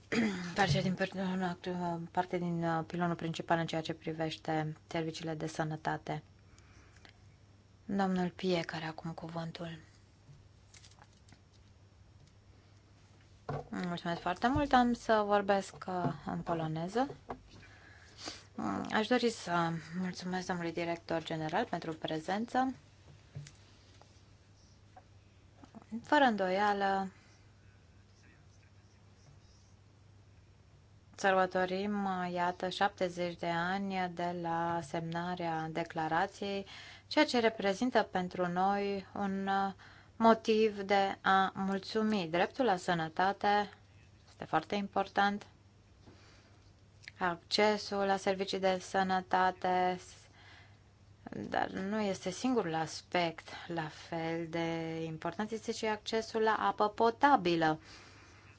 parte din, parte uh, din pilonul principal în ceea ce privește serviciile de sănătate. Domnul Pie, care acum cuvântul. Mulțumesc foarte mult. Am să vorbesc uh, în poloneză. Mm, aș dori să mulțumesc domnului director general pentru prezență. Fără îndoială, sărbătorim, uh, iată, 70 de ani de la semnarea declarației ceea ce reprezintă pentru noi un uh, motiv de a mulțumi. Dreptul la sănătate este foarte important, accesul la servicii de sănătate, dar nu este singurul aspect la fel de important, este și accesul la apă potabilă.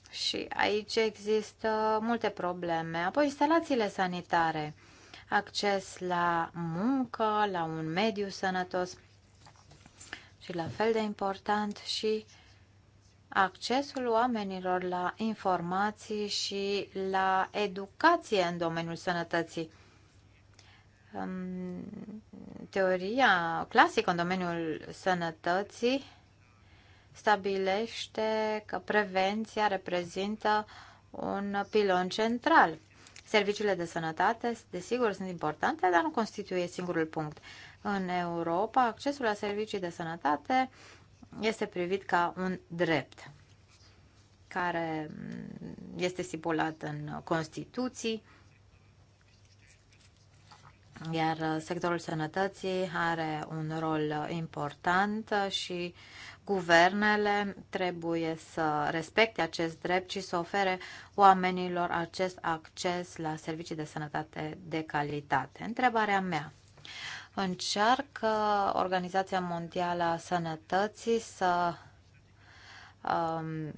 Și aici există multe probleme. Apoi instalațiile sanitare acces la muncă, la un mediu sănătos și la fel de important și accesul oamenilor la informații și la educație în domeniul sănătății. Teoria clasică în domeniul sănătății stabilește că prevenția reprezintă un pilon central Serviciile de sănătate, desigur, sunt importante, dar nu constituie singurul punct. În Europa, accesul la servicii de sănătate este privit ca un drept care este stipulat în Constituții, iar sectorul sănătății are un rol important și Guvernele trebuie să respecte acest drept și să ofere oamenilor acest acces la servicii de sănătate de calitate. Întrebarea mea. Încearcă Organizația Mondială a Sănătății să um,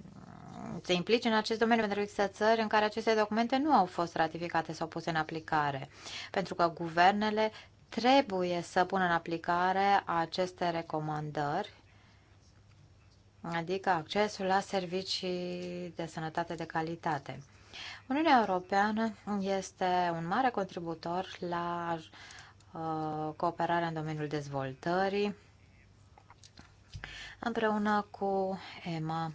se implice în acest domeniu pentru că există țări în care aceste documente nu au fost ratificate sau puse în aplicare, pentru că guvernele trebuie să pună în aplicare aceste recomandări adică accesul la servicii de sănătate de calitate. Uniunea Europeană este un mare contributor la uh, cooperarea în domeniul dezvoltării împreună cu EMA,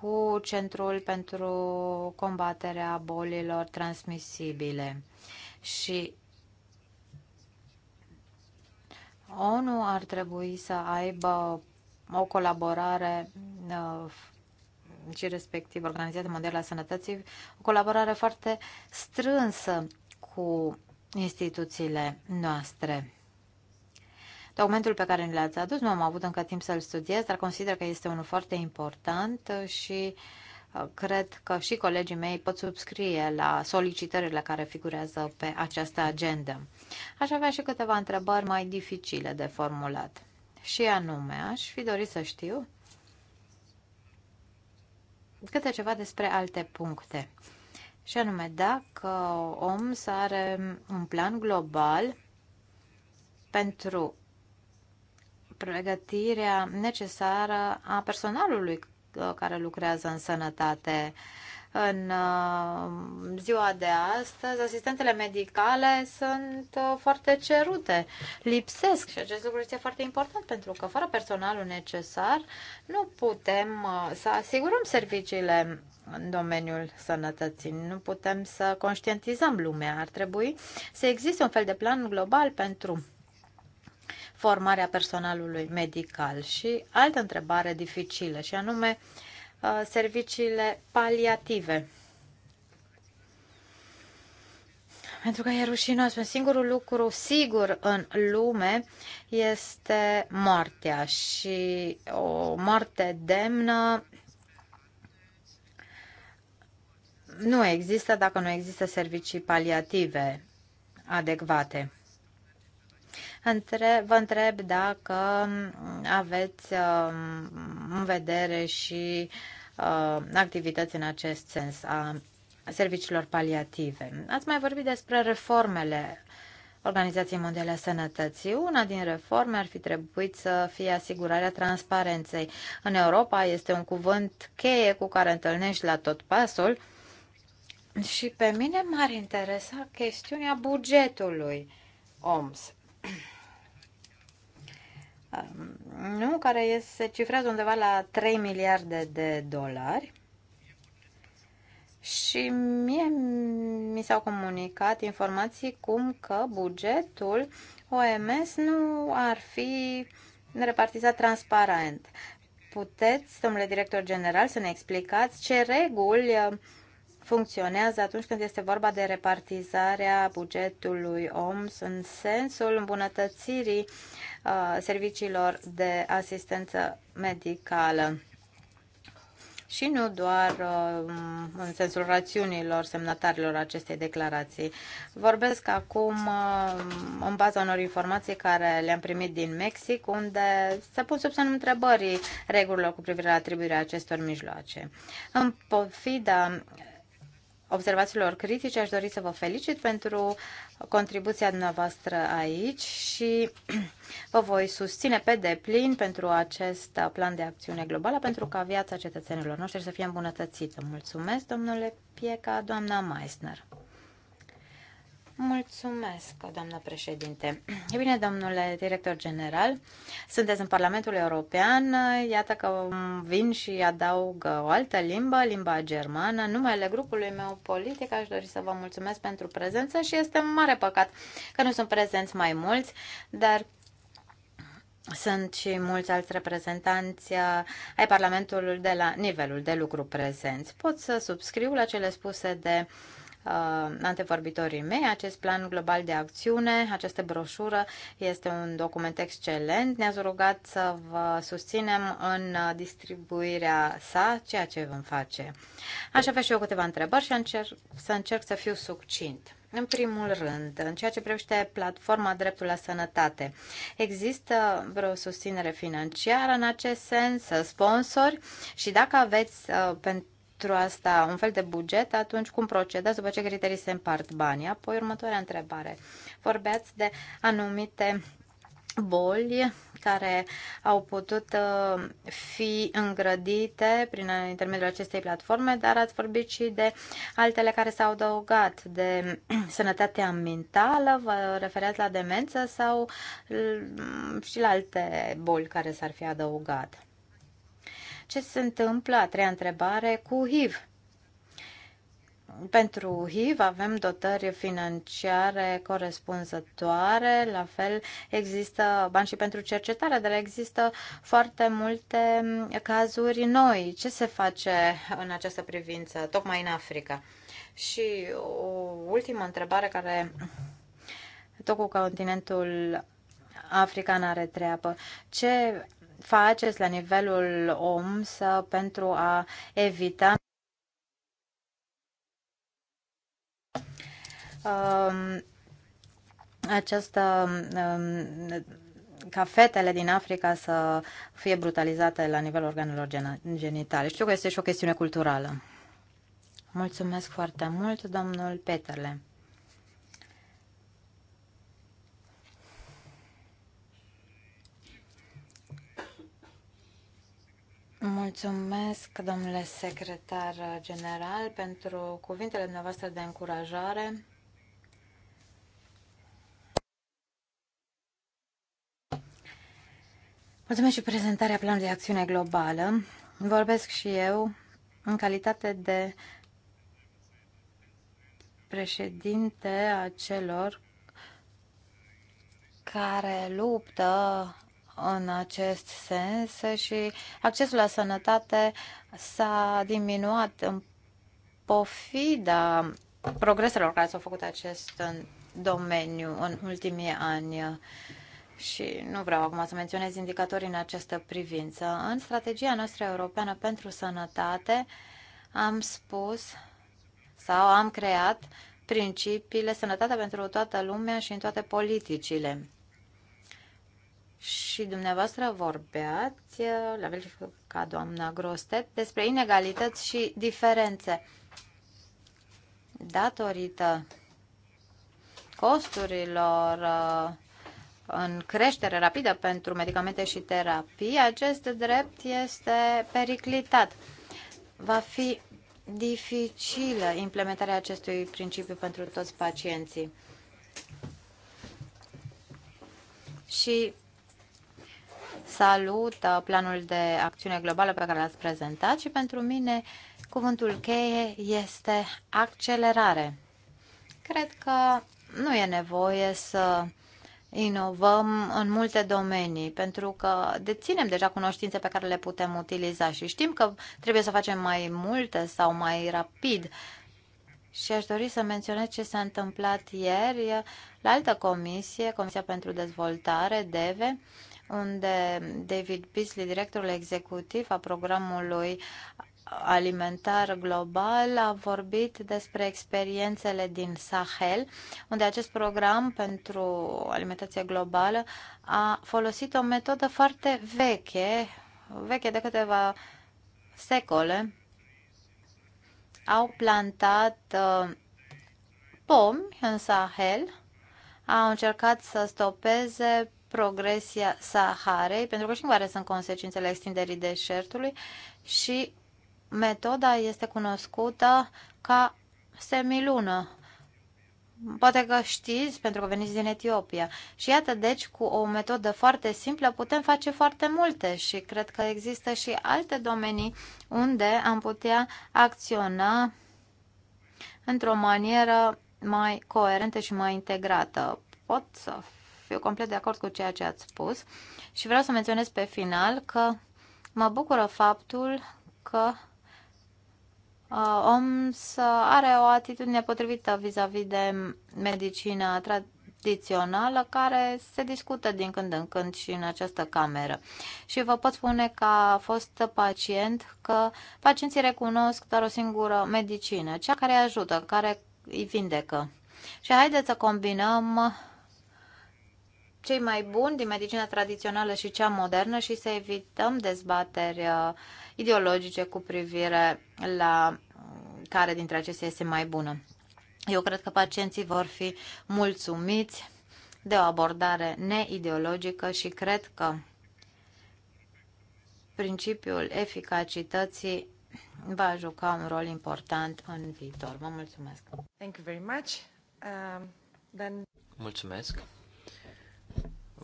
cu Centrul pentru combaterea bolilor transmisibile și ONU ar trebui să aibă o colaborare uh, și respectiv Organizația Mondială a Sănătății, o colaborare foarte strânsă cu instituțiile noastre. Documentul pe care ni l-ați adus nu am avut încă timp să-l studiez, dar consider că este unul foarte important și uh, cred că și colegii mei pot subscrie la solicitările care figurează pe această agendă. Aș avea și câteva întrebări mai dificile de formulat. Și anume, aș fi dorit să știu câte ceva despre alte puncte. Și anume, dacă OMS are un plan global pentru pregătirea necesară a personalului Uh, care lucrează în sănătate. În uh, ziua de astăzi, asistentele medicale sunt uh, foarte cerute, lipsesc și acest lucru este foarte important pentru că fără personalul necesar nu putem să asigurăm serviciile în domeniul sănătății. Nu putem să conștientizăm lumea. Ar trebui să existe un fel de plan global pentru formarea personalului medical. Și altă întrebare dificilă, și anume uh, serviciile paliative. Pentru că e rușinos. Un Singurul lucru sigur în lume este moartea și o moarte demnă nu există dacă nu există servicii paliative adecvate între, vă întreb dacă um, aveți um, în vedere și um, activități în acest sens a serviciilor paliative. Ați mai vorbit despre reformele Organizației Mondiale a Sănătății. Una din reforme ar fi trebuit să fie asigurarea transparenței. În Europa este un cuvânt cheie cu care întâlnești la tot pasul și pe mine m-ar interesa chestiunea bugetului OMS. Ehm, nu? care se cifrează undeva la 3 miliarde de dolari. Și mie mi s-au comunicat informații cum că bugetul OMS nu ar fi repartizat transparent. Puteți, domnule director general, să ne explicați ce reguli funcționează atunci când este vorba de repartizarea bugetului OMS în sensul îmbunătățirii uh, serviciilor de asistență medicală și nu doar uh, în sensul rațiunilor semnatarilor acestei declarații. Vorbesc acum uh, în baza unor informații care le-am primit din Mexic, unde se pun sub semnul întrebării regulilor cu privire la atribuirea acestor mijloace. În pofida observațiilor critice, aș dori să vă felicit pentru contribuția dumneavoastră aici și vă voi susține pe deplin pentru acest plan de acțiune globală pentru ca viața cetățenilor noștri să fie îmbunătățită. Mulțumesc, domnule Pieca, doamna Meissner. Mulțumesc, doamnă președinte. E bine, domnule director general, sunteți în Parlamentul European, iată că vin și adaug o altă limbă, limba germană. numele grupului meu politic aș dori să vă mulțumesc pentru prezență și este mare păcat că nu sunt prezenți mai mulți, dar sunt și mulți alți reprezentanți ai Parlamentului de la nivelul de lucru prezenți. Pot să subscriu la cele spuse de uh, Uh, antevorbitorii mei. Acest plan global de acțiune, această broșură este un document excelent. Ne-ați rugat să vă susținem în distribuirea sa, ceea ce vom face. Aș avea și eu câteva întrebări și încerc, să încerc să fiu succint. În primul rând, în ceea ce privește platforma Dreptul la Sănătate, există vreo susținere financiară în acest sens, sponsori și dacă aveți uh, pentru pentru asta un fel de buget, atunci cum procedați, după ce criterii se împart banii? Apoi următoarea întrebare. Vorbeați de anumite boli care au putut uh, fi îngrădite prin intermediul acestei platforme, dar ați vorbit și de altele care s-au adăugat, de sănătatea mentală, vă referați la demență sau și la alte boli care s-ar fi adăugat. Ce se întâmplă, a treia întrebare, cu HIV? Pentru HIV avem dotări financiare corespunzătoare, la fel există bani și pentru cercetare, dar există foarte multe cazuri noi. Ce se face în această privință, tocmai în Africa? Și o ultimă întrebare care tot cu continentul african are treabă. Ce faceți la nivelul om să pentru a evita um, această um, ca fetele din Africa să fie brutalizate la nivelul organelor genitale. Știu că este și o chestiune culturală. Mulțumesc foarte mult, domnul Peterle. Mulțumesc, domnule secretar general, pentru cuvintele dumneavoastră de încurajare. Mulțumesc și prezentarea planului de acțiune globală. Vorbesc și eu în calitate de președinte a celor care luptă în acest sens și accesul la sănătate s-a diminuat în pofida progreselor care s-au făcut acest domeniu în ultimii ani și nu vreau acum să menționez indicatorii în această privință. În strategia noastră europeană pentru sănătate am spus sau am creat principiile sănătate pentru toată lumea și în toate politicile și dumneavoastră vorbeați, la fel ca doamna Grostet, despre inegalități și diferențe. Datorită costurilor uh, în creștere rapidă pentru medicamente și terapii, acest drept este periclitat. Va fi dificilă implementarea acestui principiu pentru toți pacienții. Și salut planul de acțiune globală pe care l-ați prezentat și pentru mine cuvântul cheie este accelerare. Cred că nu e nevoie să inovăm în multe domenii, pentru că deținem deja cunoștințe pe care le putem utiliza și știm că trebuie să facem mai multe sau mai rapid. Și aș dori să menționez ce s-a întâmplat ieri la altă comisie, Comisia pentru Dezvoltare, DEVE, unde David Beasley, directorul executiv a programului alimentar global a vorbit despre experiențele din Sahel, unde acest program pentru alimentație globală a folosit o metodă foarte veche, veche de câteva secole. Au plantat uh, pomi în Sahel, au încercat să stopeze progresia Saharei, pentru că știm care sunt consecințele extinderii deșertului și metoda este cunoscută ca semilună. Poate că știți, pentru că veniți din Etiopia. Și iată, deci, cu o metodă foarte simplă putem face foarte multe și cred că există și alte domenii unde am putea acționa într-o manieră mai coerentă și mai integrată. Pot să fiu complet de acord cu ceea ce ați spus și vreau să menționez pe final că mă bucură faptul că uh, OMS are o atitudine potrivită vis-a-vis -vis de medicina tradițională care se discută din când în când și în această cameră. Și vă pot spune că a fost pacient că pacienții recunosc doar o singură medicină, cea care îi ajută, care îi vindecă. Și haideți să combinăm cei mai buni din medicina tradițională și cea modernă și să evităm dezbateri uh, ideologice cu privire la uh, care dintre acestea este mai bună. Eu cred că pacienții vor fi mulțumiți de o abordare neideologică și cred că principiul eficacității va juca un rol important în viitor. Vă mulțumesc! Thank you very much. Um, then... Mulțumesc!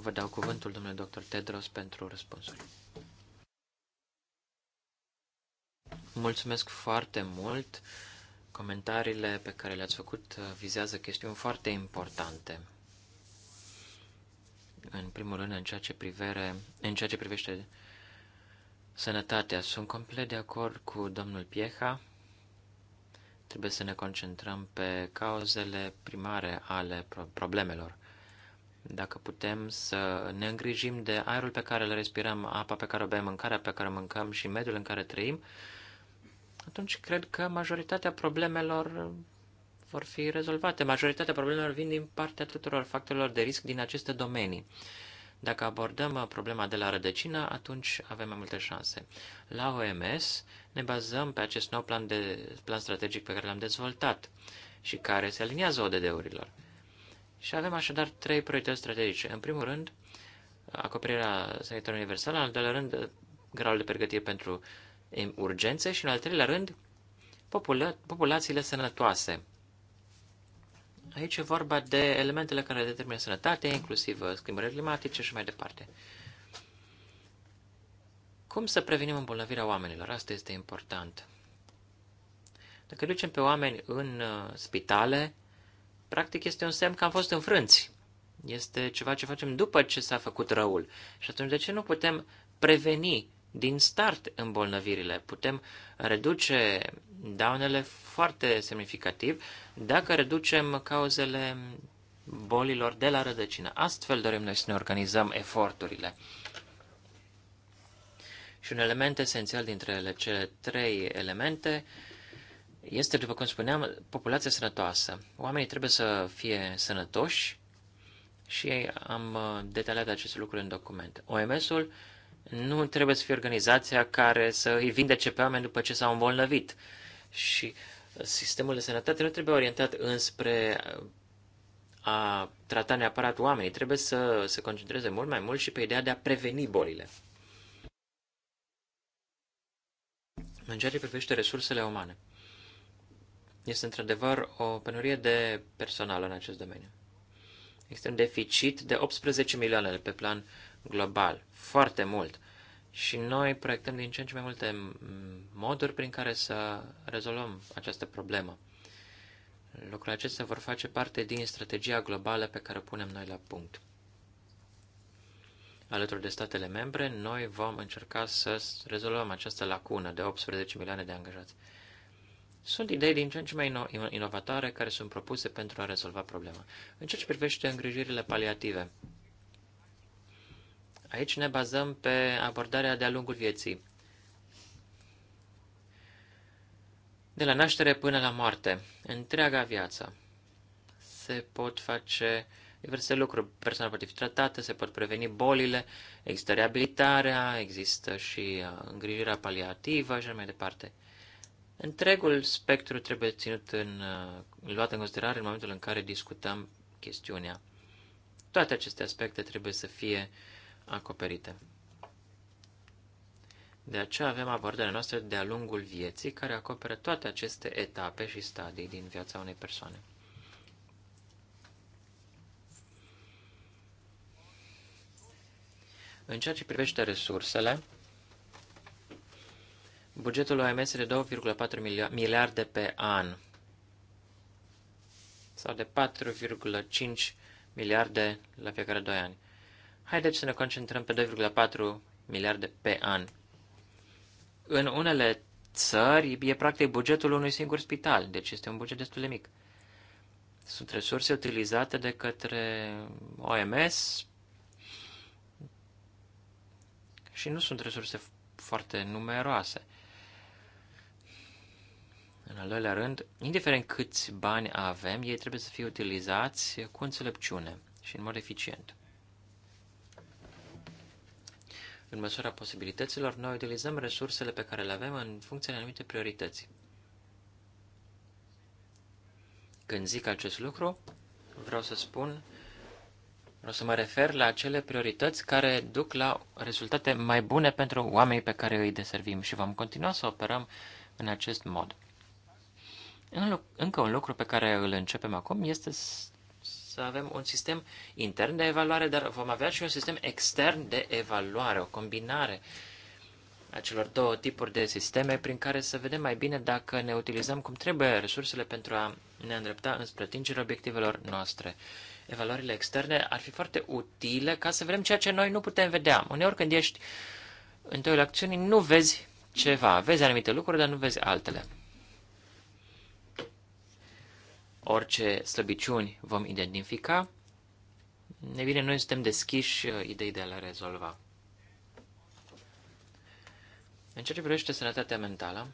Vă dau cuvântul, domnule doctor Tedros, pentru răspunsuri. Mulțumesc foarte mult. Comentariile pe care le-ați făcut uh, vizează chestiuni foarte importante. În primul rând, în ceea ce, privere, în ceea ce privește sănătatea, sunt complet de acord cu domnul Pieha. Trebuie să ne concentrăm pe cauzele primare ale problemelor dacă putem să ne îngrijim de aerul pe care îl respirăm, apa pe care o bem, mâncarea pe care o mâncăm și mediul în care trăim, atunci cred că majoritatea problemelor vor fi rezolvate. Majoritatea problemelor vin din partea tuturor factorilor de risc din aceste domenii. Dacă abordăm problema de la rădăcină, atunci avem mai multe șanse. La OMS ne bazăm pe acest nou plan, de, plan strategic pe care l-am dezvoltat și care se aliniază ODD-urilor. Și avem așadar trei priorități strategice. În primul rând, acoperirea sanitară universală, în al doilea rând, gradul de pregătire pentru urgențe și, în al treilea rând, popula- populațiile sănătoase. Aici e vorba de elementele care determină sănătatea, inclusiv schimbările climatice și mai departe. Cum să prevenim îmbolnăvirea oamenilor? Asta este important. Dacă ducem pe oameni în uh, spitale, practic este un semn că am fost înfrânți. Este ceva ce facem după ce s-a făcut răul. Și atunci de ce nu putem preveni din start îmbolnăvirile? Putem reduce daunele foarte semnificativ dacă reducem cauzele bolilor de la rădăcină. Astfel dorim noi să ne organizăm eforturile. Și un element esențial dintre cele trei elemente este, după cum spuneam, populația sănătoasă. Oamenii trebuie să fie sănătoși și am uh, detaliat acest lucru în document. OMS-ul nu trebuie să fie organizația care să îi vindece pe oameni după ce s-au îmbolnăvit. Și sistemul de sănătate nu trebuie orientat înspre uh, a trata neapărat oamenii, trebuie să se concentreze mult mai mult și pe ideea de a preveni bolile. În ceea ce privește resursele umane. Este într-adevăr o penurie de personal în acest domeniu. Există un deficit de 18 milioane pe plan global, foarte mult. Și noi proiectăm din ce în ce mai multe moduri prin care să rezolvăm această problemă. Lucrurile acestea vor face parte din strategia globală pe care o punem noi la punct. Alături de statele membre, noi vom încerca să rezolvăm această lacună de 18 milioane de angajați. Sunt idei din ce în ce mai inovatoare care sunt propuse pentru a rezolva problema. În ceea ce privește îngrijirile paliative, aici ne bazăm pe abordarea de-a lungul vieții. De la naștere până la moarte, întreaga viață. Se pot face diverse lucruri. Persoana poate fi tratată, se pot preveni bolile, există reabilitarea, există și uh, îngrijirea paliativă și mai departe. Întregul spectru trebuie ținut în, uh, luat în considerare în momentul în care discutăm chestiunea. Toate aceste aspecte trebuie să fie acoperite. De aceea avem abordarea noastră de-a lungul vieții, care acoperă toate aceste etape și stadii din viața unei persoane. În ceea ce privește resursele, Bugetul OMS de 2,4 miliarde pe an sau de 4,5 miliarde la fiecare 2 ani. Haideți să ne concentrăm pe 2,4 miliarde pe an. În unele țări e practic bugetul unui singur spital, deci este un buget destul de mic. Sunt resurse utilizate de către OMS și nu sunt resurse foarte numeroase. În al doilea rând, indiferent câți bani avem, ei trebuie să fie utilizați cu înțelepciune și în mod eficient. În măsura posibilităților, noi utilizăm resursele pe care le avem în funcție de anumite priorități. Când zic acest lucru, vreau să spun, vreau să mă refer la acele priorități care duc la rezultate mai bune pentru oamenii pe care îi deservim și vom continua să operăm în acest mod. Încă un lucru pe care îl începem acum este să avem un sistem intern de evaluare, dar vom avea și un sistem extern de evaluare, o combinare a celor două tipuri de sisteme prin care să vedem mai bine dacă ne utilizăm cum trebuie resursele pentru a ne îndrepta înspre atingerea obiectivelor noastre. Evaluările externe ar fi foarte utile ca să vedem ceea ce noi nu putem vedea. Uneori când ești în toile acțiunii, nu vezi ceva. Vezi anumite lucruri, dar nu vezi altele orice slăbiciuni vom identifica, ne vine noi suntem deschiși uh, idei de a le rezolva. În ceea ce privește sănătatea mentală,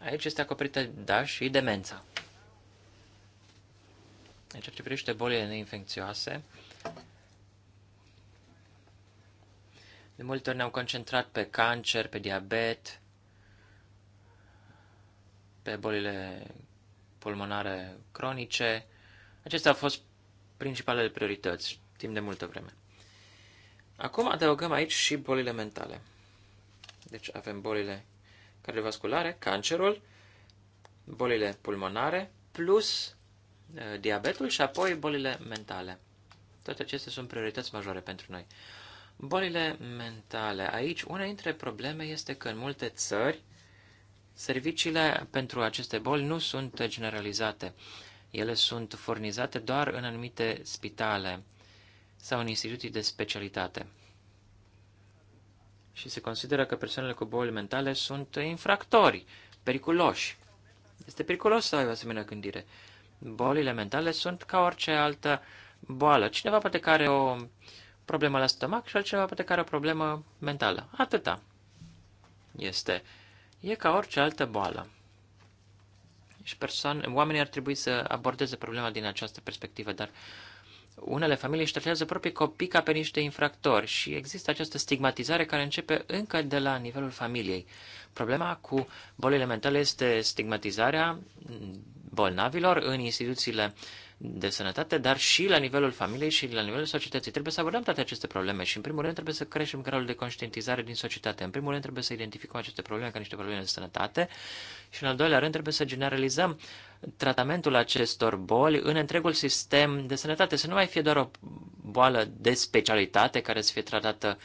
aici este acoperită, da, și demența. În ceea ce privește bolile neinfecțioase, de multe ori ne-am concentrat pe cancer, pe diabet, pe bolile pulmonare cronice. Acestea au fost principalele priorități timp de multă vreme. Acum adăugăm aici și bolile mentale. Deci avem bolile cardiovasculare, cancerul, bolile pulmonare, plus uh, diabetul și apoi bolile mentale. Toate acestea sunt priorități majore pentru noi. Bolile mentale. Aici, una dintre probleme este că în multe țări Serviciile pentru aceste boli nu sunt generalizate. Ele sunt furnizate doar în anumite spitale sau în instituții de specialitate. Și se consideră că persoanele cu boli mentale sunt infractori, periculoși. Este periculos să ai o asemenea gândire. Bolile mentale sunt ca orice altă boală. Cineva poate că are o problemă la stomac și altcineva poate că are o problemă mentală. Atâta este E ca orice altă boală. Și persoane, oamenii ar trebui să abordeze problema din această perspectivă, dar unele familii își tratează proprii copii ca pe niște infractori și există această stigmatizare care începe încă de la nivelul familiei. Problema cu bolile mentale este stigmatizarea bolnavilor în instituțiile de sănătate, dar și la nivelul familiei și la nivelul societății. Trebuie să abordăm toate aceste probleme și, în primul rând, trebuie să creștem gradul de conștientizare din societate. În primul rând, trebuie să identificăm aceste probleme ca niște probleme de sănătate și, în al doilea rând, trebuie să generalizăm tratamentul acestor boli în întregul sistem de sănătate. Să nu mai fie doar o boală de specialitate care să fie tratată uh,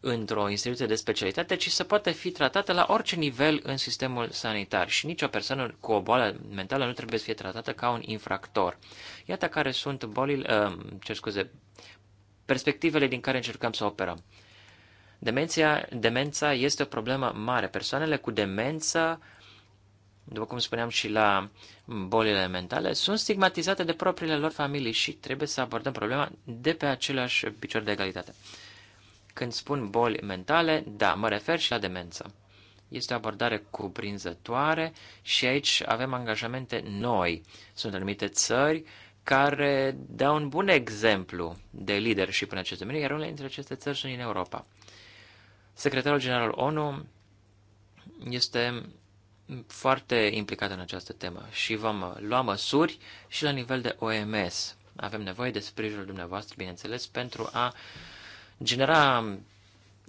într-o instituție de specialitate, ci să poată fi tratată la orice nivel în sistemul sanitar și nicio persoană cu o boală mentală nu trebuie să fie tratată ca un infractor. Iată care sunt bolile, uh, ce scuze, perspectivele din care încercăm să operăm. Demenția, demența este o problemă mare. Persoanele cu demență, după cum spuneam și la bolile mentale, sunt stigmatizate de propriile lor familii și trebuie să abordăm problema de pe același picior de egalitate. Când spun boli mentale, da, mă refer și la demență. Este o abordare cuprinzătoare și aici avem angajamente noi. Sunt anumite țări care dau un bun exemplu de leadership în acest domeniu, iar unele dintre aceste țări sunt în Europa. Secretarul General ONU este foarte implicat în această temă și vom lua măsuri și la nivel de OMS. Avem nevoie de sprijinul dumneavoastră, bineînțeles, pentru a uh, genera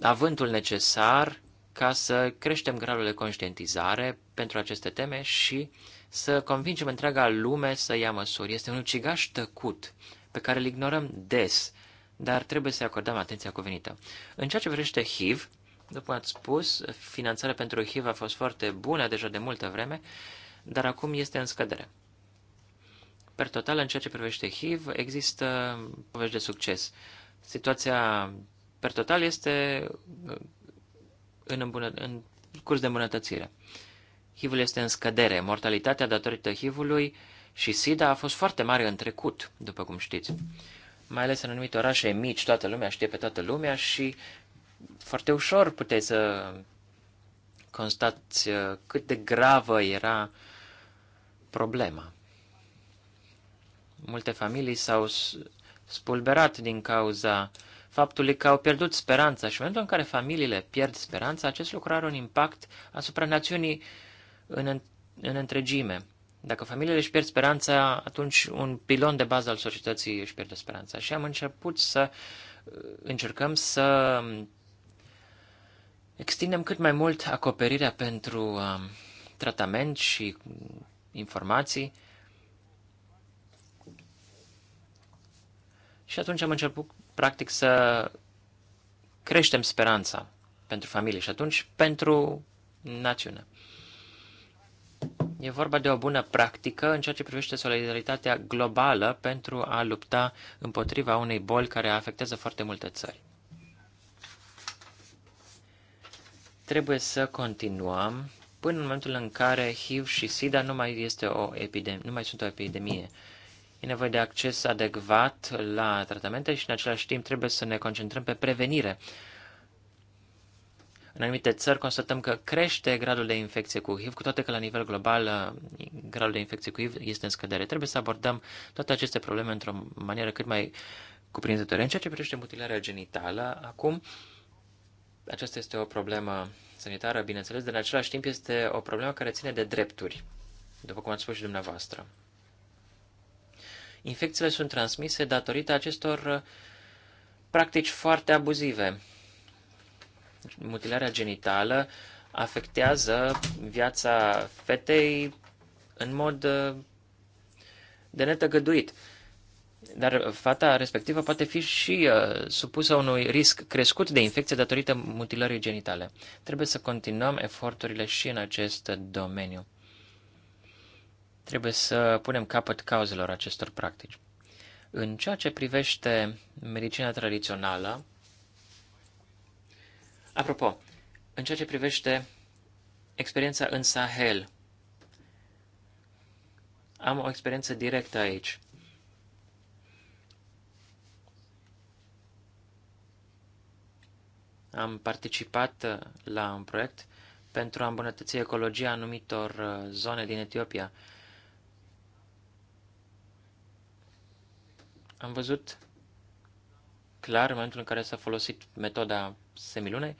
avântul necesar ca să creștem gradul de conștientizare pentru aceste teme și să convingem întreaga lume să ia măsuri. Este un ucigaș tăcut pe care îl ignorăm des, dar trebuie să-i acordăm atenția cuvenită. În ceea ce privește HIV, după cum ați spus, finanțarea pentru HIV a fost foarte bună deja de multă vreme, dar acum este în scădere. Per total, în ceea ce privește HIV, există povești de succes. Situația, per total, este uh, în, îmbună, în curs de îmbunătățire. HIV-ul este în scădere. Mortalitatea datorită HIV-ului și SIDA a fost foarte mare în trecut, după cum știți. Mai ales în anumite orașe mici, toată lumea știe pe toată lumea și foarte ușor puteți să constați uh, cât de gravă era problema. Multe familii s-au spulberat din cauza faptului că au pierdut speranța și în momentul în care familiile pierd speranța, acest lucru are un impact asupra națiunii în, în întregime. Dacă familiile își pierd speranța, atunci un pilon de bază al societății își pierde speranța. Și am început să uh, încercăm să um, extindem cât mai mult acoperirea pentru um, tratament și informații Și atunci am început, practic, să creștem speranța pentru familie și atunci pentru națiune. E vorba de o bună practică în ceea ce privește solidaritatea globală pentru a lupta împotriva unei boli care afectează foarte multe țări. Trebuie să continuăm până în momentul în care HIV și SIDA nu mai, este o epidemie, nu mai sunt o epidemie. E nevoie de acces adecvat la tratamente și în același timp trebuie să ne concentrăm pe prevenire. În anumite țări constatăm că crește gradul de infecție cu HIV, cu toate că la nivel global gradul de infecție cu HIV este în scădere. Trebuie să abordăm toate aceste probleme într-o manieră cât mai cuprinzătoare. În ceea ce privește mutilarea genitală, acum aceasta este o problemă sanitară, bineînțeles, dar în același timp este o problemă care ține de drepturi, după cum ați spus și dumneavoastră. Infecțiile sunt transmise datorită acestor uh, practici foarte abuzive. Mutilarea genitală afectează viața fetei în mod uh, de netăgăduit. Dar fata respectivă poate fi și uh, supusă unui risc crescut de infecție datorită mutilării genitale. Trebuie să continuăm eforturile și în acest domeniu. Trebuie să punem capăt cauzelor acestor practici. În ceea ce privește medicina tradițională, apropo, în ceea ce privește experiența în Sahel, am o experiență directă aici. Am participat uh, la un proiect pentru a îmbunătăți ecologia anumitor uh, zone din Etiopia Am văzut clar în momentul în care s-a folosit metoda semilunei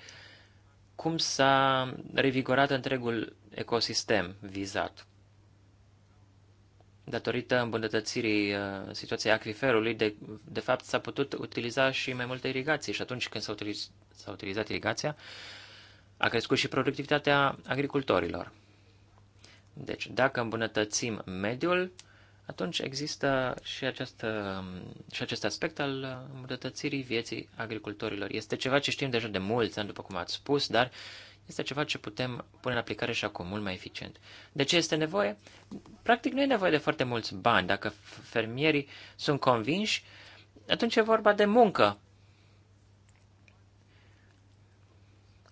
cum s-a revigorat întregul ecosistem vizat. Datorită îmbunătățirii uh, situației acviferului, de, de fapt s-a putut utiliza și mai multe irigații și atunci când s-a, utiliz, utilizat irigația, a crescut și productivitatea agricultorilor. Deci, dacă îmbunătățim mediul, atunci există și acest, și acest aspect al îmbunătățirii vieții agricultorilor. Este ceva ce știm deja de mulți ani, după cum ați spus, dar este ceva ce putem pune în aplicare și acum, mult mai eficient. De ce este nevoie? Practic nu e nevoie de foarte mulți bani. Dacă fermierii sunt convinși, atunci e vorba de muncă.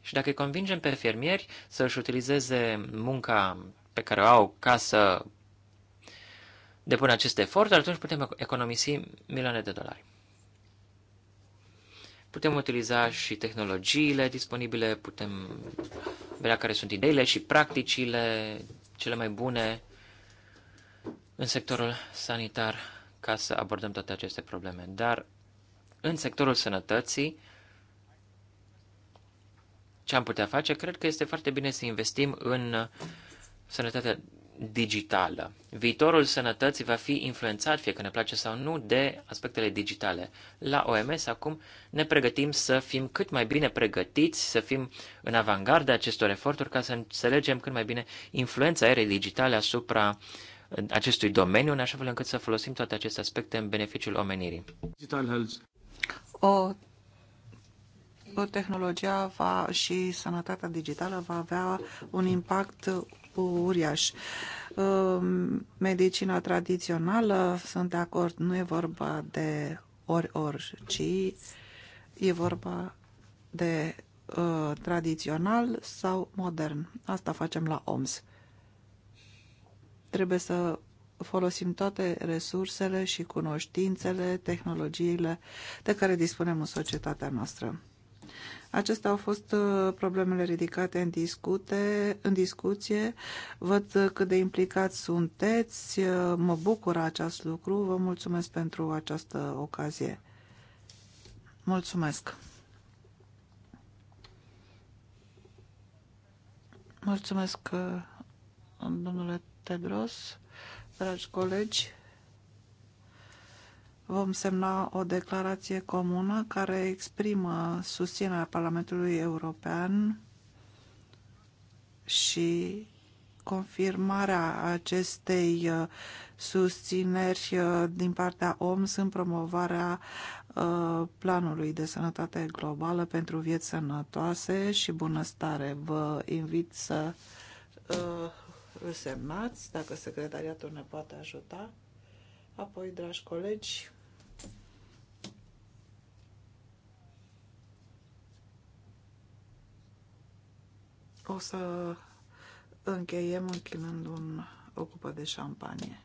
Și dacă îi convingem pe fermieri să își utilizeze munca pe care o au ca să depune acest efort, atunci putem economisi milioane de dolari. Putem utiliza și tehnologiile disponibile, putem vedea care sunt ideile și practicile cele mai bune în sectorul sanitar ca să abordăm toate aceste probleme. Dar în sectorul sănătății, ce am putea face? Cred că este foarte bine să investim în sănătatea digitală. Viitorul sănătății va fi influențat, fie că ne place sau nu, de aspectele digitale. La OMS acum ne pregătim să fim cât mai bine pregătiți, să fim în avangarda acestor eforturi ca să înțelegem cât mai bine influența erei digitale asupra uh, acestui domeniu, în așa fel încât să folosim toate aceste aspecte în beneficiul omenirii. Digital Health. O tehnologia va, și sănătatea digitală va avea un impact uriaș. Ehm, medicina tradițională, sunt de acord, nu e vorba de ori-ori, ci e vorba de uh, tradițional sau modern. Asta facem la OMS. Trebuie să folosim toate resursele și cunoștințele, tehnologiile de care dispunem în societatea noastră. Acestea au fost uh, problemele ridicate în, discute, în discuție. Văd uh, cât de implicați sunteți. Uh, mă bucură acest lucru. Vă mulțumesc pentru această ocazie. Mulțumesc! Mulțumesc, domnule Tedros, dragi colegi vom semna o declarație comună care exprimă susținerea Parlamentului European și confirmarea acestei uh, susțineri uh, din partea OMS în promovarea uh, planului de sănătate globală pentru vieți sănătoase și bunăstare. Vă invit să semnați dacă secretariatul ne poate ajuta. Apoi, dragi colegi, O să încheiem închinând un o cupă de șampanie.